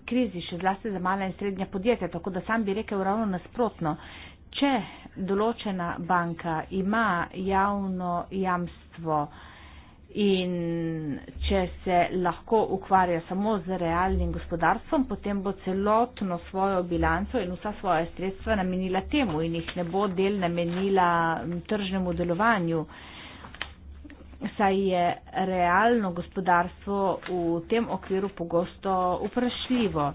krizi, še zlasti za mala in srednja podjetja. Tako da sam bi rekel ravno nasprotno. Če določena banka ima javno jamstvo in če se lahko ukvarja samo z realnim gospodarstvom, potem bo celotno svojo bilanco in vsa svoja sredstva namenila temu in jih ne bo del namenila tržnemu delovanju. Uh, saj je realno gospodarstvo v tem okviru pogosto vprašljivo.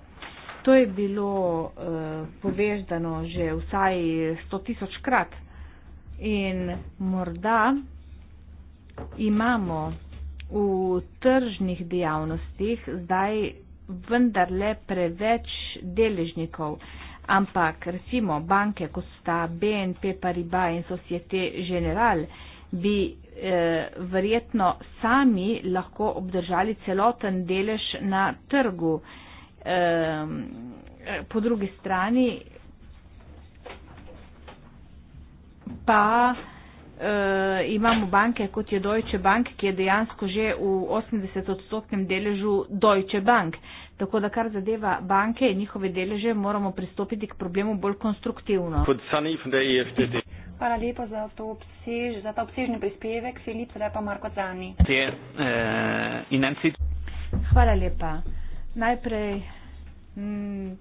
To je bilo eh, poveždano že vsaj 100 tisoč krat in morda imamo v tržnih dejavnostih zdaj vendarle preveč deležnikov, ampak recimo banke, kot sta BNP Paribas in Societe General, bi eh, verjetno sami lahko obdržali celoten delež na trgu. Eh, po drugi strani pa eh, imamo banke, kot je Deutsche Bank, ki je dejansko že v 80 odstotnem deležu Deutsche Bank. Tako da kar zadeva banke in njihove deleže, moramo pristopiti k problemu bolj konstruktivno. Kod sani von der EFTD. Hvala lepa za, obsež, za ta obsežni prispevek, Filip, zdaj pa Marko Zani. Eh, Hvala lepa. Najprej m, mm,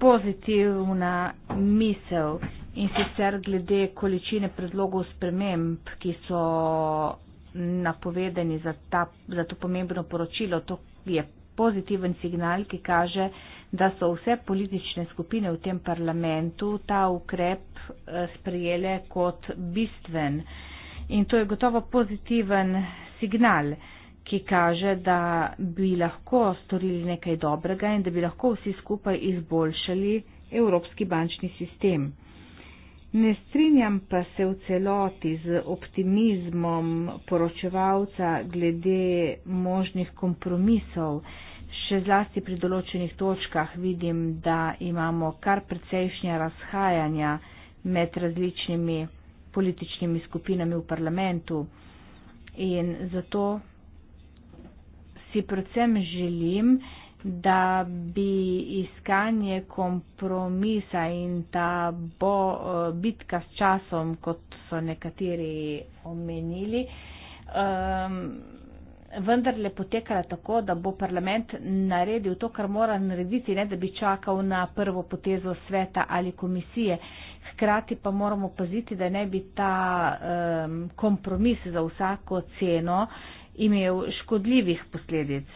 pozitivna misel in sicer glede količine predlogov sprememb, ki so napovedeni za, ta, za to pomembno poročilo. To je pozitiven signal, ki kaže, da so vse politične skupine v tem parlamentu ta ukrep eh, sprejele kot bistven. In to je gotovo pozitiven signal, ki kaže, da bi lahko storili nekaj dobrega in da bi lahko vsi skupaj izboljšali evropski bančni sistem. Ne strinjam pa se v celoti z optimizmom poročevalca glede možnih kompromisov še zlasti pri določenih točkah vidim, da imamo kar precejšnja razhajanja med različnimi političnimi skupinami v parlamentu in zato si predvsem želim, da bi iskanje kompromisa in ta bo eh, bitka s časom, kot so nekateri omenili, um, vendarle potekala tako, da bo parlament naredil to, kar mora narediti, ne da bi čakal na prvo potezo sveta ali komisije. Hkrati pa moramo paziti, da ne bi ta um, kompromis za vsako ceno imel škodljivih posledic.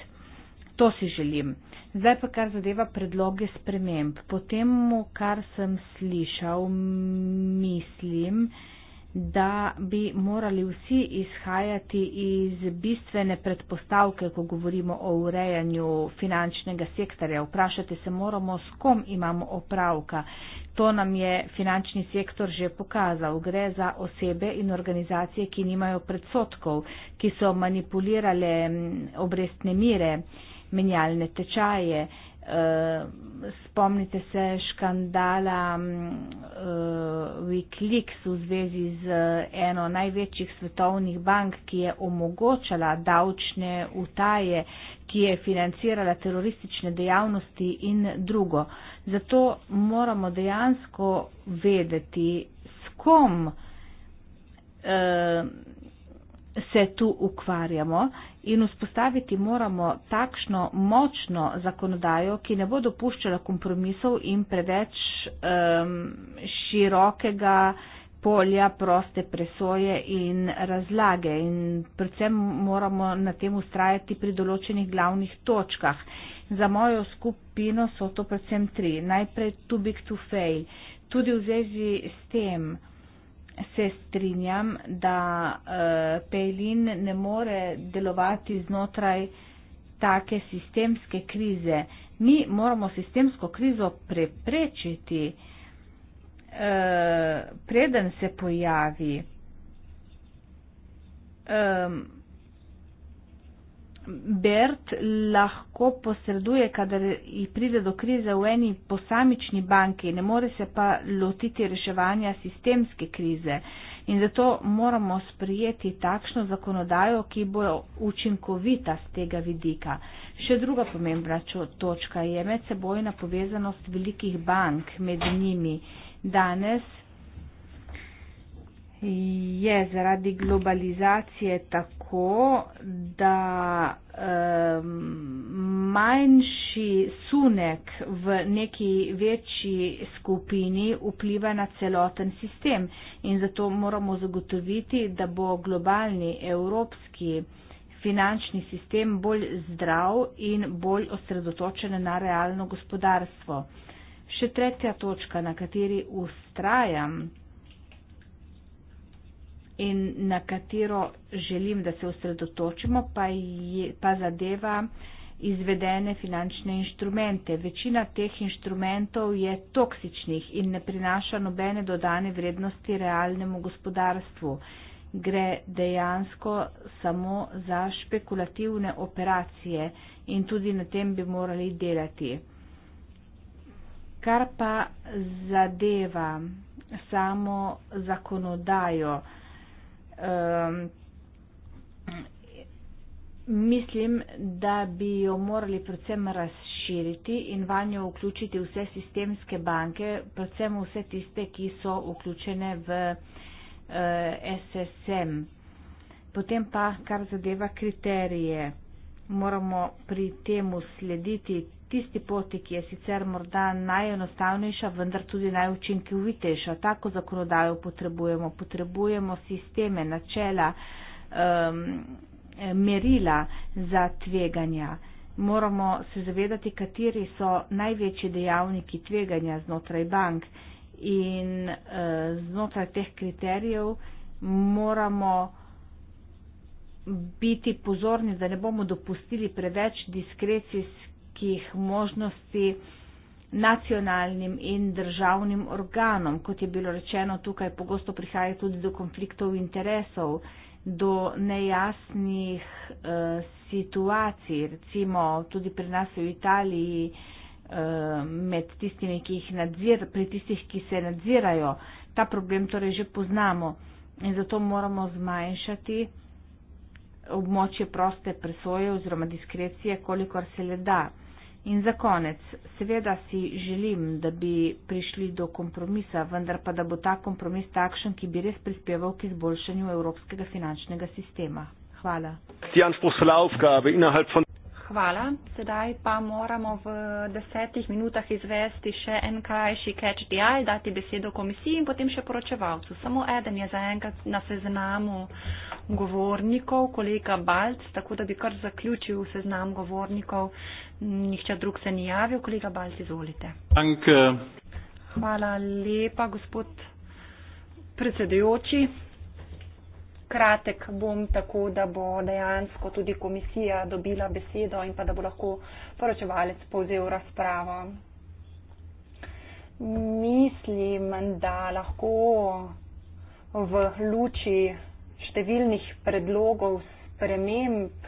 To si želim. Zdaj pa kar zadeva predloge sprememb. Po tem, kar sem slišal, mislim, da da bi morali vsi izhajati iz bistvene predpostavke, ko govorimo o urejanju finančnega sektorja. Vprašate se moramo, s kom imamo opravka. To nam je finančni sektor že pokazal. Gre za osebe in organizacije, ki nimajo predsotkov, ki so manipulirale obrestne mire, menjalne tečaje, Eh, spomnite se škandala uh, Wikileaks v zvezi z eh, eno največjih svetovnih bank, ki je omogočala davčne utaje, ki je financirala teroristične dejavnosti in drugo. Zato moramo dejansko vedeti, s kom uh, se tu ukvarjamo in vzpostaviti moramo takšno močno zakonodajo, ki ne bo dopuščala kompromisov in preveč um, širokega polja proste presoje in razlage. In predvsem moramo na tem ustrajati pri določenih glavnih točkah. Za mojo skupino so to predvsem tri. Najprej to big to fail. Tudi v zvezi s tem, se strinjam, da uh, eh, Pejlin ne more delovati znotraj take sistemske krize. Mi moramo sistemsko krizo preprečiti, uh, preden se pojavi. Um, Bert lahko posreduje, kadar ji pride do krize v eni posamični banki, ne more se pa lotiti reševanja sistemske krize. In zato moramo sprijeti takšno zakonodajo, ki bo učinkovita z tega vidika. Še druga pomembna točka je medsebojna povezanost velikih bank med njimi. Danes je zaradi globalizacije tako, da um, manjši sunek v neki večji skupini vpliva na celoten sistem in zato moramo zagotoviti, da bo globalni evropski finančni sistem bolj zdrav in bolj osredotočen na realno gospodarstvo. Še tretja točka, na kateri ustrajam, in na katero želim, da se osredotočimo, pa, je, pa zadeva izvedene finančne inštrumente. Večina teh inštrumentov je toksičnih in ne prinaša nobene dodane vrednosti realnemu gospodarstvu. Gre dejansko samo za špekulativne operacije in tudi na tem bi morali delati. Kar pa zadeva samo zakonodajo, um, mislim, da bi jo morali predvsem razširiti in vanjo vključiti vse sistemske banke, predvsem vse tiste, ki so vključene v uh, eh, SSM. Potem pa, kar zadeva kriterije, moramo pri temu slediti tisti poti, ki je sicer morda najenostavnejša, vendar tudi najučinkovitejša. Tako zakonodajo potrebujemo. Potrebujemo sisteme, načela, um, merila za tveganja. Moramo se zavedati, kateri so največji dejavniki tveganja znotraj bank in uh, znotraj teh kriterijev moramo biti pozorni, da ne bomo dopustili preveč diskrecijskih enakih možnosti nacionalnim in državnim organom. Kot je bilo rečeno, tukaj pogosto prihaja tudi do konfliktov interesov, do nejasnih uh, situacij. Recimo tudi pri nas v Italiji uh, med tistimi, ki jih nadzirajo, pri tistih, ki se nadzirajo. Ta problem torej že poznamo in zato moramo zmanjšati območje proste presoje oziroma diskrecije, kolikor se le da. In za konec, seveda si želim, da bi prišli do kompromisa, vendar pa da bo ta kompromis takšen, ki bi res prispeval k izboljšanju evropskega finančnega sistema. Hvala. Stjan Sposlavka, v inahalb von. Hvala. Sedaj pa moramo v desetih minutah izvesti še en krajši catch the eye, dati besedo komisiji in potem še poročevalcu. Samo eden je zaenkrat na seznamu govornikov, kolega Balc, tako da bi kar zaključil seznam govornikov. Nihče drug se ni javil. Kolega Balc, izvolite. Hvala lepa, gospod predsedujoči kratek bom, tako da bo dejansko tudi komisija dobila besedo in pa da bo lahko poročevalec povzel razpravo. Mislim, da lahko v luči številnih predlogov sprememb eh,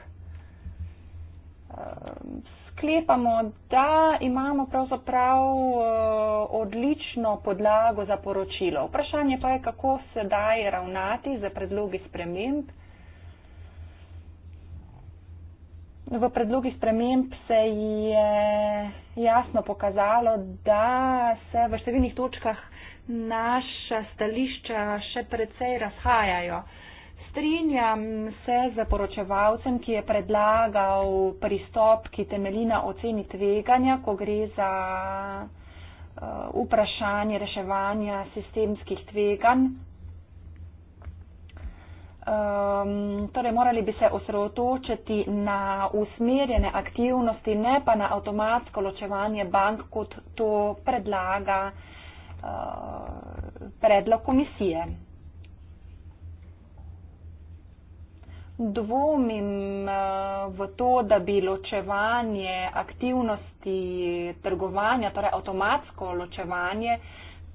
sklepamo, da imamo pravzaprav eh, odlično podlago za poročilo. Vprašanje pa je, kako se daje ravnati za predlogi sprememb. V predlogi sprememb se je jasno pokazalo, da se v številnih točkah naša stališča še precej razhajajo. Uh, strinjam se z poročevalcem, ki je predlagal pristop, ki temelji na oceni tveganja, ko gre za uh, vprašanje reševanja sistemskih tveganj. Um, torej, morali bi se osredotočiti na usmerjene aktivnosti, ne pa na avtomatsko ločevanje bank, kot to predlaga uh, predlog komisije. dvomim eh, v to, da bi ločevanje aktivnosti trgovanja, torej avtomatsko ločevanje,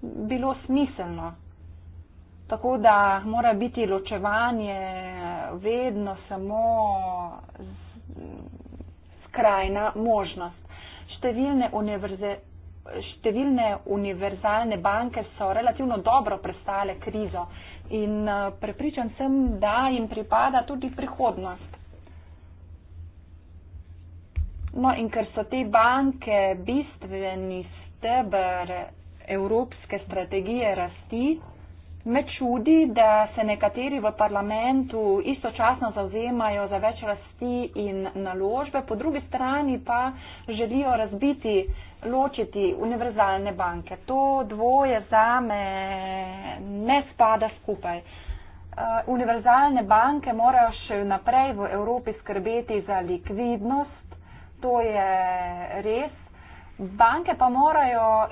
bilo smiselno. Tako da mora biti ločevanje vedno samo skrajna možnost. Številne, univerze, številne univerzalne banke so relativno dobro prestale krizo, in eh, prepričan sem, da jim pripada tudi prihodnost. No, in ker so te banke bistveni stebr evropske strategije rasti, me čudi, da se nekateri v parlamentu istočasno zauzemajo za več rasti in naložbe, po drugi strani pa želijo razbiti ločiti univerzalne banke. To dvoje za me ne spada skupaj. Uh, univerzalne banke morajo še naprej v Evropi skrbeti za likvidnost, to je res. Banke pa morajo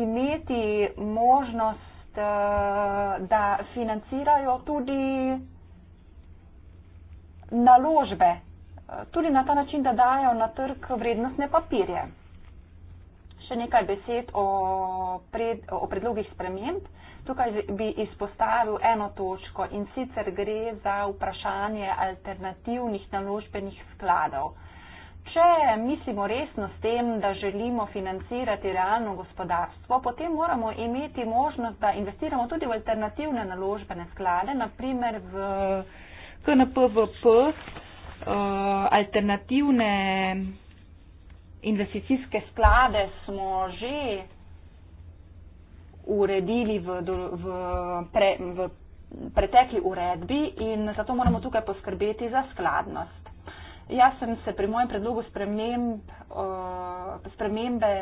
imeti možnost, uh, da financirajo tudi naložbe, tudi na ta način, da dajo na trg vrednostne papirje. Še nekaj besed o, pred, o predlogih sprememb. Tukaj bi izpostavil eno točko in sicer gre za vprašanje alternativnih naložbenih skladov. Če mislimo resno s tem, da želimo financirati realno gospodarstvo, potem moramo imeti možnost, da investiramo tudi v alternativne naložbene sklade, naprimer v KNPVP, Eh, alternativne investicijske sklade smo že uredili v, v, pre, v pretekli uredbi in zato moramo tukaj poskrbeti za skladnost. Jaz sem se pri mojem predlogu sprememb, eh, spremembe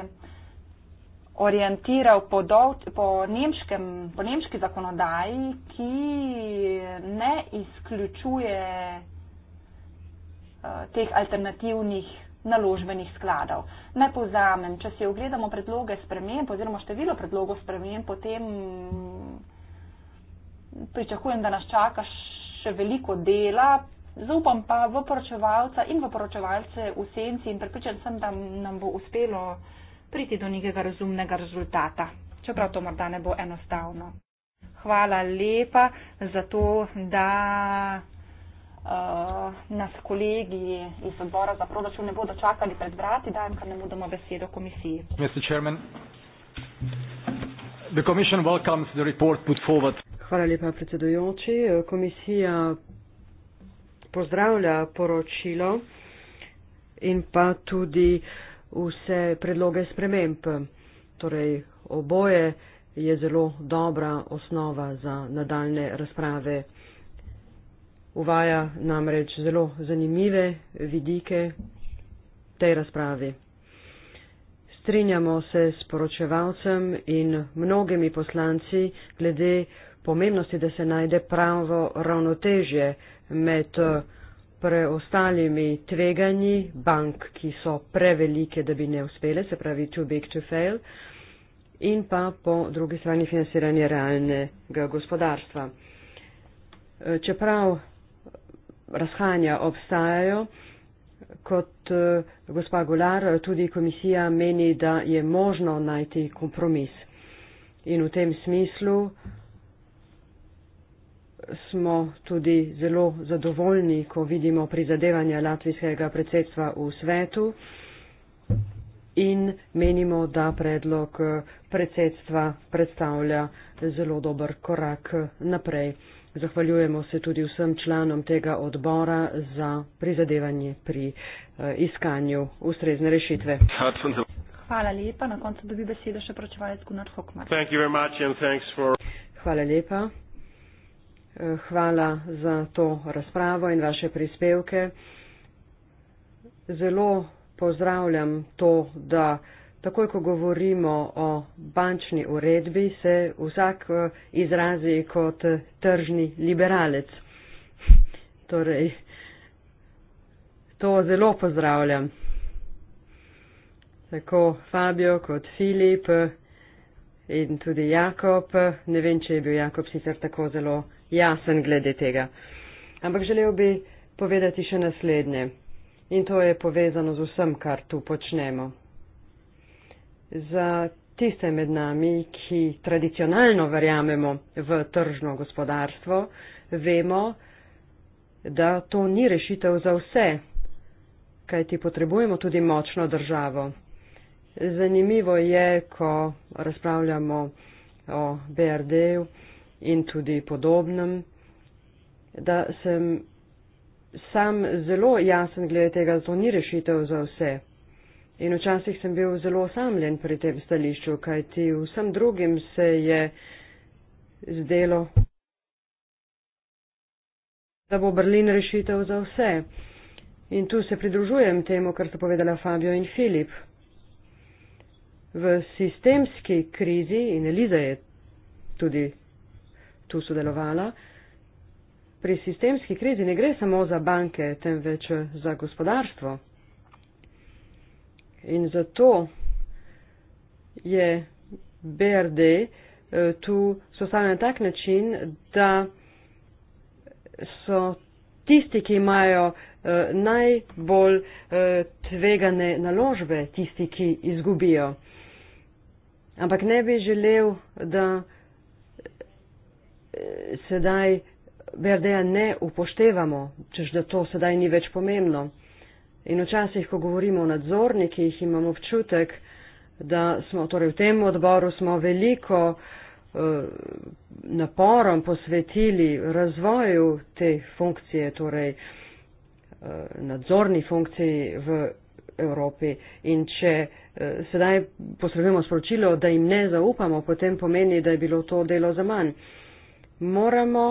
orientiral po, dol, po, nemškem, po nemški zakonodaji, ki ne izključuje Eh, teh alternativnih naložbenih skladov. Naj povzamem, če si ogledamo predloge sprememb oziroma število predlogov sprememb, potem pričakujem, da nas čaka še veliko dela. Zaupam pa v poročevalca in v poročevalce v senci in pripričan sem, da nam bo uspelo priti do nekega razumnega rezultata, čeprav to morda ne bo enostavno. Hvala lepa za to, da uh, nas kolegi iz odbora za proračun ne bodo čakali pred vrati, dajem kar ne bodo besedo komisiji. Mr. Chairman, the commission welcomes the report put forward. Hvala lepa, predsedujoči. Komisija pozdravlja poročilo in pa tudi vse predloge sprememb. Torej, oboje je zelo dobra osnova za nadaljne razprave uvaja namreč zelo zanimive vidike tej razpravi. Strinjamo se s poročevalcem in mnogimi poslanci glede pomembnosti, da se najde pravo ravnotežje med preostalimi tveganji bank, ki so prevelike, da bi ne uspele, se pravi too big to fail, in pa po drugi strani financiranje realnega gospodarstva. Čeprav razhajanja obstajajo. Kot eh, gospa Gular, tudi komisija meni, da je možno najti kompromis. In v tem smislu smo tudi zelo zadovoljni, ko vidimo prizadevanja latvijskega predsedstva v svetu in menimo, da predlog eh, predsedstva predstavlja zelo dober korak eh, naprej. Zahvaljujemo se tudi vsem članom tega odbora za prizadevanje pri eh, iskanju ustrezne rešitve. Hvala lepa. Na koncu dobi besedo še pročevalec Gunnar Hokmar. Hvala lepa. Eh, hvala za to razpravo in vaše prispevke. Zelo pozdravljam to, da. Takoj, ko govorimo o bančni uredbi, se vsak eh, izrazi kot eh, tržni liberalec. Torej, to zelo pozdravljam. Tako Fabio kot Filip eh, in tudi Jakob. Ne vem, če je bil Jakob sicer tako zelo jasen glede tega. Ampak želel bi povedati še naslednje. In to je povezano z vsem, kar tu počnemo za tiste med nami, ki tradicionalno verjamemo v tržno gospodarstvo, vemo, da to ni rešitev za vse, kajti potrebujemo tudi močno državo. Zanimivo je, ko razpravljamo o BRD-ju in tudi podobnem, da sem sam zelo jasen glede tega, da to ni rešitev za vse. In včasih sem bil zelo osamljen pri tem stališču, kajti vsem drugim se je zdelo, da bo Berlin rešitev za vse. In tu se pridružujem temu, kar so povedala Fabio in Filip. V sistemski krizi, in Eliza je tudi tu sodelovala, pri sistemski krizi ne gre samo za banke, temveč za gospodarstvo. In zato je BRD eh, tu sostavljen na tak način, da so tisti, ki imajo eh, najbolj eh, tvegane naložbe, tisti, ki izgubijo. Ampak ne bi želel, da sedaj BRD-ja ne upoštevamo, čež da to sedaj ni več pomembno. In včasih, ko govorimo o nadzornikih, imamo občutek, da smo torej v tem odboru veliko uh, naporom posvetili razvoju te funkcije, torej uh, nadzorni funkciji v Evropi. In če uh, sedaj poslovimo sporočilo, da jim ne zaupamo, potem pomeni, da je bilo to delo za manj. Moramo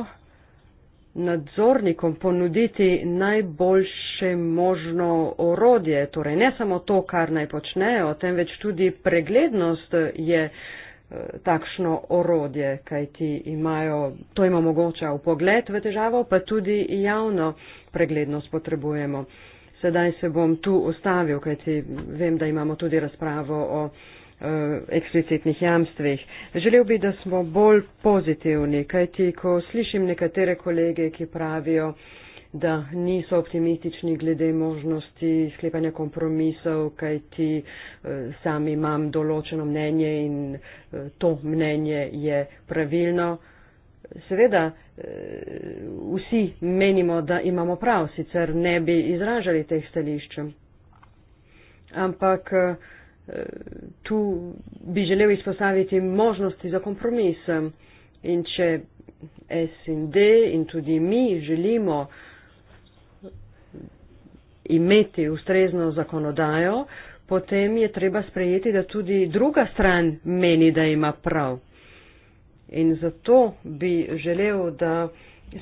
nadzornikom ponuditi najboljše možno orodje, torej ne samo to, kar naj počnejo, temveč tudi preglednost je eh, takšno orodje, kajti imajo, to jim omogoča upogled v težavo, pa tudi javno preglednost potrebujemo. Sedaj se bom tu ustavil, kajti vem, da imamo tudi razpravo o Eh, eksplicitnih jamstvih. Želel bi, da smo bolj pozitivni, kajti ko slišim nekatere kolege, ki pravijo, da niso optimistični glede možnosti sklepanja kompromisov, kajti eh, sam imam določeno mnenje in eh, to mnenje je pravilno. Seveda, vsi menimo, da imamo prav, sicer ne bi izražali teh stališč. Ampak tu bi želel izpostaviti možnosti za kompromis in če SND in tudi mi želimo imeti ustrezno zakonodajo, potem je treba sprejeti, da tudi druga stran meni, da ima prav. In zato bi želel, da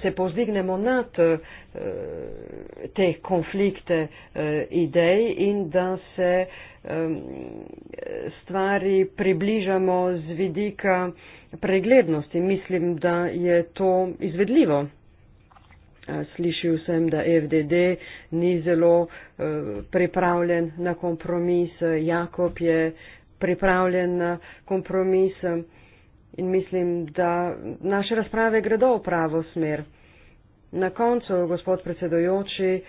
se povzdignemo nad uh, te konflikte uh, idej in da se um, stvari približamo z vidika preglednosti. Mislim, da je to izvedljivo. Slišal sem, da FDD ni zelo uh, pripravljen na kompromis, Jakob je pripravljen na kompromis. Uh, in mislim, da naše razprave gredo v pravo smer. Na koncu, gospod predsedojoči,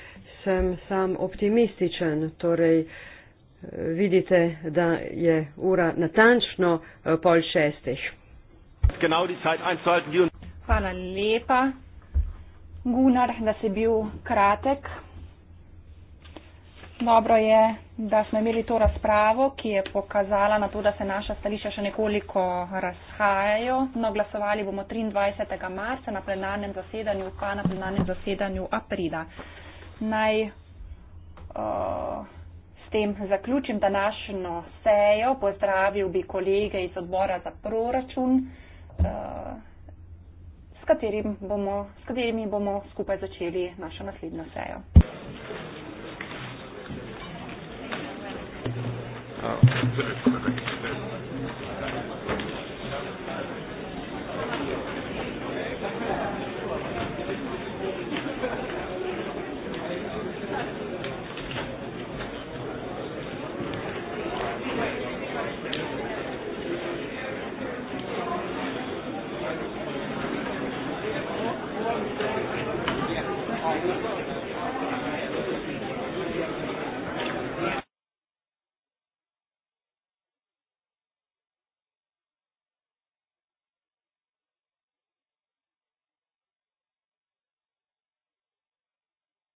sem sam optimističen, torej eh, vidite, da je ura natančno eh, pol šestih. Hvala lepa, Gunnar, da si bil kratek. Dobro je, da smo imeli to razpravo, ki je pokazala na to, da se naša stališča še nekoliko razhajajo. No, glasovali bomo 23. marca na plenarnem zasedanju, pa na plenarnem zasedanju aprila. Naj uh, s tem zaključim današnjo sejo. Pozdravil bi kolege iz odbora za proračun, uh, s, katerim bomo, s katerimi bomo skupaj začeli našo naslednjo sejo. Uh,